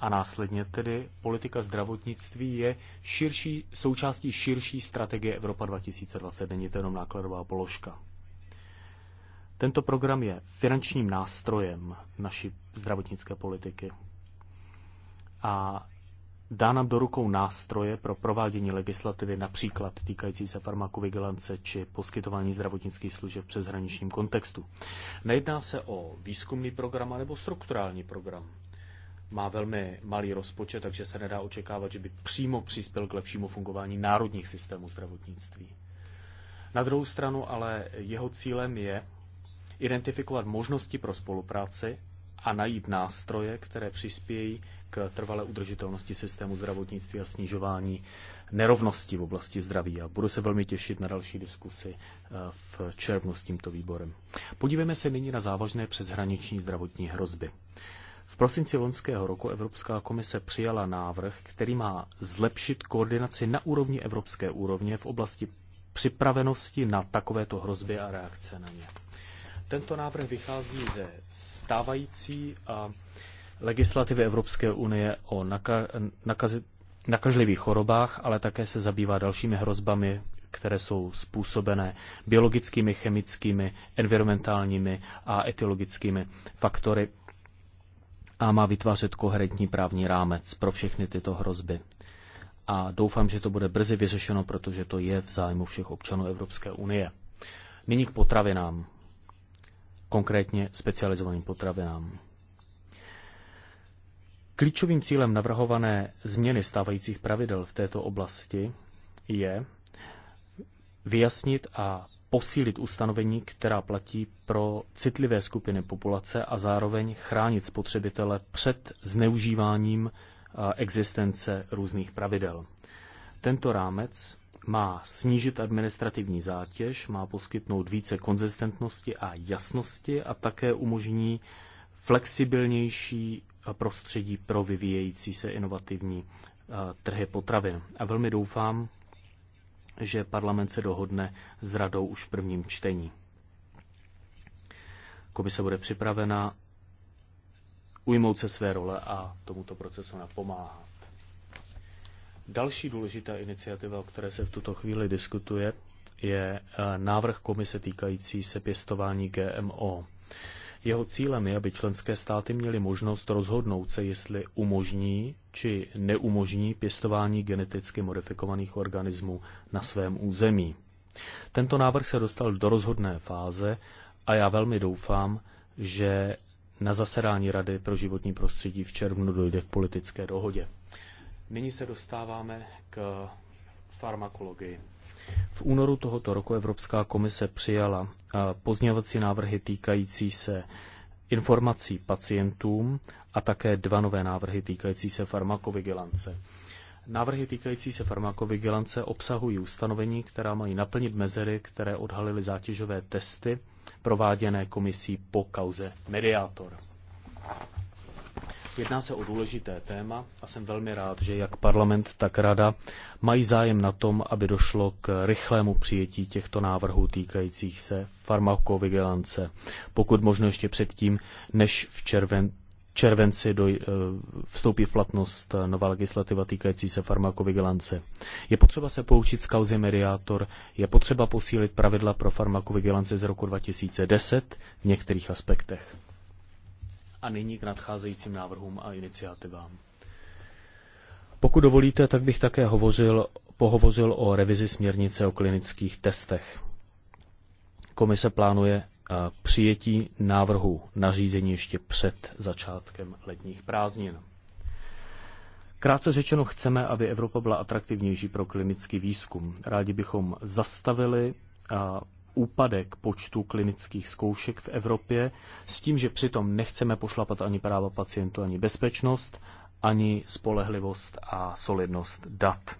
A následně tedy politika zdravotnictví je širší, součástí širší strategie Evropa 2020, není to jenom nákladová položka. Tento program je finančním nástrojem naší zdravotnické politiky. A dá nám do rukou nástroje pro provádění legislativy, například týkající se farmakovigilance či poskytování zdravotnických služeb v přeshraničním kontextu. Nejedná se o výzkumný program nebo strukturální program. Má velmi malý rozpočet, takže se nedá očekávat, že by přímo přispěl k lepšímu fungování národních systémů zdravotnictví. Na druhou stranu ale jeho cílem je identifikovat možnosti pro spolupráci a najít nástroje, které přispějí k trvalé udržitelnosti systému zdravotnictví a snižování nerovnosti v oblasti zdraví. A budu se velmi těšit na další diskusy eh, v červnu s tímto výborem. Podívejme se nyní na závažné přeshraniční zdravotní hrozby. V prosinci loňského roku Evropská komise přijala návrh, který má zlepšit koordinaci na úrovni evropské úrovně v oblasti připravenosti na takovéto hrozby a reakce na ně. Tento návrh vychází ze stávající a legislativy Evropské unie o nakažlivých chorobách, ale také se zabývá dalšími hrozbami, které jsou způsobené biologickými, chemickými, environmentálními a etiologickými faktory a má vytvářet koherentní právní rámec pro všechny tyto hrozby. A doufám, že to bude brzy vyřešeno, protože to je v zájmu všech občanů Evropské unie. Nyní k potravinám, konkrétně specializovaným potravinám. Klíčovým cílem navrhované změny stávajících pravidel v této oblasti je vyjasnit a posílit ustanovení, která platí pro citlivé skupiny populace a zároveň chránit spotřebitele před zneužíváním existence různých pravidel. Tento rámec má snížit administrativní zátěž, má poskytnout více konzistentnosti a jasnosti a také umožní flexibilnější prostředí pro vyvíjející se inovativní trhy potravin. A velmi doufám, že parlament se dohodne s radou už v prvním čtení. Komise bude připravena ujmout se své role a tomuto procesu napomáhat. Další důležitá iniciativa, o které se v tuto chvíli diskutuje, je e, návrh komise týkající se pěstování GMO. Jeho cílem je, aby členské státy měly možnost rozhodnout se, jestli umožní či neumožní pěstování geneticky modifikovaných organismů na svém území. Tento návrh se dostal do rozhodné fáze a já velmi doufám, že na zasedání Rady pro životní prostředí v červnu dojde k politické dohodě. Nyní se dostáváme k farmakologii. V únoru tohoto roku Evropská komise přijala pozněvací návrhy týkající se informací pacientům a také dva nové návrhy týkající se farmakovigilance. Návrhy týkající se farmakovigilance obsahují ustanovení, která mají naplnit mezery, které odhalily zátěžové testy prováděné komisí po kauze Mediátor. Jedná se o důležité téma a jsem velmi rád, že jak parlament, tak rada mají zájem na tom, aby došlo k rychlému přijetí těchto návrhů týkajících se farmakovigilance, pokud možno ještě předtím, než v červen, červenci doj, eh, vstoupí v platnost nová legislativa týkající se farmakovigilance. Je potřeba se poučit z kauzy mediátor, je potřeba posílit pravidla pro farmakovigilanci z roku 2010 v některých aspektech. A nyní k nadcházejícím návrhům a iniciativám. Pokud dovolíte, tak bych také hovořil, pohovořil o revizi směrnice o klinických testech. Komise plánuje eh, přijetí návrhu nařízení ještě před začátkem letních prázdnin. Krátce řečeno chceme, aby Evropa byla atraktivnější pro klinický výzkum. Rádi bychom zastavili eh, úpadek počtu klinických zkoušek v Evropě s tím, že přitom nechceme pošlapat ani práva pacientů, ani bezpečnost, ani spolehlivost a solidnost dat.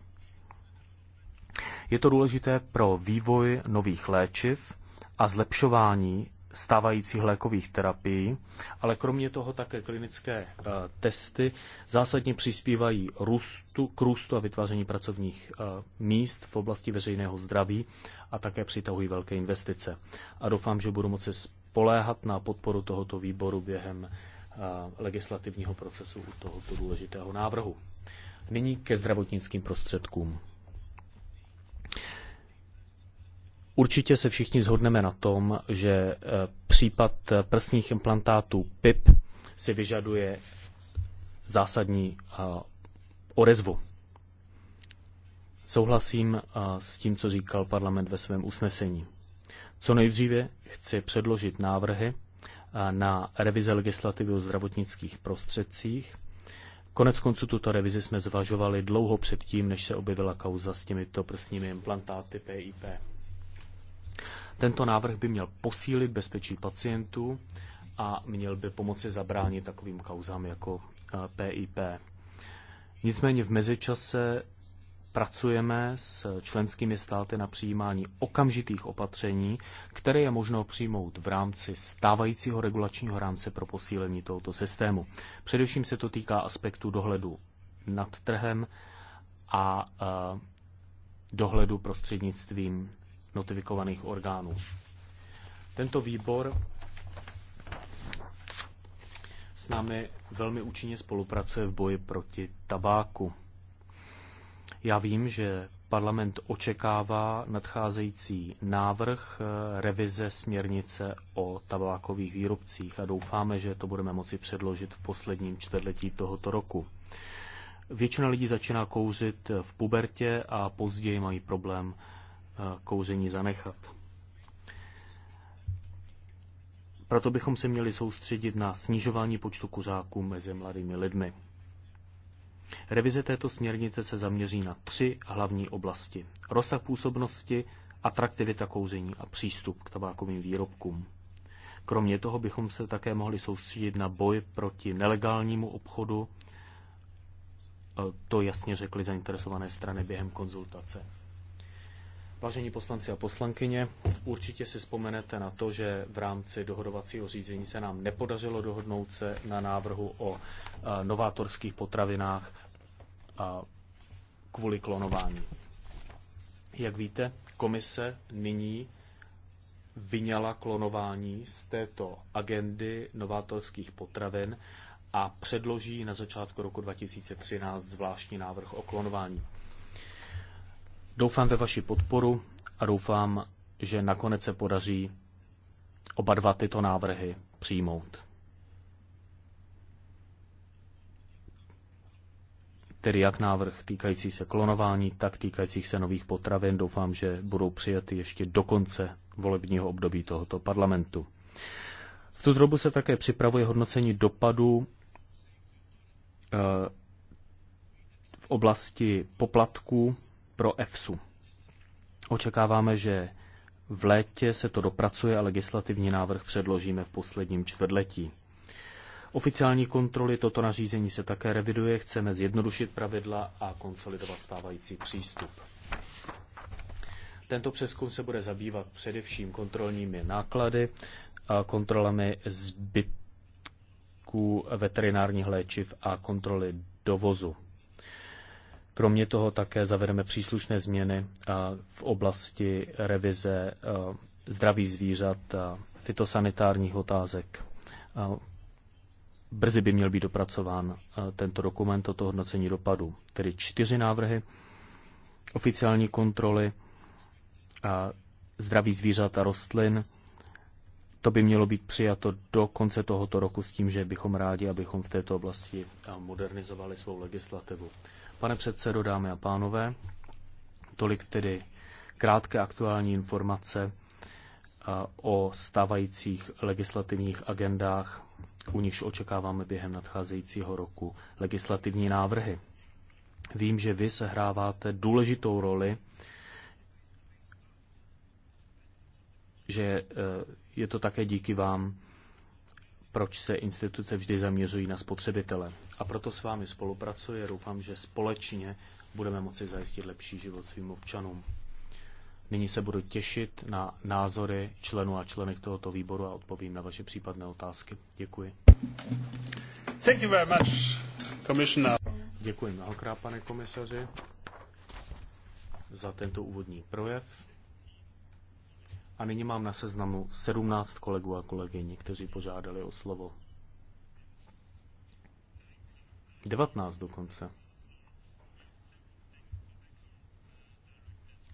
Je to důležité pro vývoj nových léčiv a zlepšování stávajících lékových terapií, ale kromě toho také klinické eh, testy zásadně přispívají růstu, k růstu a vytváření pracovních eh, míst v oblasti veřejného zdraví a také přitahují velké investice. A doufám, že budu moci spoléhat na podporu tohoto výboru během eh, legislativního procesu u tohoto důležitého návrhu. Nyní ke zdravotnickým prostředkům. Určitě se všichni zhodneme na tom, že eh, případ eh, prsních implantátů PIP si vyžaduje zásadní eh, orezvu. Souhlasím s tím, co říkal parlament ve svém usnesení. Co nejdříve chci předložit návrhy na revize legislativy o zdravotnických prostředcích. Konec konců tuto revizi jsme zvažovali dlouho předtím, než se objevila kauza s těmito prsními implantáty PIP. Tento návrh by měl posílit bezpečí pacientů a měl by pomoci zabránit takovým kauzám jako PIP. Eh, Nicméně v mezičase pracujeme s členskými státy na přijímání okamžitých opatření, které je možno přijmout v rámci stávajícího regulačního rámce pro posílení tohoto systému. Především se to týká aspektu dohledu nad trhem a eh, dohledu prostřednictvím notifikovaných orgánů. Tento výbor s námi velmi účinně spolupracuje v boji proti tabáku. Já vím, že parlament očekává nadcházející návrh eh, revize směrnice o tabákových výrobcích a doufáme, že to budeme moci předložit v posledním čtvrtletí tohoto roku. Většina lidí začíná kouřit v pubertě a později mají problém kouření zanechat. Proto bychom se měli soustředit na snižování počtu kuřáků mezi mladými lidmi. Revize této směrnice se zaměří na tři hlavní oblasti. Rozsah působnosti, atraktivita kouření a přístup k tabákovým výrobkům. Kromě toho bychom se také mohli soustředit na boj proti nelegálnímu obchodu. To jasně řekly zainteresované strany během konzultace. Vážení poslanci a poslankyně, určitě si vzpomenete na to, že v rámci dohodovacího řízení se nám nepodařilo dohodnout se na návrhu o e, novátorských potravinách kvůli klonování. Jak víte, komise nyní vyňala klonování z této agendy novátorských potravin a předloží na začátku roku 2013 zvláštní návrh o klonování. Doufám ve vaši podporu a doufám, že nakonec se podaří oba dva tyto návrhy přijmout. Tedy jak návrh týkající se klonování, tak týkajících se nových potravin. Doufám, že budou přijaty ještě do konce volebního období tohoto parlamentu. V tu dobu se také připravuje hodnocení dopadů eh, v oblasti poplatků pro EFSU. Očekáváme, že v létě se to dopracuje a legislativní návrh předložíme v posledním čtvrtletí. Oficiální kontroly toto nařízení se také reviduje, chceme zjednodušit pravidla a konsolidovat stávající přístup. Tento přeskum se bude zabývat především kontrolními náklady, a kontrolami zbytků veterinárních léčiv a kontroly dovozu. Kromě toho také zavedeme příslušné změny eh, v oblasti revize eh, zdraví zvířat, fitosanitárních otázek. Eh, brzy by měl být dopracován tento dokument, toto hodnocení dopadu, tedy čtyři návrhy, oficiální kontroly, zdraví zvířat a rostlin. To by mělo být přijato do konce tohoto roku s tím, že bychom rádi, abychom v této oblasti modernizovali svou legislativu. Pane předsedo, dámy a pánové, tolik tedy krátké aktuální informace eh, o stávajících legislativních agendách, u nichž očekáváme během nadcházejícího roku legislativní návrhy. Vím, že vy sehráváte důležitou roli, že eh, je to také díky vám, proč se instituce vždy zaměřují na spotřebitele. A proto s vámi spolupracuji. Doufám, že společně budeme moci zajistit lepší život svým občanům. Nyní se budu těšit na názory členů a členek tohoto výboru a odpovím na vaše případné otázky. Děkuji. Thank you very much, commissioner. Děkuji mnohokrát, pane komisaři, za tento úvodní projev. A nyní mám na seznamu 17 kolegů a kolegyň, kteří požádali o slovo. 19 dokonce.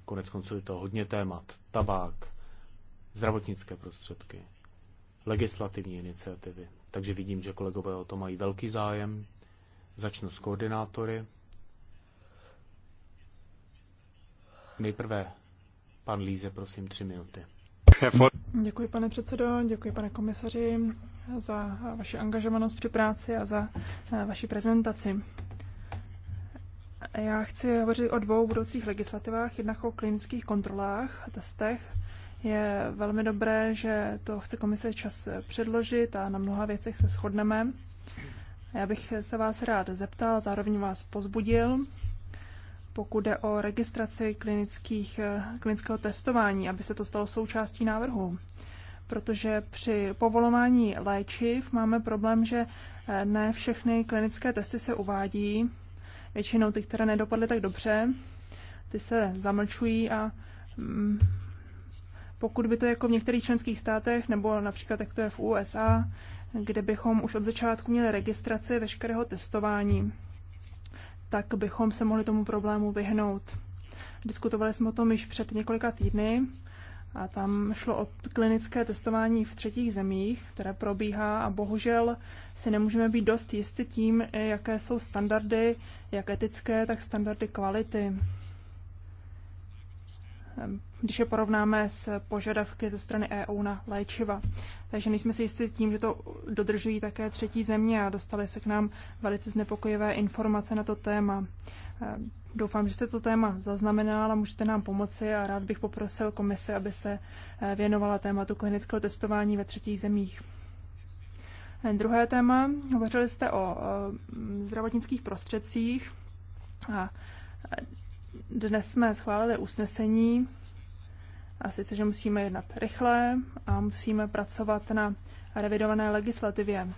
Konec konců je to hodně témat. Tabák, zdravotnické prostředky, legislativní iniciativy. Takže vidím, že kolegové o to mají velký zájem. Začnu s koordinátory. Nejprve Pan Líze, prosím, tři minuty. Děkuji, pane předsedo, děkuji, pane komisaři, za vaši angažovanost při práci a za vaši prezentaci. Já chci hovořit o dvou budoucích legislativách, jednak o klinických kontrolách a testech. Je velmi dobré, že to chce komise čas předložit a na mnoha věcech se shodneme. Já bych se vás rád zeptal, zároveň vás pozbudil pokud jde o registraci klinických, klinického testování, aby se to stalo součástí návrhu. Protože při povolování léčiv máme problém, že eh, ne všechny klinické testy se uvádí. Většinou ty, které nedopadly tak dobře, ty se zamlčují a mm, pokud by to jako v některých členských státech, nebo například jak to je v USA, kde bychom už od začátku měli registraci veškerého testování, tak bychom se mohli tomu problému vyhnout. Diskutovali jsme o tom již před několika týdny a tam šlo o klinické testování v třetích zemích, které probíhá a bohužel si nemůžeme být dost jistý tím, jaké jsou standardy, jak etické, tak standardy kvality když je porovnáme s požadavky ze strany EU na léčiva. Takže nejsme si jistí tím, že to dodržují také třetí země a dostali se k nám velice znepokojivé informace na to téma. E, doufám, že jste to téma zaznamenala, můžete nám pomoci a rád bych poprosil komisi, aby se e, věnovala tématu klinického testování ve třetích zemích. E, druhé téma, hovořili jste o zdravotnických prostředcích a dnes jsme schválili usnesení a sice, že musíme jednat rychle a musíme pracovat na revidované legislativě.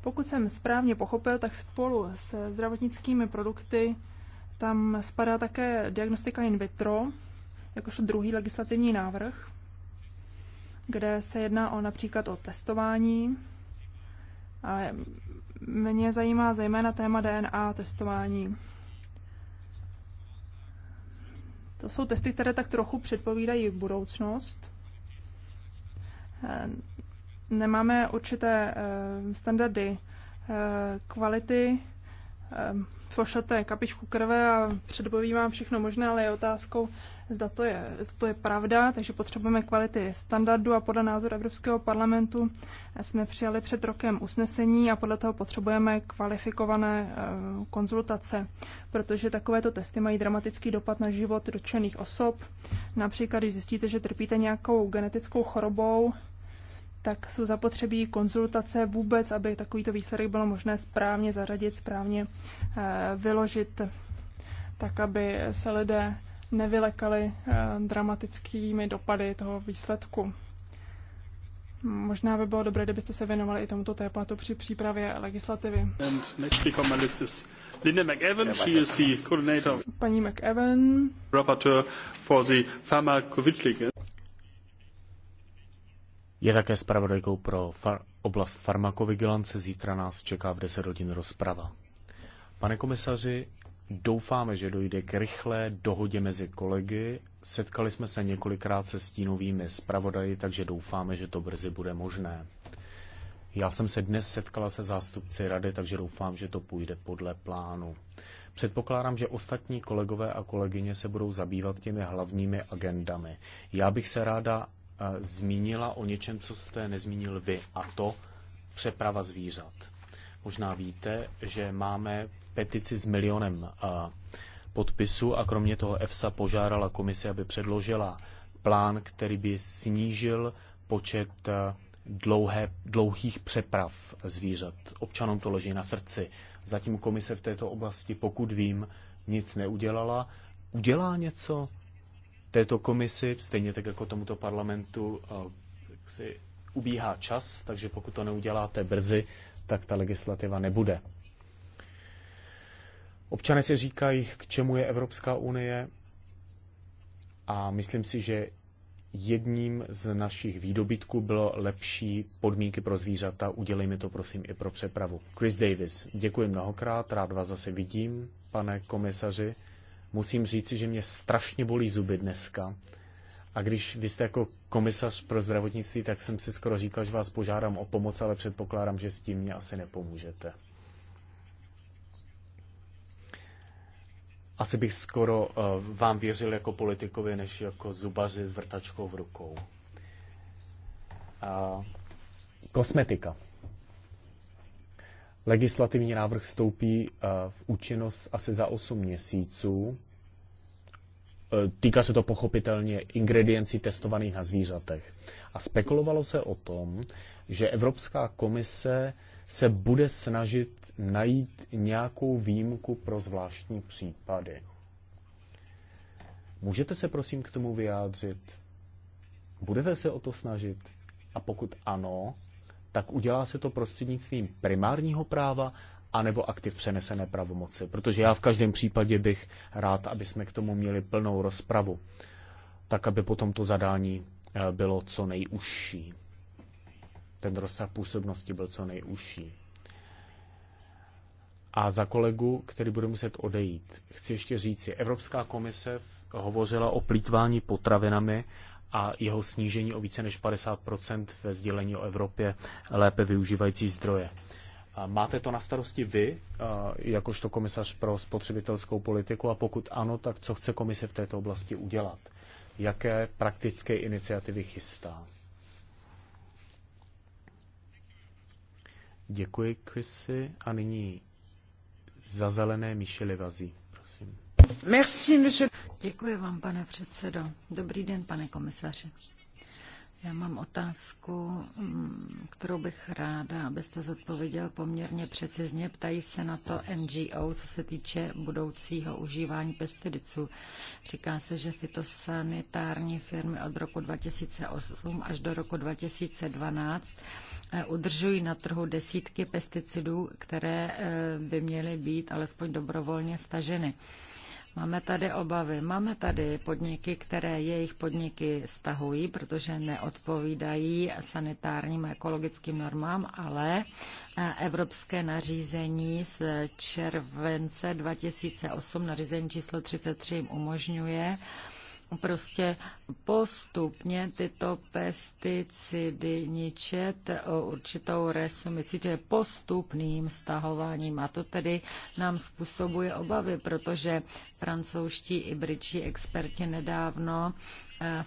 Pokud jsem správně pochopil, tak spolu s zdravotnickými produkty tam spadá také diagnostika in vitro, jakožto druhý legislativní návrh, kde se jedná o například o testování. A mě zajímá zejména téma DNA testování. To jsou testy, které tak trochu předpovídají budoucnost. Eh, nemáme určité eh, standardy eh, kvality, pošlete kapičku krve a předpovím vám všechno možné, ale je otázkou, zda to je, zda to je pravda, takže potřebujeme kvality standardu a podle názoru Evropského parlamentu eh, jsme přijali před rokem usnesení a podle toho potřebujeme kvalifikované eh, konzultace, protože takovéto testy mají dramatický dopad na život dotčených osob. Například, když zjistíte, že trpíte nějakou genetickou chorobou, tak jsou zapotřebí konzultace vůbec, aby takovýto výsledek bylo možné správně zařadit, správně eh, vyložit, tak aby se lidé nevylekali eh, dramatickými dopady toho výsledku. Možná by bylo dobré, kdybyste se věnovali i tomuto tématu při přípravě legislativy. Linda McEwan, she is the coordinator. Paní McEwan. Rapporteur for the pharmacovigilance. Je také zpravodajkou pro far- oblast farmakovigilance. Zítra nás čeká v 10 hodin rozprava. Pane komisaři, Doufáme, že dojde k rychlé dohodě mezi kolegy. Setkali jsme se několikrát se stínovými zpravodaji, takže doufáme, že to brzy bude možné. Já jsem se dnes setkala se zástupci rady, takže doufám, že to půjde podle plánu. Předpokládám, že ostatní kolegové a kolegyně se budou zabývat těmi hlavními agendami. Já bych se ráda eh, zmínila o něčem, co jste nezmínil vy, a to přeprava zvířat. Možná víte, že máme petici s milionem podpisů a kromě toho EFSA požádala komisi, aby předložila plán, který by snížil počet dlouhé, dlouhých přeprav zvířat. Občanům to leží na srdci. Zatím komise v této oblasti, pokud vím, nic neudělala. Udělá něco této komisi, stejně tak jako tomuto parlamentu, si ubíhá čas, takže pokud to neuděláte brzy, tak ta legislativa nebude. Občané si říkají, k čemu je Evropská unie a myslím si, že jedním z našich výdobytků bylo lepší podmínky pro zvířata. Udělejme to prosím i pro přepravu. Chris Davis, děkuji mnohokrát, rád vás zase vidím, pane komisaři. Musím říci, že mě strašně bolí zuby dneska a když vy jste jako komisař pro zdravotnictví, tak jsem si skoro říkal, že vás požádám o pomoc, ale předpokládám, že s tím mě asi nepomůžete. Asi bych skoro uh, vám věřil jako politikovi, než jako zubaři s vrtačkou v rukou. Uh, kosmetika. Legislativní návrh vstoupí uh, v účinnost asi za 8 měsíců. E, týká se to pochopitelně ingrediencí testovaných na zvířatech. A spekulovalo se o tom, že Evropská komise se bude snažit najít nějakou výjimku pro zvláštní případy. Můžete se prosím k tomu vyjádřit? Budete se o to snažit? A pokud ano, tak udělá se to prostřednictvím primárního práva anebo aktiv přenesené pravomoci. Protože já v každém případě bych rád, aby jsme k tomu měli plnou rozpravu, tak aby potom to zadání eh, bylo co nejužší. Ten rozsah působnosti byl co nejužší. A za kolegu, který bude muset odejít, chci ještě říct, že Evropská komise hovořila o plítvání potravinami a jeho snížení o více než 50 ve sdělení o Evropě lépe využívající zdroje. Máte to na starosti vy, eh, jakožto komisař pro spotřebitelskou politiku, a pokud ano, tak co chce komise v této oblasti udělat? Jaké praktické iniciativy chystá? Děkuji, Chrissy. A nyní za zelené Michely Vazí. Prosím. Merci, monsieur. Děkuji vám, pane předsedo. Dobrý den, pane komisaři. Já mám otázku, mm, kterou bych ráda, abyste zodpověděl poměrně přecizně. Ptají se na to NGO, co se týče budoucího užívání pesticidů. Říká se, že fitosanitární firmy od roku 2008 až do roku 2012 eh, udržují na trhu desítky pesticidů, které eh, by měly být alespoň dobrovolně staženy. Máme tady obavy, máme tady podniky, které jejich podniky stahují, protože neodpovídají sanitárním a ekologickým normám, ale eh, evropské nařízení z července 2008, nařízení číslo 33 jim umožňuje prostě postupně tyto pesticidy ničet o určitou resumici, že postupným stahováním. A to tedy nám způsobuje obavy, protože francouzští i britští experti nedávno eh,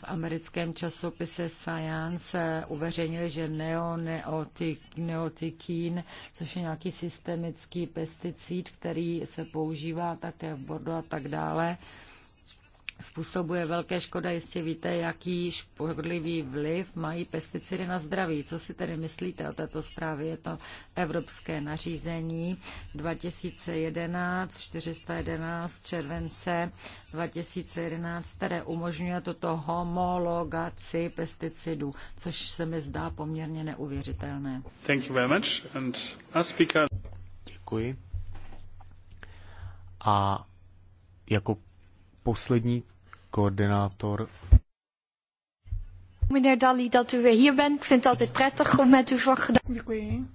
v americkém časopise Science eh, uveřejnili, že neoneotikín, což je nějaký systemický pesticid, který se používá také v bordu a tak dále, způsobuje velké škoda. Jistě víte, jaký škodlivý vliv mají pesticidy na zdraví. Co si tedy myslíte o této zprávě? Je to evropské nařízení 2011, 411 července 2011, které umožňuje toto homologaci pesticidů, což se mi zdá poměrně neuvěřitelné. Thank you very much. And speaker... Děkuji. A jako poslední koordinátor. Meneer Dali, dat u weer hier bent. Ik vind het altijd prettig om met u van Děkuji.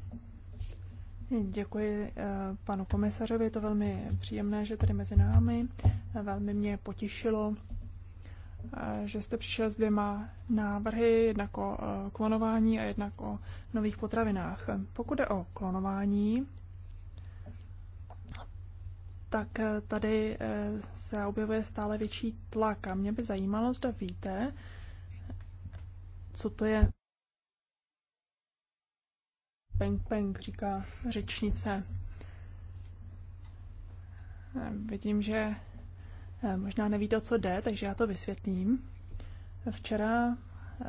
Děkuji eh, panu komisařovi, je to velmi příjemné, že tady mezi námi. Velmi mě potěšilo, eh, že jste přišel s dvěma návrhy, jednak o eh, klonování a jednak o nových potravinách. Pokud je o klonování, tak eh, tady eh, se objevuje stále větší tlak. A mě by zajímalo, zda víte, co to je. Peng peng, říká řečnice. Eh, vidím, že možná nevíte, o co jde, takže já to vysvětlím. Včera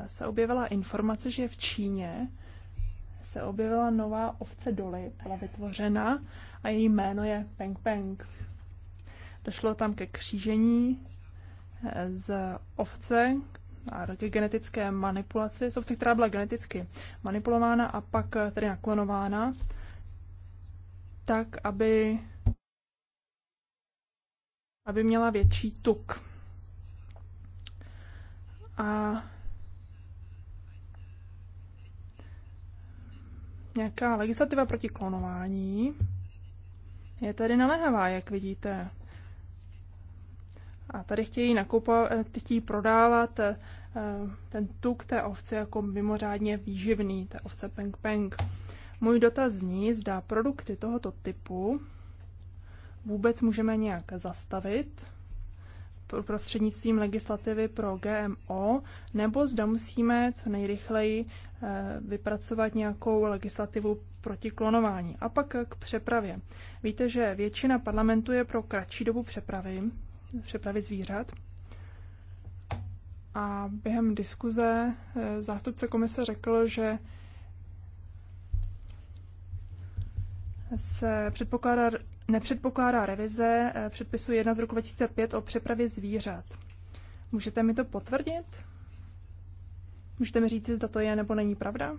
se objevila informace, že v Číně se objevila nová ovce doly, byla vytvořena a její jméno je Peng Peng. Došlo tam ke křížení eh, z ovce a ke genetické manipulaci, z ovce, která byla geneticky manipulována a pak eh, tedy naklonována, tak, aby, aby měla větší tuk. A nějaká legislativa proti klonování je tady naléhavá, jak vidíte. A tady chtějí nakupovat, chtějí prodávat eh, ten tuk té ovce jako mimořádně výživný, té ovce Peng Peng. Můj dotaz zní, zda produkty tohoto typu vůbec můžeme nějak zastavit, prostřednictvím legislativy pro GMO, nebo zda musíme co nejrychleji eh, vypracovat nějakou legislativu proti klonování. A pak k přepravě. Víte, že většina parlamentu je pro kratší dobu přepravy, přepravy zvířat. A během diskuze eh, zástupce komise řekl, že se předpokládá nepředpokládá revize eh, předpisu 1 z roku 2005 o přepravě zvířat. Můžete mi to potvrdit? Můžete mi říct, zda to je nebo není pravda?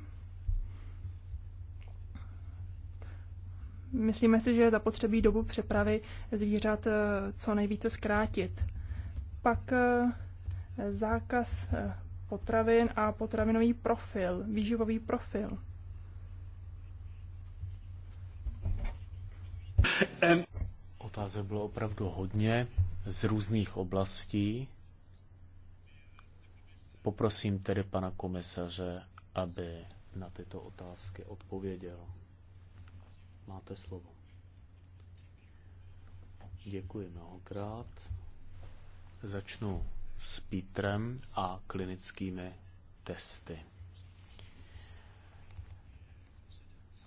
Myslíme si, že je zapotřebí dobu přepravy zvířat eh, co nejvíce zkrátit. Pak eh, zákaz potravin a potravinový profil, výživový profil. Otázek bylo opravdu hodně z různých oblastí. Poprosím tedy pana komisaře, aby na tyto otázky odpověděl. Máte slovo. Děkuji mnohokrát. Začnu s Pítrem a klinickými testy.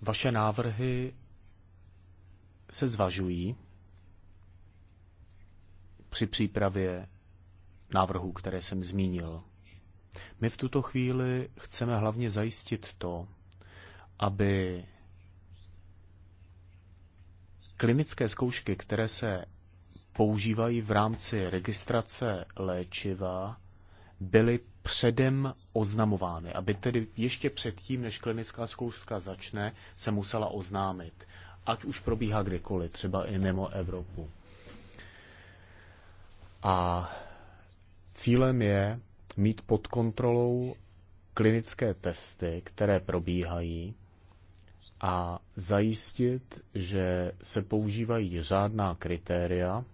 Vaše návrhy se zvažují při přípravě návrhů, které jsem zmínil. My v tuto chvíli chceme hlavně zajistit to, aby klinické zkoušky, které se používají v rámci registrace léčiva, byly předem oznamovány, aby tedy ještě předtím, než klinická zkouška začne, se musela oznámit ať už probíhá kdekoliv, třeba i mimo Evropu. A cílem je mít pod kontrolou klinické testy, které probíhají, a zajistit, že se používají řádná kritéria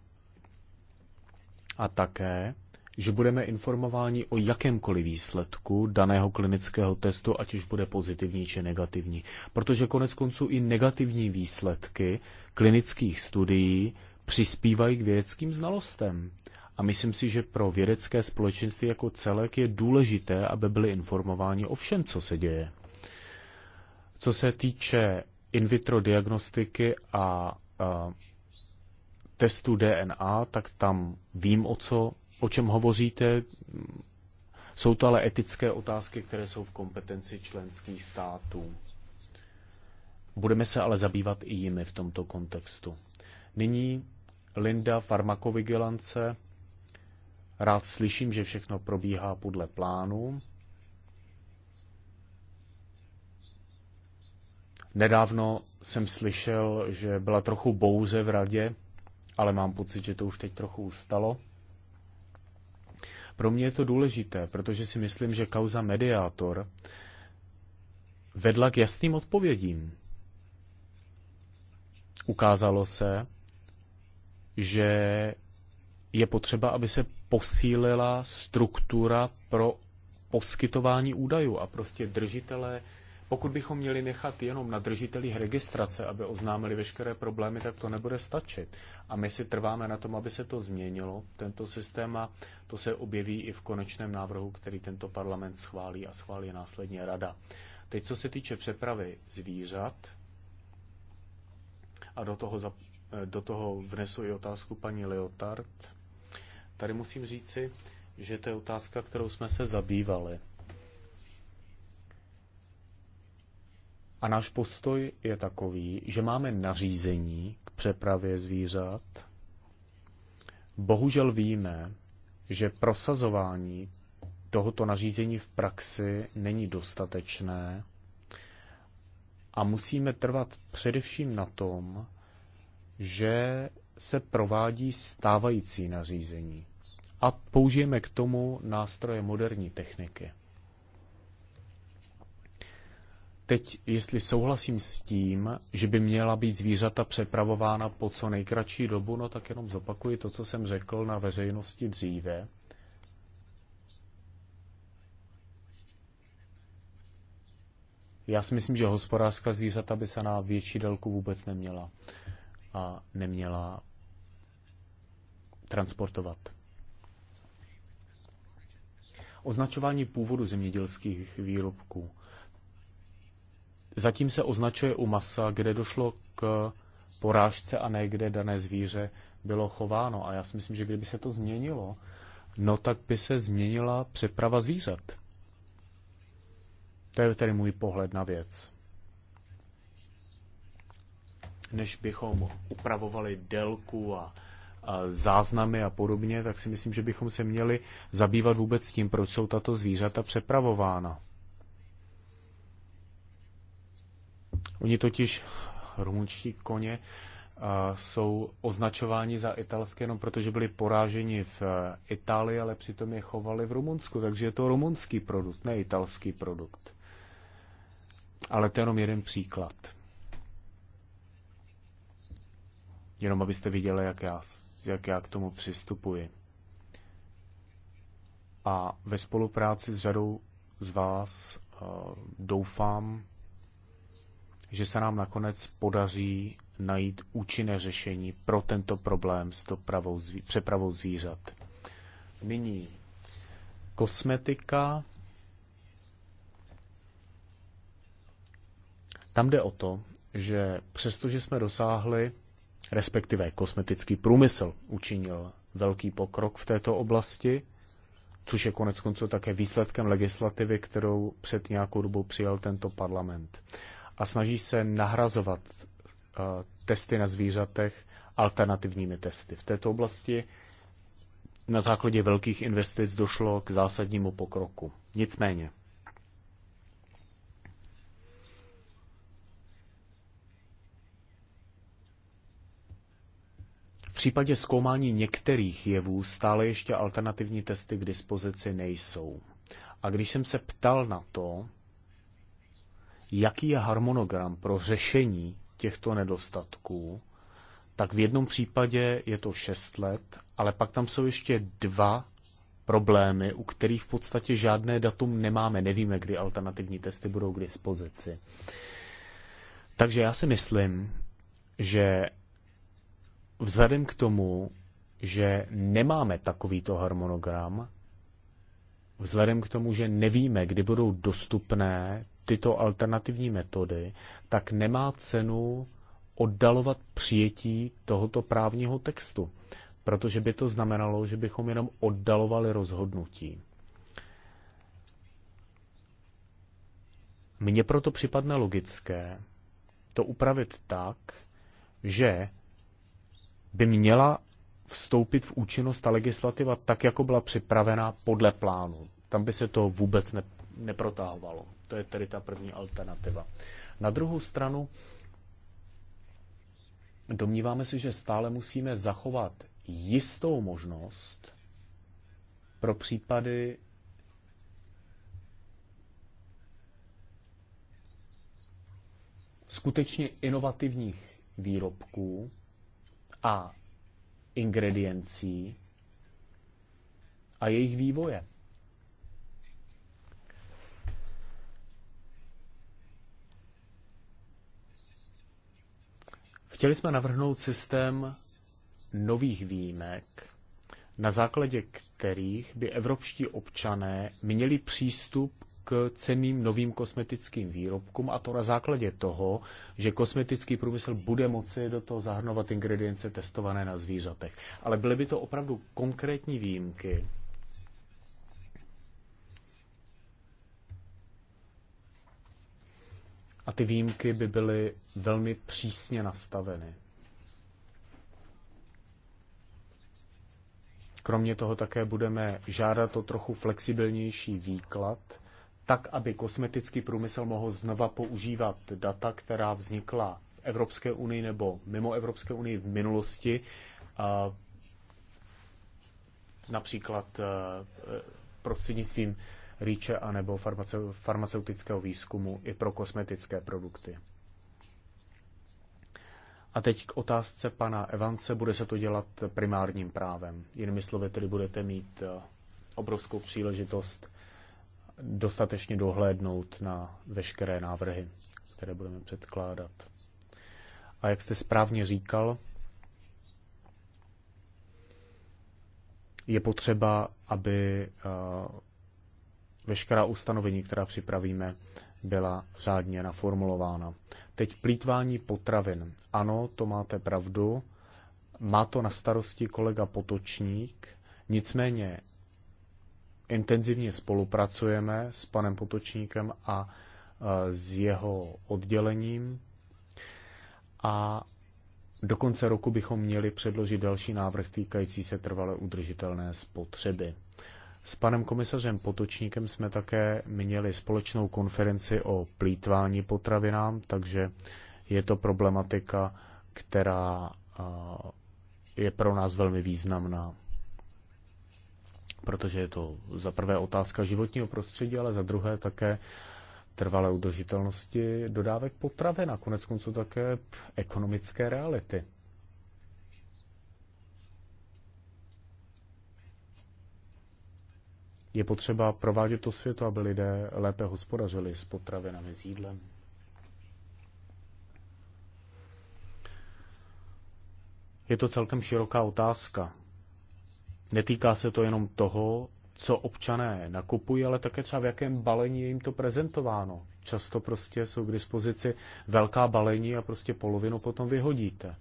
a také, že budeme informováni o jakémkoliv výsledku daného klinického testu, ať už bude pozitivní či negativní. Protože konec konců i negativní výsledky klinických studií přispívají k vědeckým znalostem. A myslím si, že pro vědecké společenství jako celek je důležité, aby byli informováni o všem, co se děje. Co se týče in vitro diagnostiky a, a testu DNA, tak tam vím, o co o čem hovoříte, jsou to ale etické otázky, které jsou v kompetenci členských států. Budeme se ale zabývat i jimi v tomto kontextu. Nyní Linda farmakovigilance. Rád slyším, že všechno probíhá podle plánu. Nedávno jsem slyšel, že byla trochu bouze v radě, ale mám pocit, že to už teď trochu ustalo. Pro mě je to důležité, protože si myslím, že kauza mediátor vedla k jasným odpovědím. Ukázalo se, že je potřeba, aby se posílila struktura pro poskytování údajů a prostě držitelé pokud bychom měli nechat jenom na držitelích registrace, aby oznámili veškeré problémy, tak to nebude stačit. A my si trváme na tom, aby se to změnilo, tento systém, a to se objeví i v konečném návrhu, který tento parlament schválí a schválí následně rada. Teď, co se týče přepravy zvířat, a do toho, za, do toho vnesu i otázku paní Leotard, tady musím říci, že to je otázka, kterou jsme se zabývali. A náš postoj je takový, že máme nařízení k přepravě zvířat. Bohužel víme, že prosazování tohoto nařízení v praxi není dostatečné a musíme trvat především na tom, že se provádí stávající nařízení a použijeme k tomu nástroje moderní techniky. teď, jestli souhlasím s tím, že by měla být zvířata přepravována po co nejkratší dobu, no tak jenom zopakuji to, co jsem řekl na veřejnosti dříve. Já si myslím, že hospodářská zvířata by se na větší délku vůbec neměla a neměla transportovat. Označování původu zemědělských výrobků zatím se označuje u masa, kde došlo k porážce a ne kde dané zvíře bylo chováno. A já si myslím, že kdyby se to změnilo, no tak by se změnila přeprava zvířat. To je tedy můj pohled na věc. Než bychom upravovali délku a, a záznamy a podobně, tak si myslím, že bychom se měli zabývat vůbec tím, proč jsou tato zvířata přepravována. Oni totiž rumunští koně jsou označováni za italské jenom protože byli poráženi v e, Itálii, ale přitom je chovali v Rumunsku, takže je to rumunský produkt, ne italský produkt. Ale to je jenom jeden příklad. Jenom abyste viděli, jak já, jak já k tomu přistupuji. A ve spolupráci s řadou z vás e, doufám, že se nám nakonec podaří najít účinné řešení pro tento problém s dopravou, zví, přepravou zvířat. Nyní kosmetika. Tam jde o to, že přestože jsme dosáhli, respektive kosmetický průmysl učinil velký pokrok v této oblasti, což je konec konců také výsledkem legislativy, kterou před nějakou dobou přijal tento parlament a snaží se nahrazovat eh, testy na zvířatech alternativními testy. V této oblasti na základě velkých investic došlo k zásadnímu pokroku. Nicméně, V případě zkoumání některých jevů stále ještě alternativní testy k dispozici nejsou. A když jsem se ptal na to, jaký je harmonogram pro řešení těchto nedostatků, tak v jednom případě je to 6 let, ale pak tam jsou ještě dva problémy, u kterých v podstatě žádné datum nemáme. Nevíme, kdy alternativní testy budou k dispozici. Takže já si myslím, že vzhledem k tomu, že nemáme takovýto harmonogram, vzhledem k tomu, že nevíme, kdy budou dostupné tyto alternativní metody, tak nemá cenu oddalovat přijetí tohoto právního textu, protože by to znamenalo, že bychom jenom oddalovali rozhodnutí. Mně proto připadne logické to upravit tak, že by měla vstoupit v účinnost ta legislativa tak, jako byla připravena podle plánu. Tam by se to vůbec ne, neprotahovalo. To je tedy ta první alternativa. Na druhou stranu, domníváme se, že stále musíme zachovat jistou možnost pro případy skutečně inovativních výrobků a ingrediencí a jejich vývoje. Chtěli jsme navrhnout systém nových výjimek, na základě kterých by evropští občané měli přístup k ceným novým kosmetickým výrobkům a to na základě toho, že kosmetický průmysl bude moci do toho zahrnovat ingredience testované na zvířatech. Ale byly by to opravdu konkrétní výjimky, a ty výjimky by byly velmi přísně nastaveny. Kromě toho také budeme žádat o trochu flexibilnější výklad, tak aby kosmetický průmysl mohl znova používat data, která vznikla v Evropské unii nebo mimo Evropské unii v minulosti, například eh, eh, prostřednictvím rýče anebo farmaceutického výzkumu i pro kosmetické produkty. A teď k otázce pana Evance. Bude se to dělat primárním právem. Jinými slovy, tedy budete mít eh, obrovskou příležitost dostatečně dohlédnout na veškeré návrhy, které budeme předkládat. A jak jste správně říkal, je potřeba, aby eh, veškerá ustanovení, která připravíme, byla řádně naformulována. Teď plítvání potravin. Ano, to máte pravdu. Má to na starosti kolega Potočník, nicméně intenzivně spolupracujeme s panem Potočníkem a e, s jeho oddělením a do konce roku bychom měli předložit další návrh týkající se trvale udržitelné spotřeby. S panem komisařem Potočníkem jsme také měli společnou konferenci o plítvání potravinám, takže je to problematika, která je pro nás velmi významná. Protože je to za prvé otázka životního prostředí, ale za druhé také trvalé udržitelnosti dodávek potravin a konec konců také ekonomické reality. Je potřeba provádět to světo, aby lidé lépe hospodařili s potravinami, s jídlem. Je to celkem široká otázka. Netýká se to jenom toho, co občané nakupují, ale také třeba v jakém balení je jim to prezentováno. Často prostě jsou k dispozici velká balení a prostě polovinu potom vyhodíte.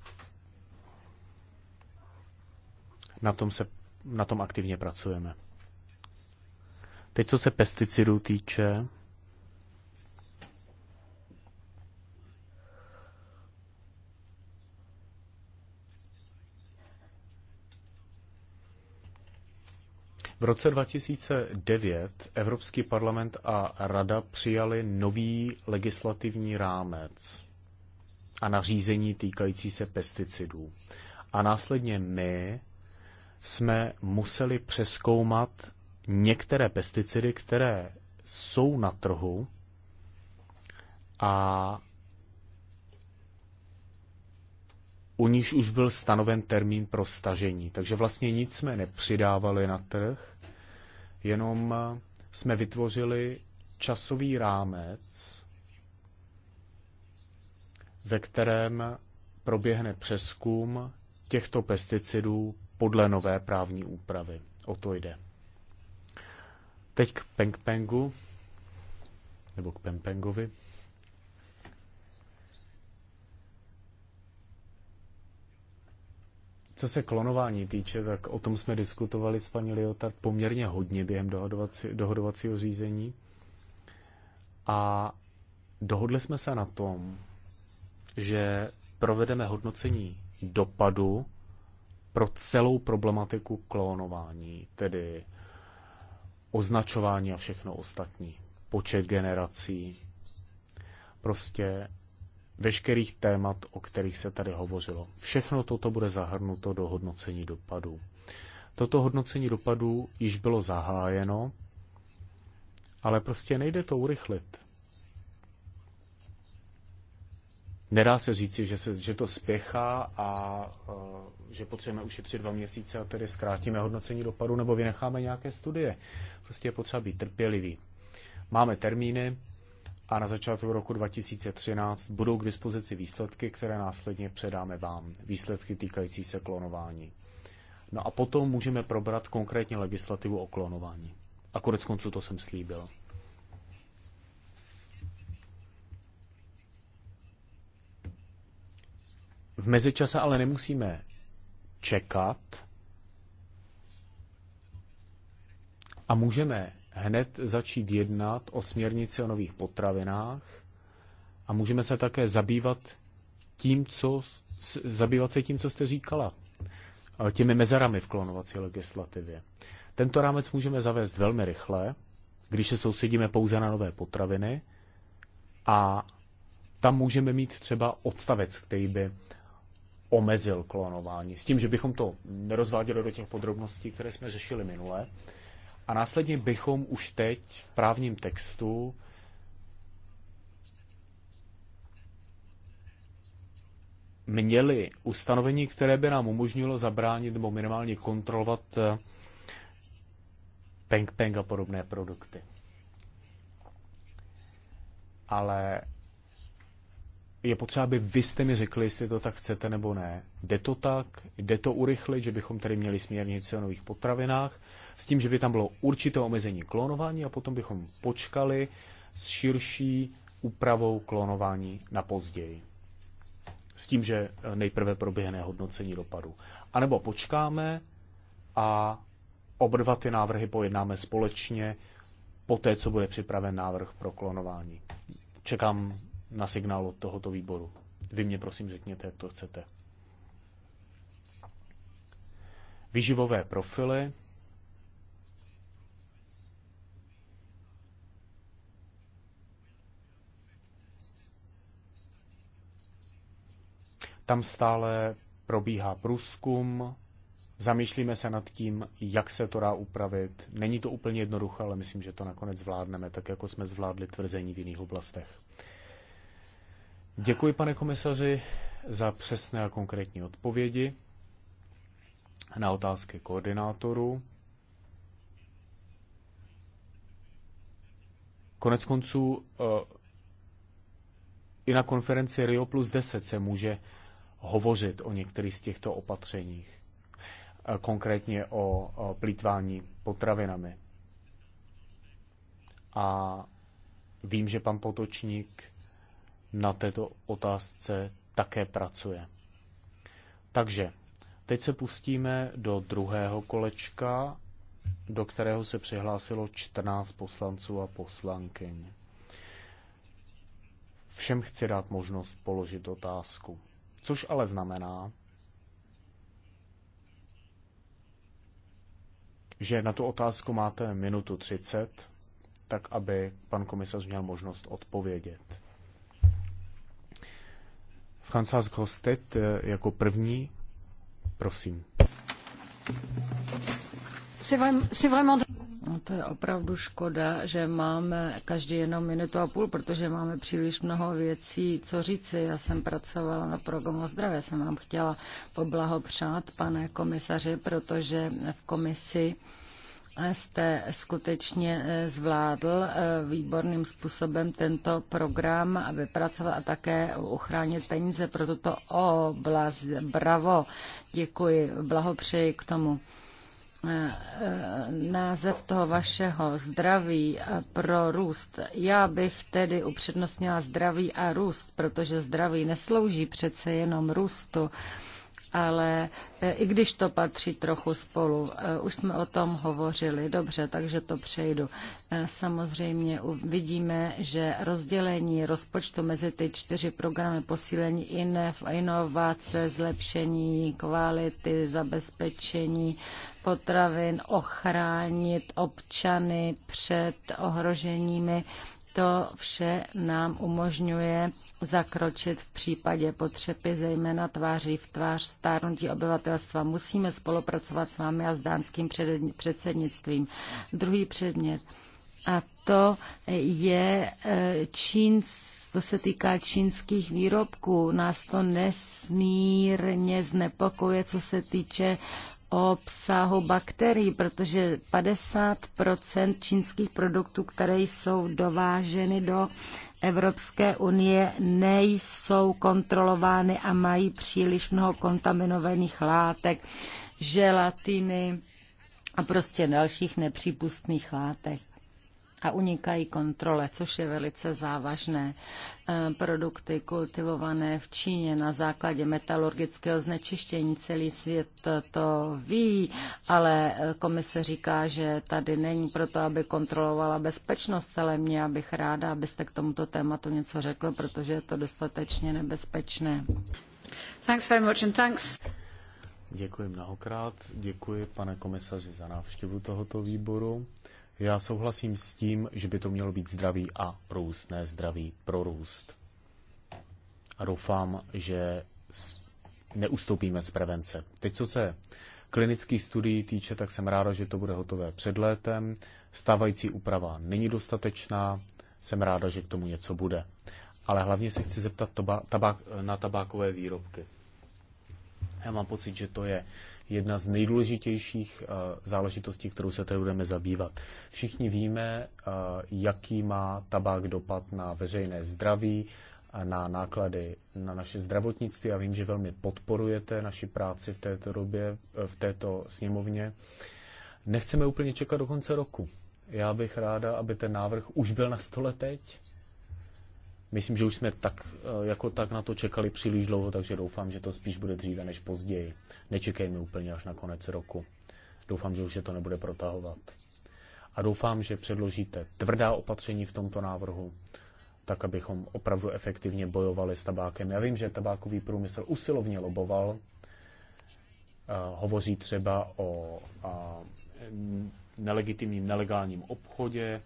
Na tom, se, na tom aktivně pracujeme. Teď, co se pesticidů týče, V roce 2009 Evropský parlament a Rada přijali nový legislativní rámec a nařízení týkající se pesticidů. A následně my jsme museli přeskoumat některé pesticidy, které jsou na trhu a u níž už byl stanoven termín pro stažení. Takže vlastně nic jsme nepřidávali na trh, jenom jsme vytvořili časový rámec, ve kterém proběhne přeskum těchto pesticidů podle nové právní úpravy. O to jde. Teď k Pengpengu, nebo k Pengpengovi. Co se klonování týče, tak o tom jsme diskutovali s paní Liotard poměrně hodně během dohodovací, dohodovacího řízení. A dohodli jsme se na tom, že provedeme hodnocení dopadu pro celou problematiku klonování, tedy označování a všechno ostatní. Počet generací. Prostě veškerých témat, o kterých se tady hovořilo. Všechno toto bude zahrnuto do hodnocení dopadů. Toto hodnocení dopadů již bylo zahájeno, ale prostě nejde to urychlit. Nedá se říci, že, se, že to spěchá a eh, že potřebujeme ušetřit dva měsíce a tedy zkrátíme hodnocení dopadu nebo vynecháme nějaké studie. Prostě je potřeba být trpělivý. Máme termíny a na začátku roku 2013 budou k dispozici výsledky, které následně předáme vám. Výsledky týkající se klonování. No a potom můžeme probrat konkrétně legislativu o klonování. A konec konců to jsem slíbil. V mezičase ale nemusíme čekat a můžeme hned začít jednat o směrnici o nových potravinách a můžeme se také zabývat tím, co, zabývat se tím, co jste říkala, eh, těmi mezerami v klonovací legislativě. Tento rámec můžeme zavést velmi rychle, když se soustředíme pouze na nové potraviny a tam můžeme mít třeba odstavec, který by omezil klonování. S tím, že bychom to nerozváděli do těch podrobností, které jsme řešili minule. A následně bychom už teď v právním textu měli ustanovení, které by nám umožnilo zabránit nebo minimálně kontrolovat eh, peng peng a podobné produkty. Ale je potřeba, aby vy jste mi řekli, jestli to tak chcete nebo ne. Jde to tak, jde to urychlit, že bychom tady měli směrnici o nových potravinách, s tím, že by tam bylo určité omezení klonování a potom bychom počkali s širší úpravou klonování na později. S tím, že eh, nejprve proběhne hodnocení dopadu. A nebo počkáme a oba dva ty návrhy pojednáme společně po té, co bude připraven návrh pro klonování. Čekám na signál od tohoto výboru. Vy mě prosím řekněte, jak to chcete. Vyživové profily. Tam stále probíhá průzkum, zamýšlíme se nad tím, jak se to dá upravit. Není to úplně jednoduché, ale myslím, že to nakonec zvládneme, tak jako jsme zvládli tvrzení v jiných oblastech. Děkuji, pane komisaři, za přesné a konkrétní odpovědi na otázky koordinátorů. Konec konců eh, i na konferenci Rio plus 10 se může hovořit o některých z těchto opatřeních, eh, konkrétně o plítvání potravinami. A vím, že pan Potočník na této otázce také pracuje. Takže teď se pustíme do druhého kolečka, do kterého se přihlásilo 14 poslanců a poslankyň. Všem chci dát možnost položit otázku. Což ale znamená, že na tu otázku máte minutu 30, tak aby pan komisař měl možnost odpovědět. François Grostet eh, jako první. Prosím. No, to je opravdu škoda, že máme každý jenom minutu a půl, protože máme příliš mnoho věcí, co říci. Já jsem pracovala na programu zdravě, jsem vám chtěla poblahopřát, pane komisaři, protože v komisi jste skutečně eh, zvládl eh, výborným způsobem tento program vypracovat a také uchránit peníze pro tuto oblast. Bravo, děkuji, blahopřeji k tomu. Eh, název toho vašeho zdraví pro růst. Já bych tedy upřednostnila zdraví a růst, protože zdraví neslouží přece jenom růstu ale e, i když to patří trochu spolu, e, už jsme o tom hovořili, dobře, takže to přejdu. E, samozřejmě vidíme, že rozdělení rozpočtu mezi ty čtyři programy posílení inovace, zlepšení kvality, zabezpečení potravin, ochránit občany před ohroženími to vše nám umožňuje zakročit v případě potřeby, zejména tváří v tvář stárnutí obyvatelstva. Musíme spolupracovat s vámi a s dánským předsednictvím. Druhý předmět. A to je e, čínský to se týká čínských výrobků. Nás to nesmírně znepokuje, co se týče obsahu bakterií, protože 50 čínských produktů, které jsou dováženy do Evropské unie, nejsou kontrolovány a mají příliš mnoho kontaminovaných látek, želatiny a prostě dalších nepřípustných látek a unikají kontrole, což je velice závažné. E, produkty kultivované v Číně na základě metalurgického znečištění celý svět to ví, ale komise říká, že tady není proto, aby kontrolovala bezpečnost, ale mě abych ráda, abyste k tomuto tématu něco řekl, protože je to dostatečně nebezpečné. Thanks very much and thanks. Děkuji mnohokrát. Děkuji, pane komisaři, za návštěvu tohoto výboru. Já souhlasím s tím, že by to mělo být zdravý a růst, ne zdraví pro růst. A doufám, že neustoupíme z prevence. Teď, co se klinických studií týče, tak jsem ráda, že to bude hotové před létem. Stávající úprava není dostatečná, jsem ráda, že k tomu něco bude. Ale hlavně se chci zeptat toba, na tabákové výrobky. Já mám pocit, že to je jedna z nejdůležitějších eh, záležitostí, kterou se tady budeme zabývat. Všichni víme, eh, jaký má tabák dopad na veřejné zdraví, eh, na náklady na naše zdravotnictví a vím, že velmi podporujete naši práci v této době, v této sněmovně. Nechceme úplně čekat do konce roku. Já bych ráda, aby ten návrh už byl na stole teď, Myslím, že už jsme tak, eh, jako tak na to čekali příliš dlouho, takže doufám, že to spíš bude dříve než později. Nečekejme úplně až na konec roku. Doufám, že už se to nebude protahovat. A doufám, že předložíte tvrdá opatření v tomto návrhu, tak abychom opravdu efektivně bojovali s tabákem. Já vím, že tabákový průmysl usilovně loboval. Eh, hovoří třeba o nelegitimním, nelegálním obchodě.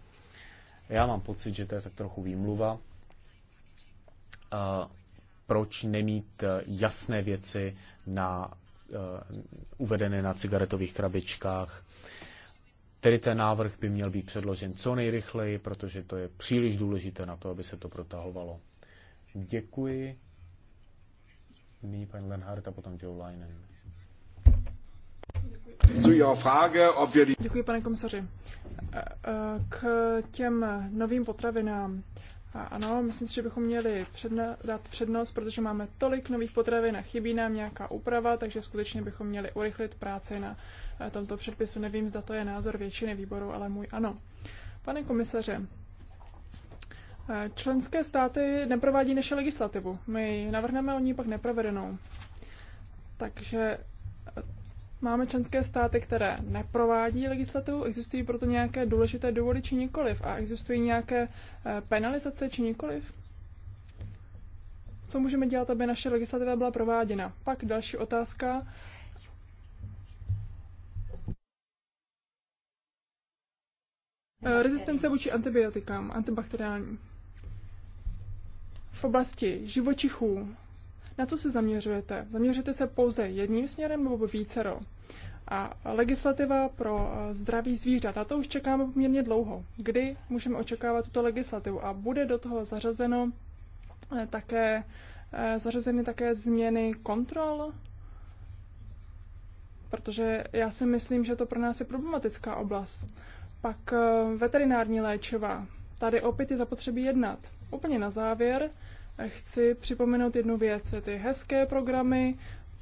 Já mám pocit, že to je tak trochu výmluva. Eh, proč nemít eh, jasné věci na, eh, uvedené na cigaretových krabičkách. Tedy ten návrh by měl být předložen co nejrychleji, protože to je příliš důležité na to, aby se to protahovalo. Děkuji. Nyní pan Lenhardt a potom Joe Leinen. Děkuji, pane komisaři. K těm novým potravinám a ano, myslím si, že bychom měli předna- dát přednost, protože máme tolik nových potravin a chybí nám nějaká úprava, takže skutečně bychom měli urychlit práci na eh, tomto předpisu. Nevím, zda to je názor většiny výboru, ale můj ano. Pane komisaře, eh, členské státy neprovádí naše legislativu. My navrhneme o ní pak neprovedenou. Takže eh, Máme členské státy, které neprovádí legislativu, existují proto nějaké důležité důvody či nikoliv a existují nějaké eh, penalizace či nikoliv? Co můžeme dělat, aby naše legislativa byla prováděna? Pak další otázka. Eh, rezistence vůči antibiotikám, antibakteriální. V oblasti živočichů na co se zaměřujete? Zaměřujete se pouze jedním směrem nebo vícero? A legislativa pro eh, zdraví zvířat, na to už čekáme poměrně dlouho. Kdy můžeme očekávat tuto legislativu? A bude do toho zařazeno eh, také, eh, zařazeny také změny kontrol? Protože já si myslím, že to pro nás je problematická oblast. Pak veterinární léčiva. Tady opět je zapotřebí jednat. Úplně na závěr chci připomenout jednu věc. Ty hezké programy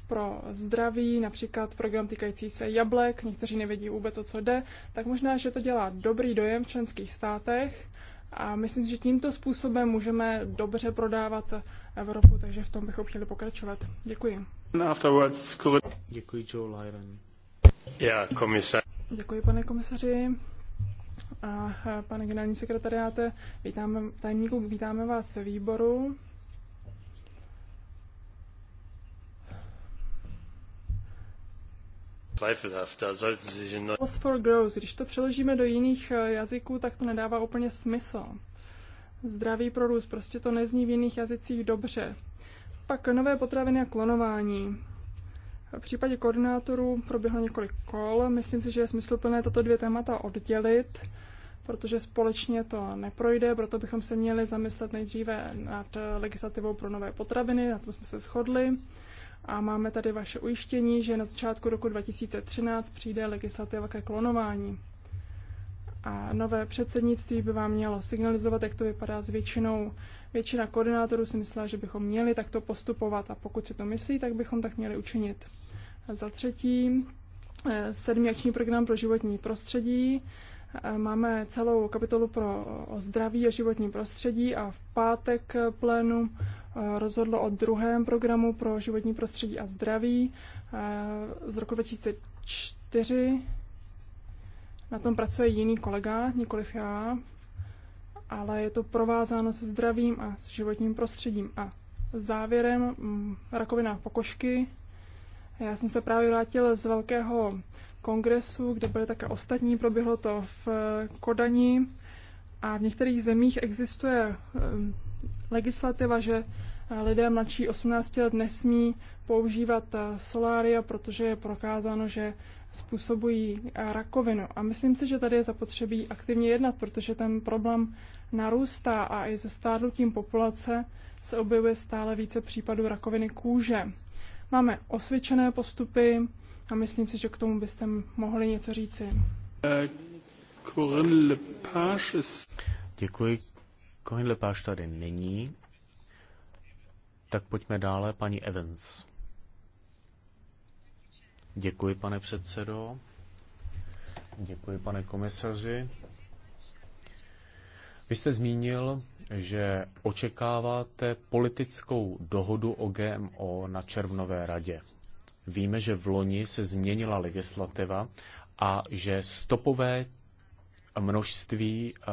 pro zdraví, například program týkající se jablek, někteří nevědí vůbec, o co jde, tak možná, že to dělá dobrý dojem v členských státech a myslím, že tímto způsobem můžeme dobře prodávat Evropu, takže v tom bychom chtěli pokračovat. Děkuji. Děkuji, Joe Lyron. Já, komisař. Děkuji, pane komisaři a pane generální sekretariáte, vítáme, tajemníku, vítáme vás ve výboru. Loss for growth. Když to přeložíme do jiných eh, jazyků, tak to nedává úplně smysl. Zdravý pro růst, prostě to nezní v jiných jazycích dobře. Pak nové potraviny a klonování. V případě koordinátorů proběhlo několik kol. Myslím si, že je smysluplné tato dvě témata oddělit protože společně to neprojde, proto bychom se měli zamyslet nejdříve nad legislativou pro nové potraviny, na tom jsme se shodli. A máme tady vaše ujištění, že na začátku roku 2013 přijde legislativa ke klonování. A nové předsednictví by vám mělo signalizovat, jak to vypadá s většinou. Většina koordinátorů si myslela, že bychom měli takto postupovat a pokud si to myslí, tak bychom tak měli učinit. A za třetí, eh, sedmiační program pro životní prostředí. Máme celou kapitolu pro o zdraví a životní prostředí a v pátek plénu eh, rozhodlo o druhém programu pro životní prostředí a zdraví eh, z roku 2004. Na tom pracuje jiný kolega, nikoliv já, ale je to provázáno se zdravím a s životním prostředím. A závěrem mm, rakovina pokožky. Já jsem se právě vrátil z velkého kongresu, kde byly také ostatní. Proběhlo to v eh, Kodani a v některých zemích existuje eh, legislativa, že eh, lidé mladší 18 let nesmí používat solária, protože je prokázáno, že způsobují rakovinu. A myslím si, že tady je zapotřebí aktivně jednat, protože ten problém narůstá a i se stárnutím populace se objevuje stále více případů rakoviny kůže. Máme osvědčené postupy, a myslím si, že k tomu byste mohli něco říci. Děkuji. Corinne Lepage tady není. Tak pojďme dále, paní Evans. Děkuji, pane předsedo. Děkuji, pane komisaři. Vy jste zmínil, že očekáváte politickou dohodu o GMO na červnové radě. Víme, že v loni se změnila legislativa a že stopové množství eh,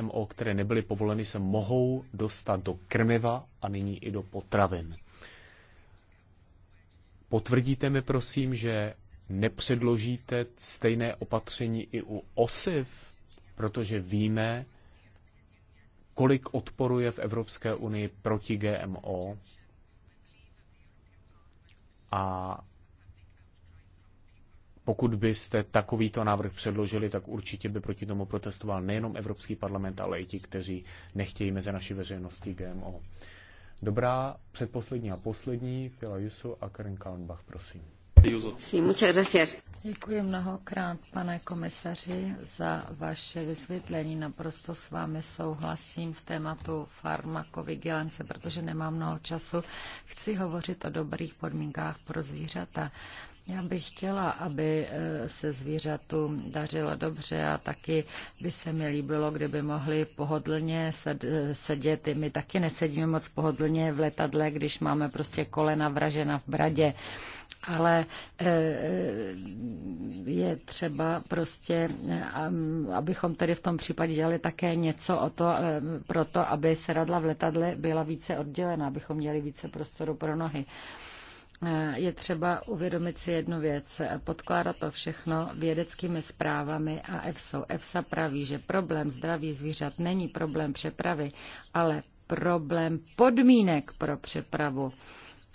GMO, které nebyly povoleny, se mohou dostat do krmiva a nyní i do potravin. Potvrdíte mi prosím, že nepředložíte stejné opatření i u osiv, protože víme, kolik odporuje v Evropské unii proti GMO a pokud byste takovýto návrh předložili, tak určitě by proti tomu protestoval nejenom Evropský parlament, ale i ti, kteří nechtějí mezi naší veřejností GMO. Dobrá, předposlední a poslední, Pila Jusu a Karen Kalnbach, prosím. Děkuji mnohokrát, pane komisaři, za vaše vysvětlení. Naprosto s vámi souhlasím v tématu farmakovigilance, protože nemám mnoho času. Chci hovořit o dobrých podmínkách pro zvířata. Já bych chtěla, aby eh, se zvířatům dařilo dobře a taky by se mi líbilo, kdyby mohli pohodlně eh, sedět. My taky nesedíme moc pohodlně v letadle, když máme prostě kolena vražena v bradě ale eh, eh, je třeba prostě, eh, abychom tedy v tom případě dělali také něco o to, proto, aby se radla v letadle byla více oddělena, abychom měli více prostoru pro nohy. Je třeba uvědomit si jednu věc, podkládat to všechno vědeckými zprávami a EFSA. EFSA praví, že problém zdraví zvířat není problém přepravy, ale problém podmínek pro přepravu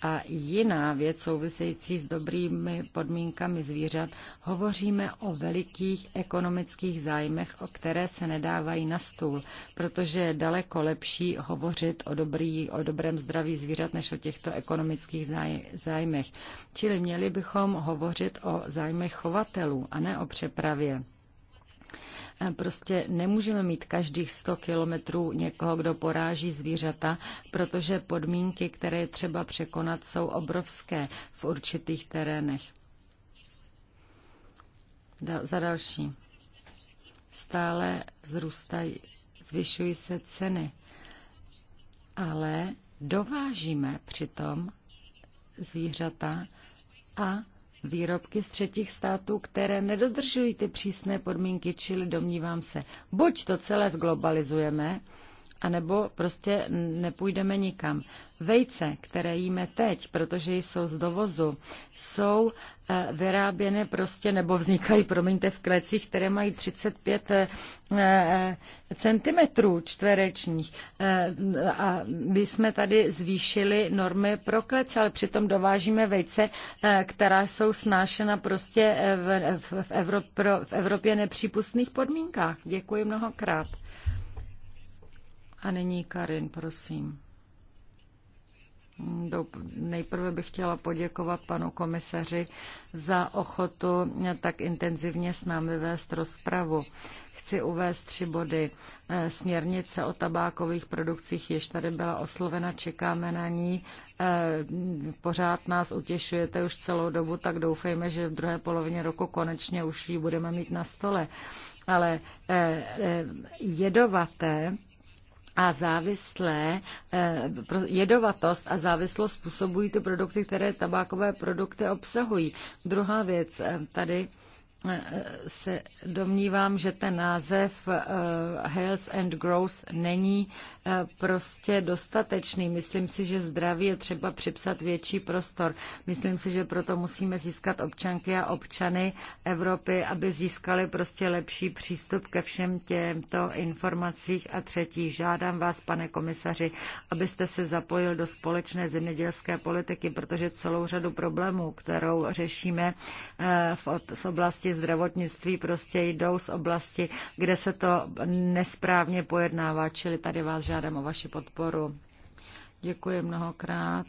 a jiná věc související s dobrými podmínkami zvířat, hovoříme o velikých ekonomických zájmech, o které se nedávají na stůl, protože je daleko lepší hovořit o, dobrý, o dobrém zdraví zvířat, než o těchto ekonomických zájmech. Čili měli bychom hovořit o zájmech chovatelů a ne o přepravě. Prostě nemůžeme mít každých 100 kilometrů někoho, kdo poráží zvířata, protože podmínky, které je třeba překonat, jsou obrovské v určitých terénech. Da, za další. Stále zrůstají, zvyšují se ceny, ale dovážíme přitom zvířata a výrobky z třetích států, které nedodržují ty přísné podmínky, čili domnívám se, buď to celé zglobalizujeme, anebo prostě nepůjdeme nikam. Vejce, které jíme teď, protože jsou z dovozu, jsou eh, vyráběné prostě, nebo vznikají, promiňte, v klecích, které mají 35 eh, eh, centimetrů čtverečních. A my jsme tady zvýšili normy pro klec, ale přitom dovážíme vejce, která jsou snášena prostě v, Evropě, v Evropě nepřípustných podmínkách. Děkuji mnohokrát. A nyní Karin, prosím. Nejprve bych chtěla poděkovat panu komisaři za ochotu tak intenzivně s námi vést rozpravu. Chci uvést tři body. Eh, směrnice o tabákových produkcích již tady byla oslovena, čekáme na ní. Eh, pořád nás utěšujete už celou dobu, tak doufejme, že v druhé polovině roku konečně už ji budeme mít na stole. Ale eh, jedovaté a závislé, eh, jedovatost a závislost způsobují ty produkty, které tabákové produkty obsahují. Druhá věc, eh, tady se domnívám, že ten název eh, Health and Growth není eh, prostě dostatečný. Myslím si, že zdraví je třeba připsat větší prostor. Myslím si, že proto musíme získat občanky a občany Evropy, aby získali prostě lepší přístup ke všem těmto informacích a třetí. Žádám vás, pane komisaři, abyste se zapojil do společné zemědělské politiky, protože celou řadu problémů, kterou řešíme eh, v oblasti oblasti zdravotnictví prostě jdou z oblasti, kde se to nesprávně pojednává, čili tady vás žádám o vaši podporu. Děkuji mnohokrát.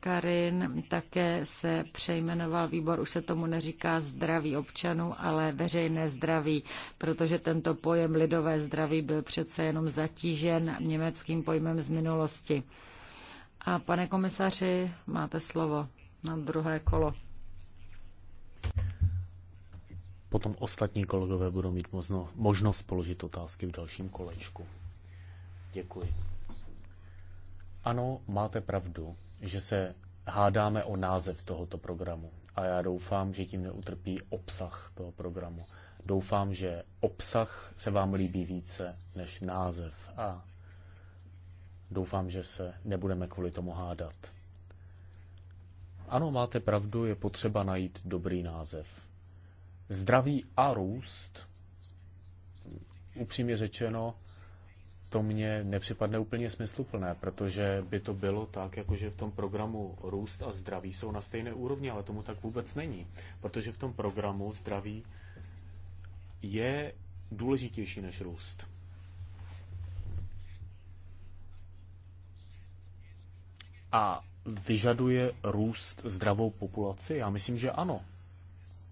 Karin také se přejmenoval výbor, už se tomu neříká zdraví občanů, ale veřejné zdraví, protože tento pojem lidové zdraví byl přece jenom zatížen německým pojmem z minulosti. A pane komisaři, máte slovo na druhé kolo. Potom ostatní kolegové budou mít možno, možnost položit otázky v dalším kolečku. Děkuji. Ano, máte pravdu, že se hádáme o název tohoto programu. A já doufám, že tím neutrpí obsah toho programu. Doufám, že obsah se vám líbí více než název. A doufám, že se nebudeme kvůli tomu hádat. Ano, máte pravdu, je potřeba najít dobrý název. Zdraví a růst, upřímně řečeno, to mně nepřipadne úplně smysluplné, protože by to bylo tak, jakože v tom programu růst a zdraví jsou na stejné úrovni, ale tomu tak vůbec není, protože v tom programu zdraví je důležitější než růst. A vyžaduje růst zdravou populaci? Já myslím, že ano.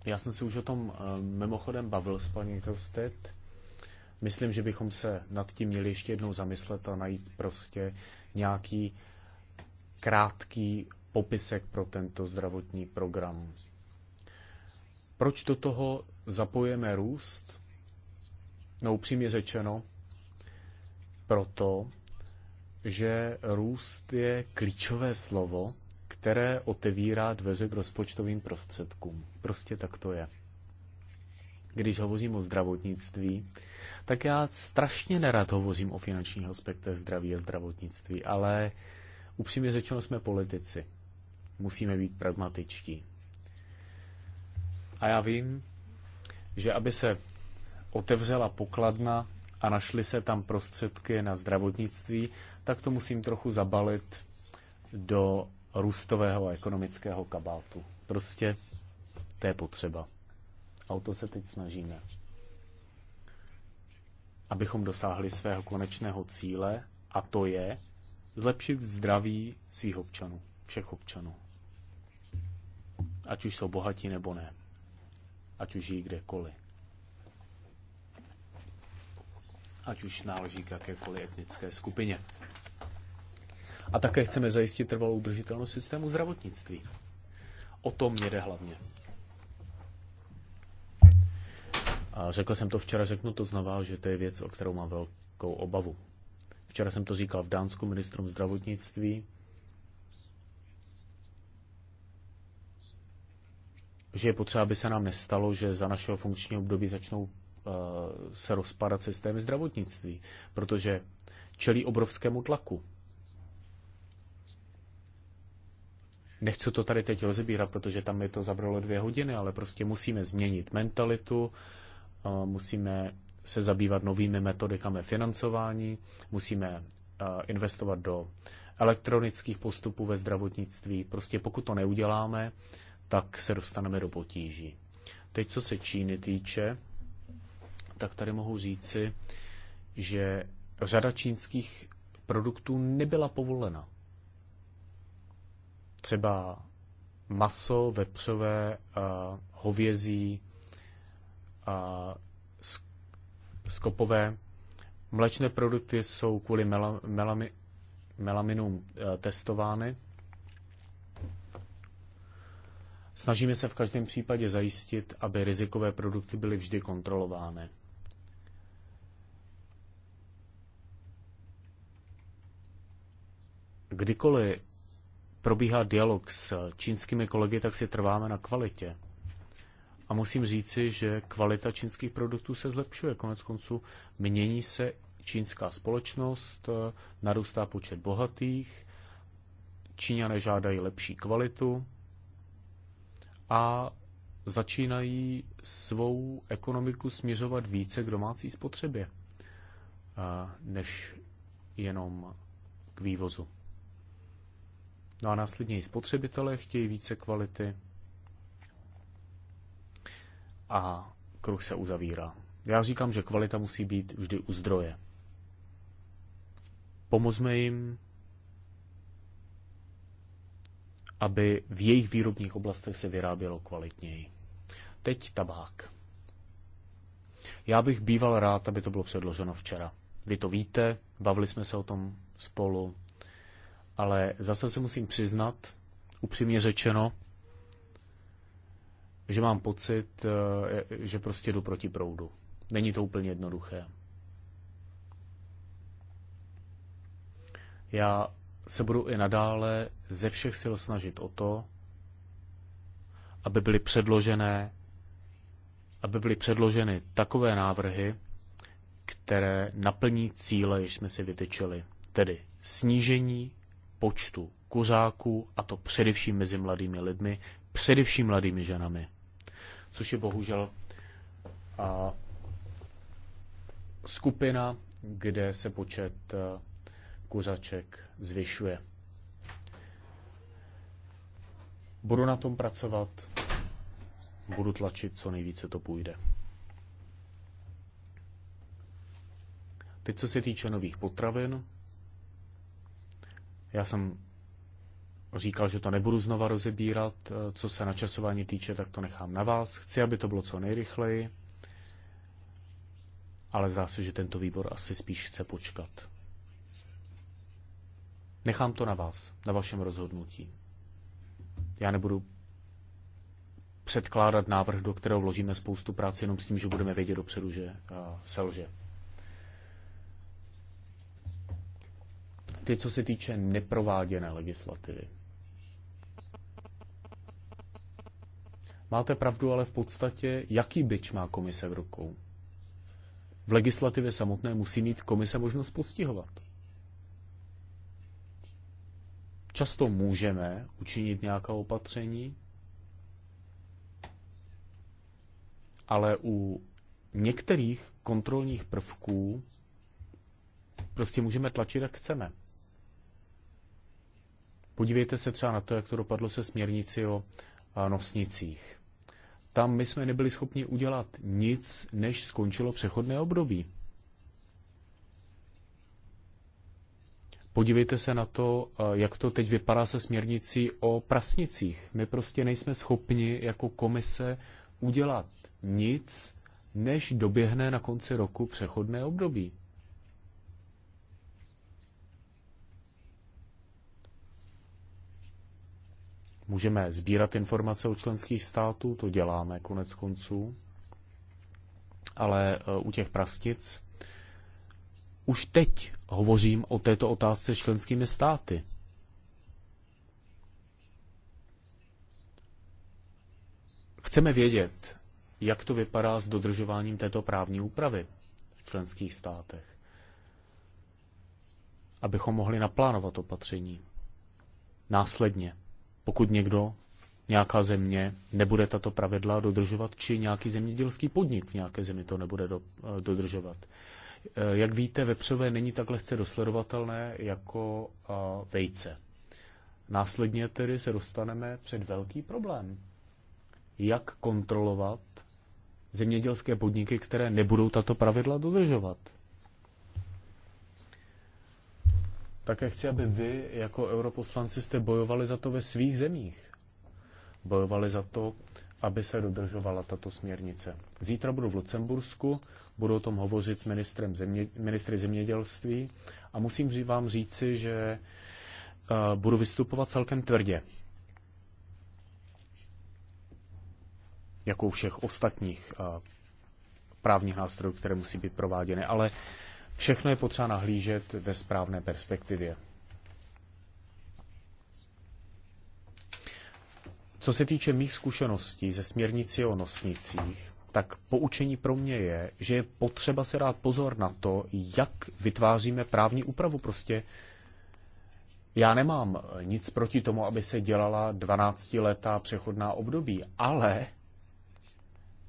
Já jsem se už o tom eh, mimochodem bavil s paní Krostet. Myslím, že bychom se nad tím měli ještě jednou zamyslet a najít prostě nějaký krátký popisek pro tento zdravotní program. Proč do toho zapojeme růst? No upřímně řečeno, proto, že růst je klíčové slovo které otevírá dveře k rozpočtovým prostředkům. Prostě tak to je. Když hovořím o zdravotnictví, tak já strašně nerad hovořím o finančních aspektech zdraví a zdravotnictví, ale upřímně řečeno jsme politici. Musíme být pragmatičtí. A já vím, že aby se otevřela pokladna a našly se tam prostředky na zdravotnictví, tak to musím trochu zabalit do růstového a ekonomického kabátu. Prostě to je potřeba. A o to se teď snažíme. Abychom dosáhli svého konečného cíle, a to je zlepšit zdraví svých občanů, všech občanů. Ať už jsou bohatí nebo ne. Ať už žijí kdekoliv. Ať už náleží k jakékoliv etnické skupině. A také chceme zajistit trvalou udržitelnost systému zdravotnictví. O tom jde hlavně. A řekl jsem to včera, řeknu to znova, že to je věc, o kterou mám velkou obavu. Včera jsem to říkal v Dánsku ministrům zdravotnictví, že je potřeba, aby se nám nestalo, že za našeho funkčního období začnou uh, se rozpadat systémy zdravotnictví, protože čelí obrovskému tlaku. Nechci to tady teď rozebírat, protože tam je to zabralo dvě hodiny, ale prostě musíme změnit mentalitu, eh, musíme se zabývat novými metodikami financování, musíme eh, investovat do elektronických postupů ve zdravotnictví. Prostě pokud to neuděláme, tak se dostaneme do potíží. Teď, co se Číny týče, tak tady mohu říci, že řada čínských produktů nebyla povolena třeba maso, vepřové, hovězí, skopové. Mlečné produkty jsou kvůli melami, melaminům e, testovány. Snažíme se v každém případě zajistit, aby rizikové produkty byly vždy kontrolovány. Kdykoliv probíhá dialog s čínskými kolegy, tak si trváme na kvalitě. A musím říci, že kvalita čínských produktů se zlepšuje. Konec konců mění se čínská společnost, narůstá počet bohatých, Číňané žádají lepší kvalitu a začínají svou ekonomiku směřovat více k domácí spotřebě než jenom k vývozu. No a následně i spotřebitelé chtějí více kvality. A kruh se uzavírá. Já říkám, že kvalita musí být vždy u zdroje. Pomozme jim, aby v jejich výrobních oblastech se vyrábělo kvalitněji. Teď tabák. Já bych býval rád, aby to bylo předloženo včera. Vy to víte, bavili jsme se o tom spolu, ale zase se musím přiznat, upřímně řečeno, že mám pocit, eh, že prostě jdu proti proudu. Není to úplně jednoduché. Já se budu i nadále ze všech sil snažit o to, aby byly předložené, aby byly předloženy takové návrhy, které naplní cíle, jež jsme si vytyčili, tedy snížení počtu kuřáků, a to především mezi mladými lidmi, především mladými ženami. Což je bohužel a, skupina, kde se počet e, kuřaček zvyšuje. Budu na tom pracovat, budu tlačit, co nejvíce to půjde. Teď, co se týče nových potravin, já jsem říkal, že to nebudu znova rozebírat. Eh, co se na časování týče, tak to nechám na vás. Chci, aby to bylo co nejrychleji, ale zdá se, že tento výbor asi spíš chce počkat. Nechám to na vás, na vašem rozhodnutí. Já nebudu předkládat návrh, do kterého vložíme spoustu práce, jenom s tím, že budeme vědět dopředu, že eh, selže. ty, co se týče neprováděné legislativy. Máte pravdu, ale v podstatě, jaký byč má komise v rukou? V legislativě samotné musí mít komise možnost postihovat. Často můžeme učinit nějaká opatření, ale u některých kontrolních prvků prostě můžeme tlačit, jak chceme. Podívejte se třeba na to, jak to dopadlo se směrnici o nosnicích. Tam my jsme nebyli schopni udělat nic, než skončilo přechodné období. Podívejte se na to, jak to teď vypadá se směrnicí o prasnicích. My prostě nejsme schopni jako komise udělat nic, než doběhne na konci roku přechodné období. Můžeme sbírat informace o členských států, to děláme konec konců, ale e, u těch prastic už teď hovořím o této otázce s členskými státy. Chceme vědět, jak to vypadá s dodržováním této právní úpravy v členských státech, abychom mohli naplánovat opatření následně pokud někdo, nějaká země, nebude tato pravidla dodržovat, či nějaký zemědělský podnik v nějaké zemi to nebude do, eh, dodržovat. Eh, jak víte, vepřové není tak lehce dosledovatelné jako eh, vejce. Následně tedy se dostaneme před velký problém. Jak kontrolovat zemědělské podniky, které nebudou tato pravidla dodržovat? Také chci, aby vy jako europoslanci jste bojovali za to ve svých zemích. Bojovali za to, aby se dodržovala tato směrnice. Zítra budu v Lucembursku, budu o tom hovořit s ministrem země, ministry zemědělství a musím vám říci, že uh, budu vystupovat celkem tvrdě. Jako u všech ostatních uh, právních nástrojů, které musí být prováděny. Ale Všechno je potřeba nahlížet ve správné perspektivě. Co se týče mých zkušeností ze směrnici o nosnicích, tak poučení pro mě je, že je potřeba se dát pozor na to, jak vytváříme právní úpravu. Prostě já nemám nic proti tomu, aby se dělala 12-letá přechodná období, ale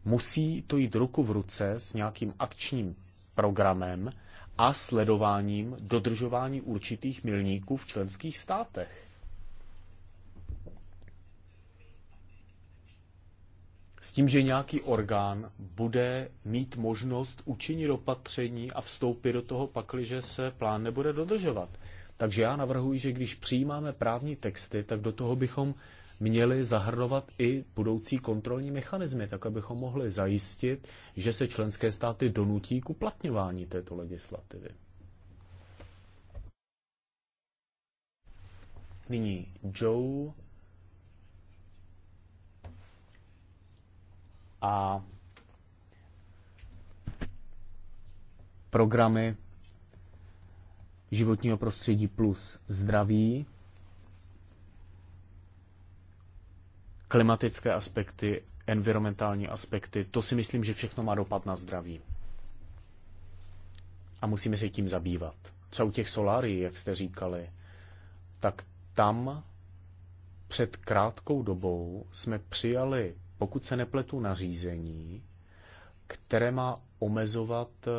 musí to jít ruku v ruce s nějakým akčním programem, a sledováním dodržování určitých milníků v členských státech. S tím, že nějaký orgán bude mít možnost učinit opatření a vstoupit do toho že se plán nebude dodržovat. Takže já navrhuji, že když přijímáme právní texty, tak do toho bychom měly zahrnovat i budoucí kontrolní mechanismy, tak abychom mohli zajistit, že se členské státy donutí k uplatňování této legislativy. Nyní Joe a programy životního prostředí plus zdraví. klimatické aspekty, environmentální aspekty, to si myslím, že všechno má dopad na zdraví. A musíme se tím zabývat. Třeba u těch solárií, jak jste říkali, tak tam před krátkou dobou jsme přijali, pokud se nepletu, nařízení, které má omezovat eh,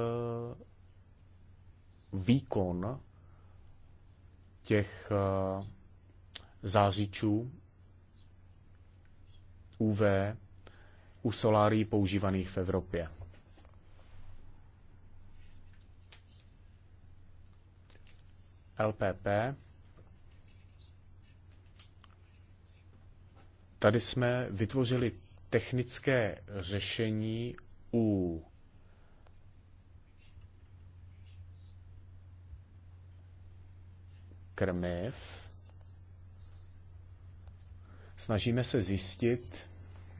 výkon těch eh, zářičů UV u solárií používaných v Evropě. LPP. Tady jsme vytvořili technické řešení u krmiv, Snažíme se zjistit,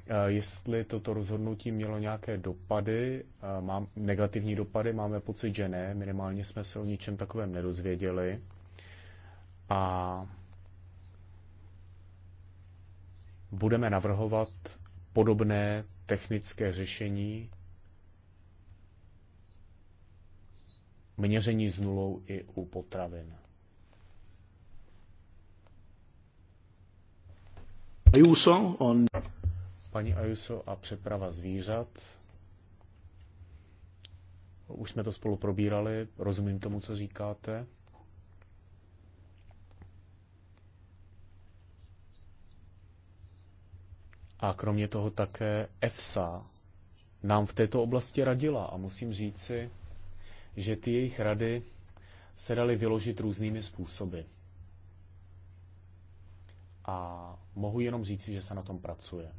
eh, jestli toto rozhodnutí mělo nějaké dopady, eh, mám, negativní dopady, máme pocit, že ne, minimálně jsme se o ničem takovém nedozvěděli. A budeme navrhovat podobné technické řešení měření s nulou i u potravin. Ayuso on... Paní Ayuso a přeprava zvířat. Už jsme to spolu probírali, rozumím tomu, co říkáte. A kromě toho také EFSA nám v této oblasti radila a musím říci, že ty jejich rady se daly vyložit různými způsoby a mohu jenom říct, že se na tom pracuje.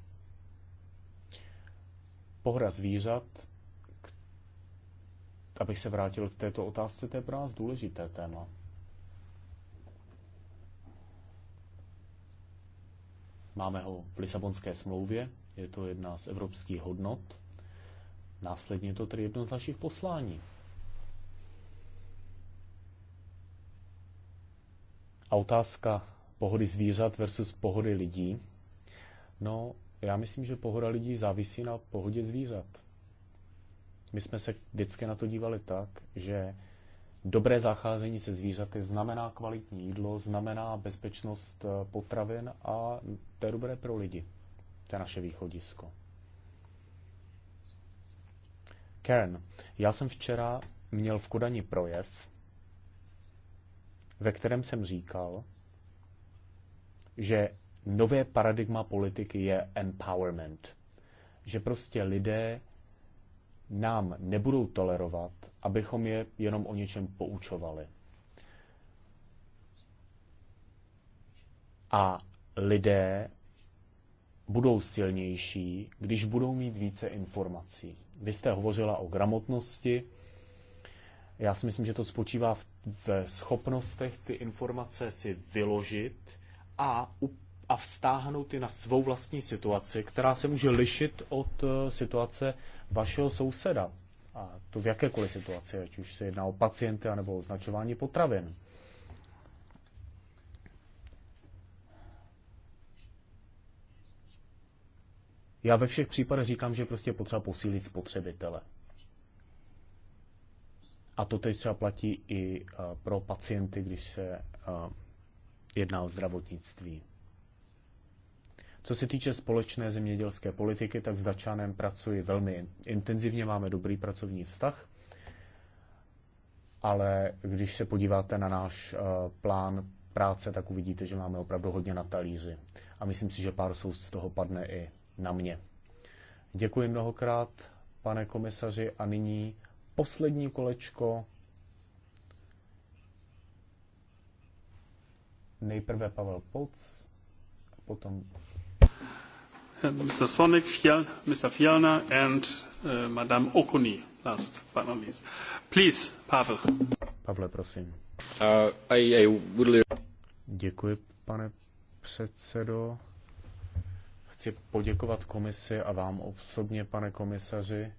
Pohra zvířat, abych se vrátil k této otázce, to je pro nás důležité téma. Máme ho v Lisabonské smlouvě, je to jedna z evropských hodnot. Následně je to tedy jedno z našich poslání. A otázka pohody zvířat versus pohody lidí. No, já myslím, že pohoda lidí závisí na pohodě zvířat. My jsme se vždycky na to dívali tak, že dobré zacházení se zvířaty znamená kvalitní jídlo, znamená bezpečnost eh, potravin a to je dobré pro lidi. To je naše východisko. Karen, já jsem včera měl v Kodani projev, ve kterém jsem říkal, že nové paradigma politiky je empowerment. Že prostě lidé nám nebudou tolerovat, abychom je jenom o něčem poučovali. A lidé budou silnější, když budou mít více informací. Vy jste hovořila o gramotnosti. Já si myslím, že to spočívá v, v schopnostech ty informace si vyložit a, a vztáhnout ji na svou vlastní situaci, která se může lišit od eh, situace vašeho souseda. A to v jakékoliv situaci, ať už se jedná o pacienty nebo o označování potravin. Já ve všech případech říkám, že prostě potřeba posílit spotřebitele. A to teď třeba platí i eh, pro pacienty, když se eh, jedná o zdravotnictví. Co se týče společné zemědělské politiky, tak s Dačánem pracuji velmi intenzivně, máme dobrý pracovní vztah, ale když se podíváte na náš eh, plán práce, tak uvidíte, že máme opravdu hodně na talíři. A myslím si, že pár soust z toho padne i na mě. Děkuji mnohokrát, pane komisaři, a nyní poslední kolečko Nejprve Pavel Poc a potom Mr. Sonic, Fjell, Mr. Fjellner and uh, Madame Okuni, last but not least. Please, Pavel. Pavle, prosím. Uh, I, I would... Děkuji, pane předsedo. Chci poděkovat komisi a vám osobně, pane komisaři,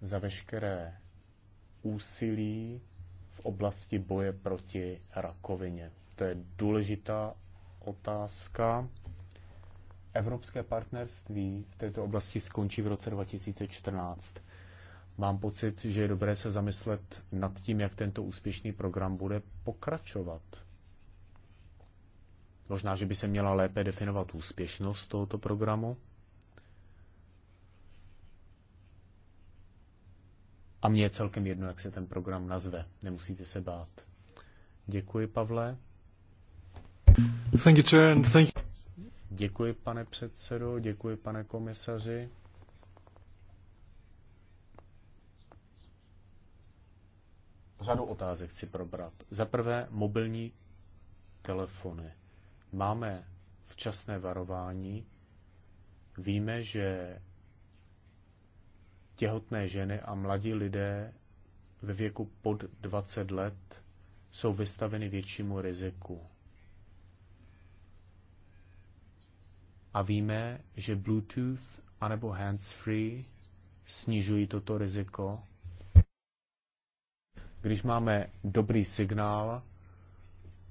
za veškeré úsilí v oblasti boje proti rakovině. To je důležitá otázka. Evropské partnerství v této oblasti skončí v roce 2014. Mám pocit, že je dobré se zamyslet nad tím, jak tento úspěšný program bude pokračovat. Možná, že by se měla lépe definovat úspěšnost tohoto programu. A mně je celkem jedno, jak se ten program nazve. Nemusíte se bát. Děkuji, Pavle. Thank you, chair, and thank you. Děkuji, pane předsedo, děkuji, pane komisaři. Řadu otázek chci probrat. Za prvé, mobilní telefony. Máme včasné varování. Víme, že těhotné ženy a mladí lidé ve věku pod 20 let jsou vystaveny většímu riziku. a víme, že Bluetooth anebo hands-free snižují toto riziko. Když máme dobrý signál,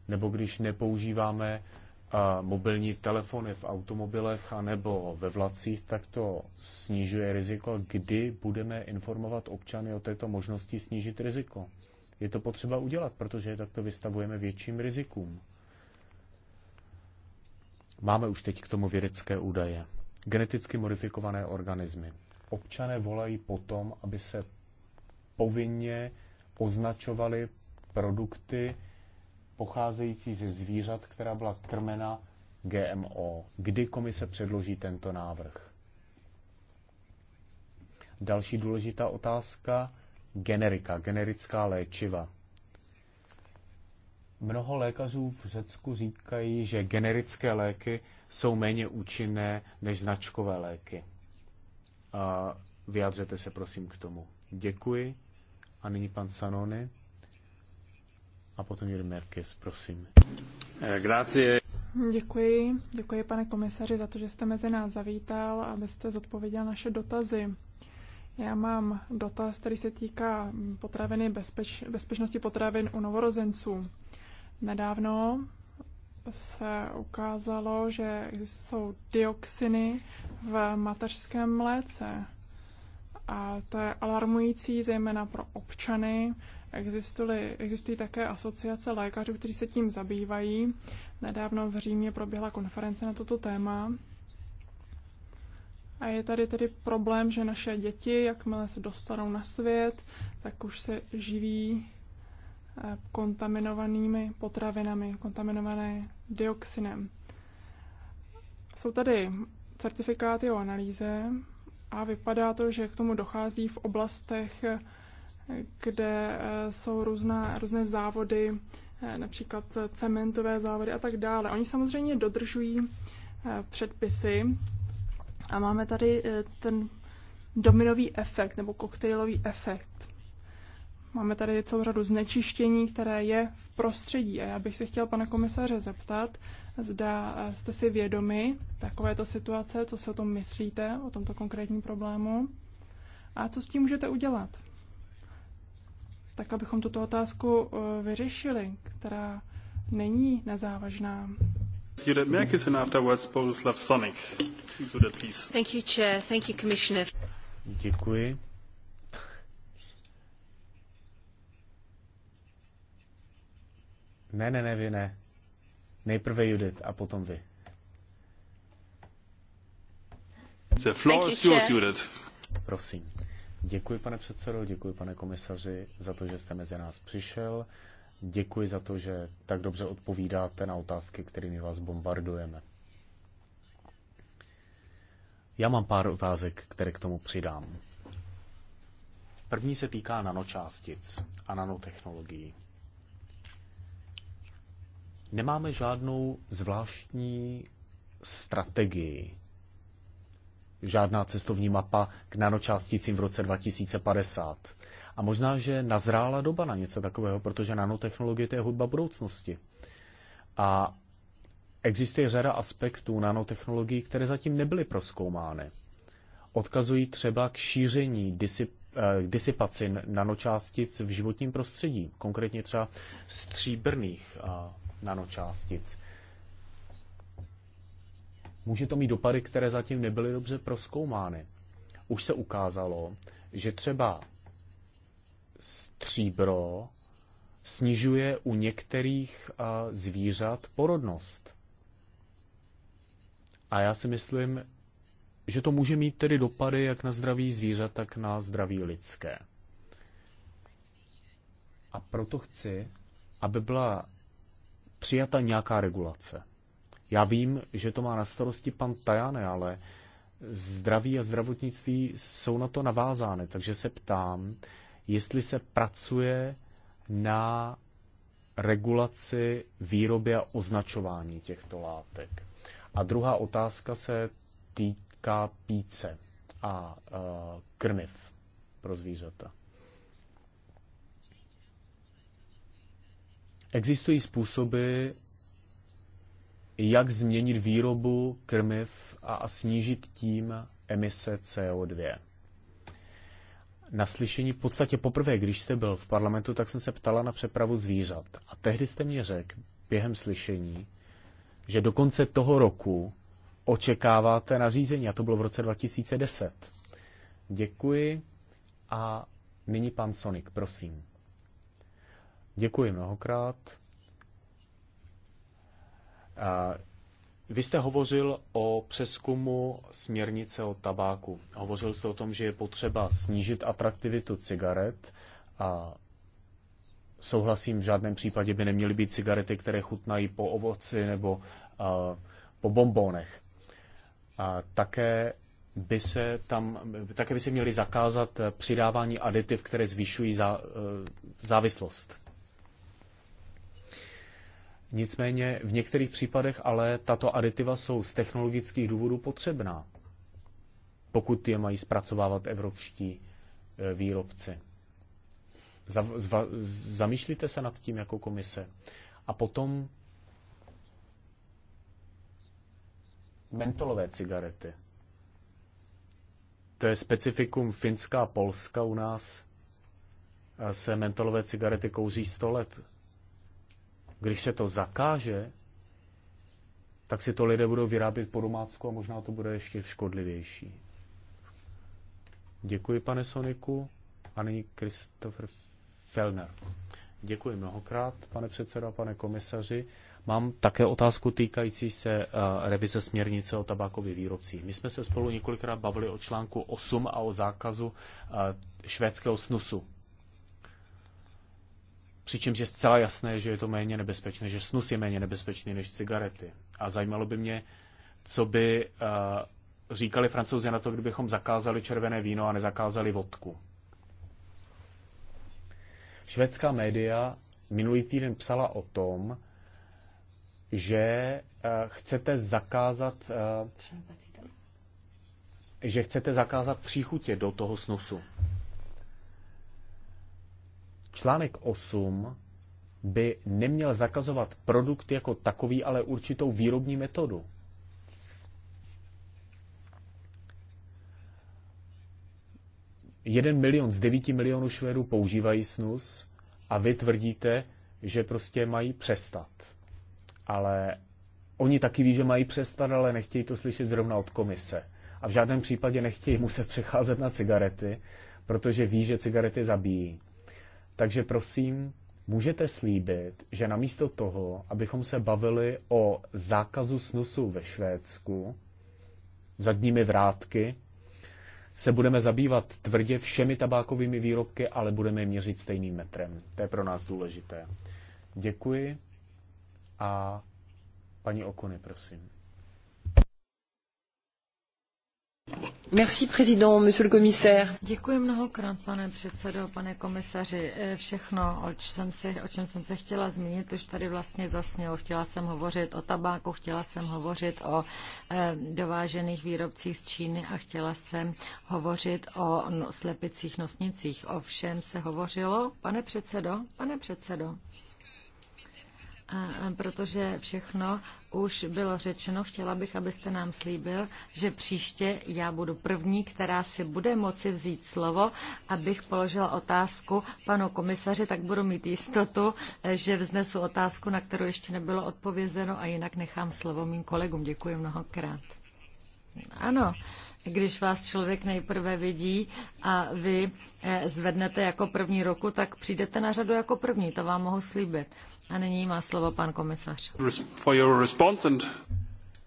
nebo když nepoužíváme eh, mobilní telefony v automobilech a nebo ve vlacích, tak to snižuje riziko. Kdy budeme informovat občany o této možnosti snížit riziko? Je to potřeba udělat, protože takto vystavujeme větším rizikům. Máme už teď k tomu vědecké údaje. Geneticky modifikované organismy. Občané volají potom, aby se povinně označovaly produkty pocházející ze zvířat, která byla krmena GMO. Kdy komise předloží tento návrh? Další důležitá otázka generika, generická léčiva. Mnoho lékařů v Řecku říkají, že generické léky jsou méně účinné než značkové léky. A vyjádřete se prosím k tomu. Děkuji. A nyní pan Sanony. A potom Jiri Merkis, prosím. Eh, grazie. Děkuji. Děkuji, pane komisaři, za to, že jste mezi nás zavítal a abyste zodpověděl naše dotazy. Já mám dotaz, který se týká potraviny bezpeč, bezpečnosti potravin u novorozenců. Nedávno se ukázalo, že jsou dioxiny v mateřském mléce. A to je alarmující, zejména pro občany. Existují, existují také asociace lékařů, kteří se tím zabývají. Nedávno v Římě proběhla konference na toto téma. A je tady tedy problém, že naše děti, jakmile se dostanou na svět, tak už se živí kontaminovanými potravinami, kontaminované dioxinem. Jsou tady certifikáty o analýze a vypadá to, že k tomu dochází v oblastech, kde eh, jsou různá, různé závody, eh, například cementové závody a tak dále. Oni samozřejmě dodržují eh, předpisy a máme tady ten dominový efekt nebo koktejlový efekt. Máme tady celou řadu znečištění, které je v prostředí. A já bych se chtěl pana komisaře zeptat, zda eh, jste si vědomi takovéto situace, co si o tom myslíte, o tomto konkrétním problému a co s tím můžete udělat. Tak, abychom tuto otázku eh, vyřešili, která není nezávažná. Děkuji. Ne, ne, ne, vy ne. Nejprve Judith a potom vy. The floor is yours, Judith. Prosím. Děkuji, pane předsedo, děkuji, pane komisaři, za to, že jste mezi nás přišel. Děkuji za to, že tak dobře odpovídáte na otázky, kterými vás bombardujeme. Já mám pár otázek, které k tomu přidám. První se týká nanočástic a nanotechnologií nemáme žádnou zvláštní strategii. Žádná cestovní mapa k nanočásticím v roce 2050. A možná, že nazrála doba na něco takového, protože nanotechnologie to je hudba budoucnosti. A existuje řada aspektů nanotechnologií, které zatím nebyly proskoumány. Odkazují třeba k šíření disip, eh, k disipaci nanočástic v životním prostředí, konkrétně třeba stříbrných nanočástic. Může to mít dopady, které zatím nebyly dobře proskoumány. Už se ukázalo, že třeba stříbro snižuje u některých zvířat porodnost. A já si myslím, že to může mít tedy dopady jak na zdraví zvířat, tak na zdraví lidské. A proto chci, aby byla přijata nějaká regulace. Já vím, že to má na starosti pan Tajane, ale zdraví a zdravotnictví jsou na to navázány, takže se ptám, jestli se pracuje na regulaci výroby a označování těchto látek. A druhá otázka se týká píce a uh, krmiv pro zvířata. Existují způsoby, jak změnit výrobu krmiv a snížit tím emise CO2. Na slyšení v podstatě poprvé, když jste byl v parlamentu, tak jsem se ptala na přepravu zvířat. A tehdy jste mě řekl během slyšení, že do konce toho roku očekáváte nařízení. A to bylo v roce 2010. Děkuji a nyní pan Sonik, prosím. Děkuji mnohokrát. A vy jste hovořil o přeskumu směrnice o tabáku. Hovořil jste o tom, že je potřeba snížit atraktivitu cigaret a souhlasím, v žádném případě by neměly být cigarety, které chutnají po ovoci nebo a, po bombónech. A také by se tam, také by se měly zakázat přidávání aditiv, které zvyšují e, závislost. Nicméně v některých případech ale tato aditiva jsou z technologických důvodů potřebná, pokud je mají zpracovávat evropští e, výrobci. Zamýšlíte se nad tím jako komise. A potom mentolové cigarety. To je specifikum Finska a Polska u nás. Se mentolové cigarety kouří 100 let. Když se to zakáže, tak si to lidé budou vyrábět po domácku a možná to bude ještě škodlivější. Děkuji, pane Soniku. A nyní Christopher Fellner. Děkuji mnohokrát, pane předsedo a pane komisaři. Mám také otázku týkající se eh, revize směrnice o tabákových výrobcích. My jsme se spolu několikrát bavili o článku 8 a o zákazu eh, švédského snusu. Přičemž je zcela jasné, že je to méně nebezpečné, že snus je méně nebezpečný než cigarety. A zajímalo by mě, co by uh, říkali francouzi na to, kdybychom zakázali červené víno a nezakázali vodku. Švédská média minulý týden psala o tom, že uh, chcete zakázat uh, že chcete zakázat příchutě do toho snusu. Článek 8 by neměl zakazovat produkt jako takový, ale určitou výrobní metodu. Jeden milion z devíti milionů Švédů používají snus a vy tvrdíte, že prostě mají přestat. Ale oni taky ví, že mají přestat, ale nechtějí to slyšet zrovna od komise. A v žádném případě nechtějí muset přecházet na cigarety, protože ví, že cigarety zabíjí. Takže prosím, můžete slíbit, že namísto toho, abychom se bavili o zákazu snusu ve Švédsku, zadními vrátky, se budeme zabývat tvrdě všemi tabákovými výrobky, ale budeme je měřit stejným metrem. To je pro nás důležité. Děkuji a paní Okony, prosím. Merci, président, monsieur le commissaire. Děkuji mnohokrát, pane předsedo, pane komisaři. Eh, všechno, o, jsem se, o čem jsem se chtěla zmínit, už tady vlastně zasnělo. Chtěla jsem hovořit o tabáku, chtěla jsem hovořit o e, dovážených výrobcích z Číny a chtěla jsem hovořit o no, slepicích nosnicích. O všem se hovořilo, pane předsedo, pane předsedo eh, protože všechno už bylo řečeno, chtěla bych, abyste nám slíbil, že příště já budu první, která si bude moci vzít slovo, abych položila otázku panu komisaři, tak budu mít jistotu, že vznesu otázku, na kterou ještě nebylo odpovězeno a jinak nechám slovo mým kolegům. Děkuji mnohokrát. Ano, když vás člověk nejprve vidí a vy eh, zvednete jako první roku, tak přijdete na řadu jako první, to vám mohu slíbit. A nyní má slovo pan komisař. For your response and...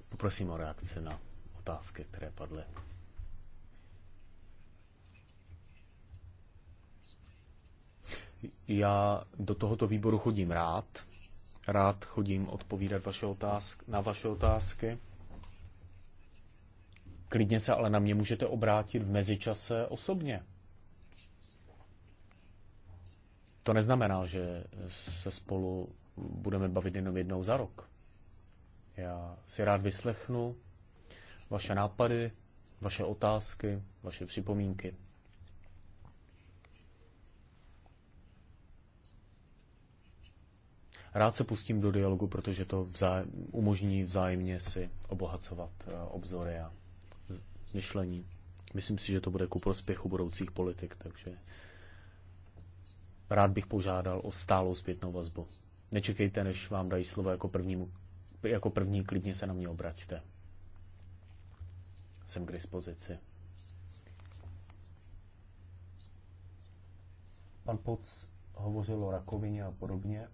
Poprosím o reakci na otázky, které padly. Já do tohoto výboru chodím rád. Rád chodím odpovídat vaše otázky, na vaše otázky. Klidně se ale na mě můžete obrátit v mezičase osobně. To neznamená, že se spolu budeme bavit jenom jednou za rok. Já si rád vyslechnu vaše nápady, vaše otázky, vaše připomínky. Rád se pustím do dialogu, protože to vzá- umožní vzájemně si obohacovat eh, obzory a myšlení. Myslím si, že to bude ku prospěchu budoucích politik, takže rád bych požádal o stálou zpětnou vazbu. Nečekejte, než vám dají slovo jako prvnímu, jako první klidně se na mě obraťte. Jsem k dispozici. Pan Poc hovořil o rakovině a podobně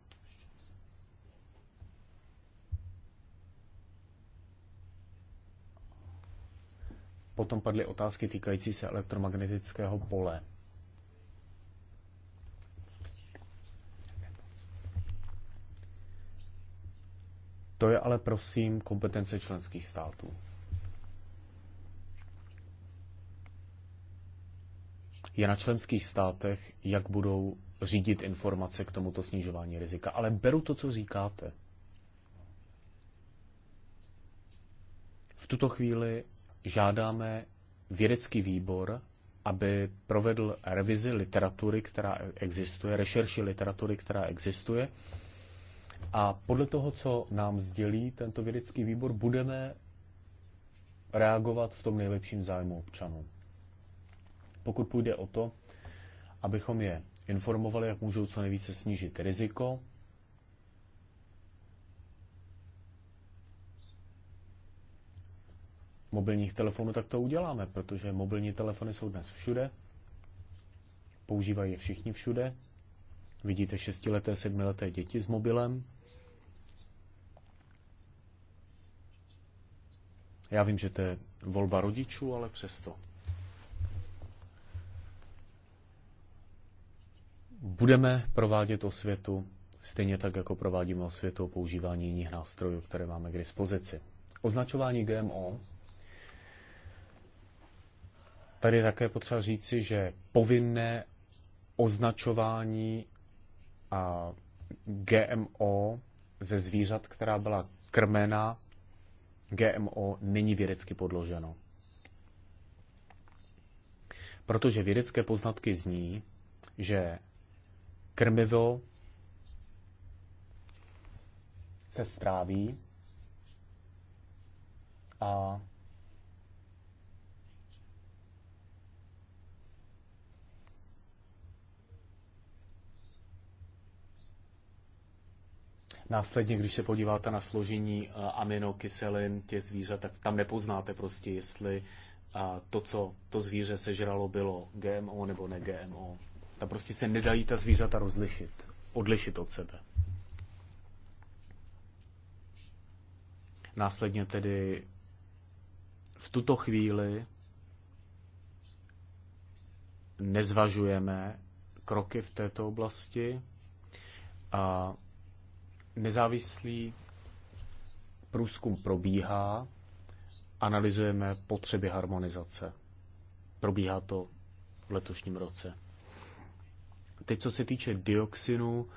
Potom padly otázky týkající se elektromagnetického pole. To je ale prosím kompetence členských států. Je na členských státech, jak budou řídit informace k tomuto snižování rizika. Ale beru to, co říkáte. V tuto chvíli žádáme vědecký výbor, aby provedl revizi literatury, která existuje, rešerši literatury, která existuje. A podle toho, co nám sdělí tento vědecký výbor, budeme reagovat v tom nejlepším zájmu občanů. Pokud půjde o to, abychom je informovali, jak můžou co nejvíce snížit riziko, mobilních telefonů, tak to uděláme, protože mobilní telefony jsou dnes všude, používají je všichni všude. Vidíte šestileté, sedmileté děti s mobilem. Já vím, že to je volba rodičů, ale přesto. Budeme provádět osvětu stejně tak, jako provádíme osvětu o používání jiných nástrojů, které máme k dispozici. Označování GMO Tady je také potřeba říci, že povinné označování a GMO ze zvířat, která byla krmena, GMO není vědecky podloženo. Protože vědecké poznatky zní, že krmivo se stráví a Následně, když se podíváte na složení eh, aminokyselin těch zvířat, tak tam nepoznáte prostě, jestli eh, to, co to zvíře sežralo, bylo GMO nebo ne GMO. Tam prostě se nedají ta zvířata rozlišit, odlišit od sebe. Následně tedy v tuto chvíli nezvažujeme kroky v této oblasti. A Nezávislý průzkum probíhá, analyzujeme potřeby harmonizace. Probíhá to v letošním roce. Teď, co se týče dioxinu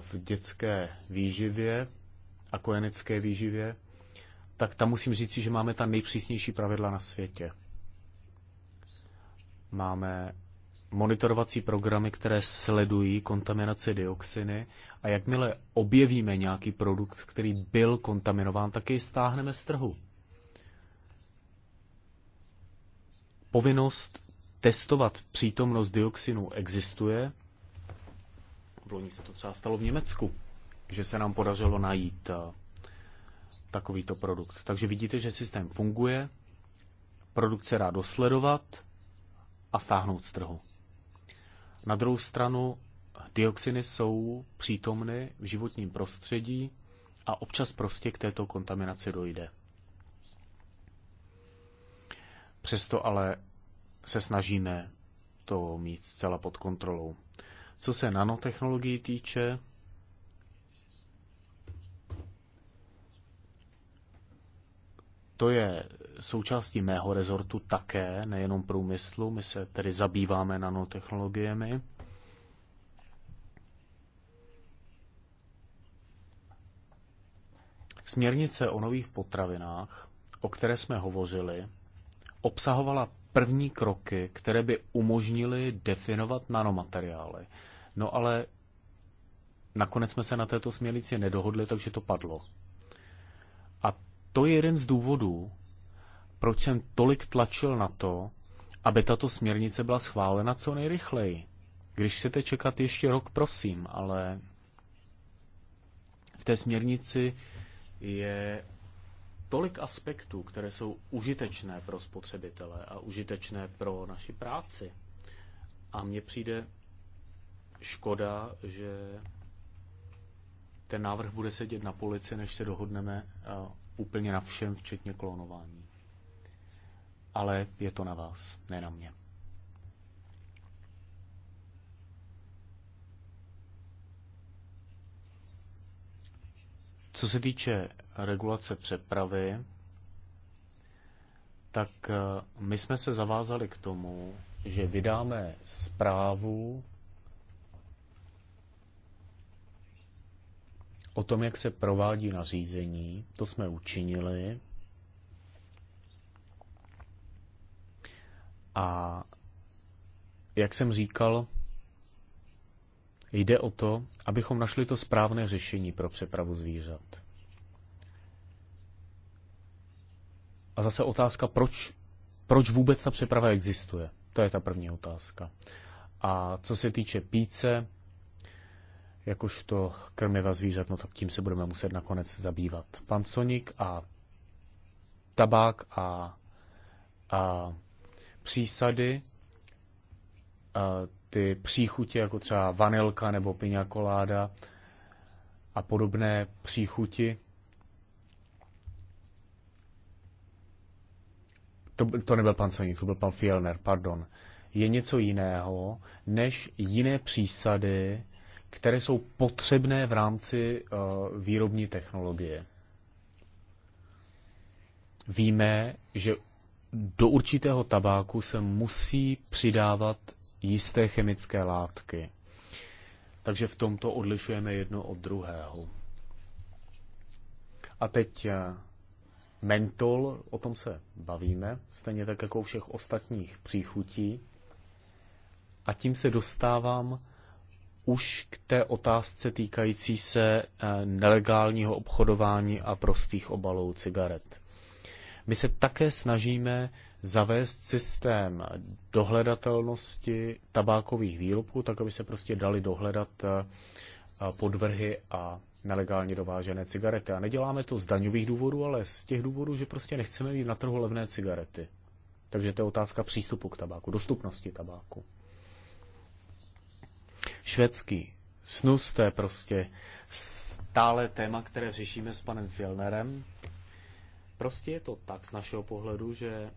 v dětské výživě a kojenecké výživě, tak tam musím říct, že máme ta nejpřísnější pravidla na světě. Máme monitorovací programy, které sledují kontaminaci dioxiny a jakmile objevíme nějaký produkt, který byl kontaminován, tak jej stáhneme z trhu. Povinnost testovat přítomnost dioxinu existuje. V loni se to třeba stalo v Německu, že se nám podařilo najít eh, takovýto produkt. Takže vidíte, že systém funguje, produkt se dá dosledovat a stáhnout z trhu. Na druhou stranu dioxiny jsou přítomny v životním prostředí a občas prostě k této kontaminaci dojde. Přesto ale se snažíme to mít zcela pod kontrolou. Co se nanotechnologií týče, to je součástí mého rezortu také, nejenom průmyslu. My se tedy zabýváme nanotechnologiemi. Směrnice o nových potravinách, o které jsme hovořili, obsahovala první kroky, které by umožnily definovat nanomateriály. No ale nakonec jsme se na této směrnici nedohodli, takže to padlo. A to je jeden z důvodů, proč jsem tolik tlačil na to, aby tato směrnice byla schválena co nejrychleji. Když chcete čekat ještě rok, prosím, ale v té směrnici je tolik aspektů, které jsou užitečné pro spotřebitele a užitečné pro naši práci. A mně přijde škoda, že ten návrh bude sedět na polici, než se dohodneme úplně na všem, včetně klonování ale je to na vás, ne na mě. Co se týče regulace přepravy, tak eh, my jsme se zavázali k tomu, že vydáme zprávu o tom, jak se provádí nařízení. To jsme učinili. A jak jsem říkal, jde o to, abychom našli to správné řešení pro přepravu zvířat. A zase otázka, proč, proč vůbec ta přeprava existuje? To je ta první otázka. A co se týče píce, jakožto krmiva zvířat, no tak tím se budeme muset nakonec zabývat. Pan Sonik a tabák a, a přísady, ty příchutě, jako třeba vanilka nebo piña koláda a podobné příchuti. To, to nebyl pan Soník, to byl pan Fielner, pardon. Je něco jiného než jiné přísady, které jsou potřebné v rámci uh, výrobní technologie. Víme, že do určitého tabáku se musí přidávat jisté chemické látky. Takže v tomto odlišujeme jedno od druhého. A teď eh, mentol, o tom se bavíme, stejně tak jako u všech ostatních příchutí. A tím se dostávám už k té otázce týkající se eh, nelegálního obchodování a prostých obalů cigaret. My se také snažíme zavést systém dohledatelnosti tabákových výrobků, tak aby se prostě dali dohledat eh, podvrhy a nelegálně dovážené cigarety. A neděláme to z daňových důvodů, ale z těch důvodů, že prostě nechceme mít na trhu levné cigarety. Takže to je otázka přístupu k tabáku, dostupnosti tabáku. Švédský snus, to je prostě stále téma, které řešíme s panem Fjellnerem. Prostě je to tak z našeho pohledu, že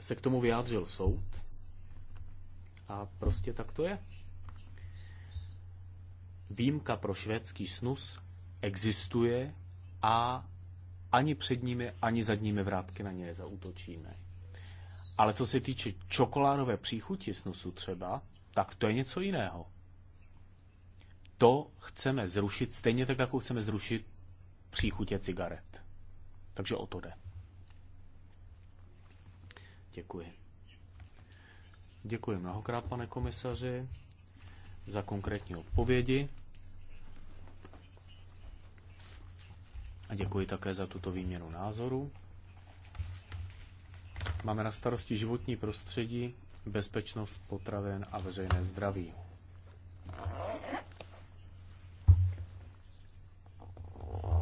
se k tomu vyjádřil soud a prostě tak to je. Výjimka pro švédský snus existuje a ani před nimi, ani zadními vrátky na ně zautočíme. Ale co se týče čokoládové příchuti snusu třeba, tak to je něco jiného to chceme zrušit stejně tak, jako chceme zrušit příchutě cigaret. Takže o to jde. Děkuji. Děkuji mnohokrát, pane komisaři, za konkrétní odpovědi. A děkuji také za tuto výměnu názoru. Máme na starosti životní prostředí, bezpečnost potravin a veřejné zdraví.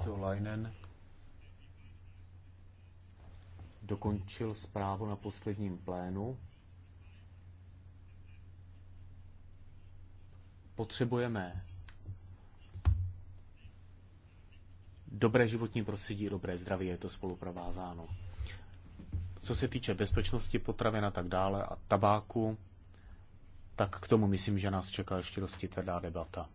Lainen Leinen dokončil zprávu na posledním plénu. Potřebujeme dobré životní prostředí, dobré zdraví, je to spolu provázáno. Co se týče bezpečnosti potravin a tak dále a tabáku, tak k tomu myslím, že nás čeká ještě dosti tvrdá debata.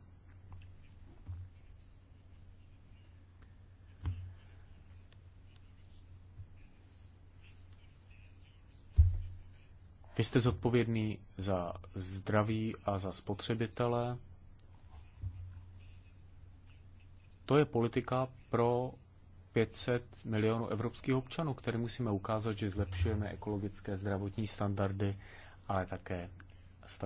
Vy jste zodpovědný za zdraví a za spotřebitele. To je politika pro 500 milionů evropských občanů, které musíme ukázat, že zlepšujeme ekologické zdravotní standardy, ale také standardy.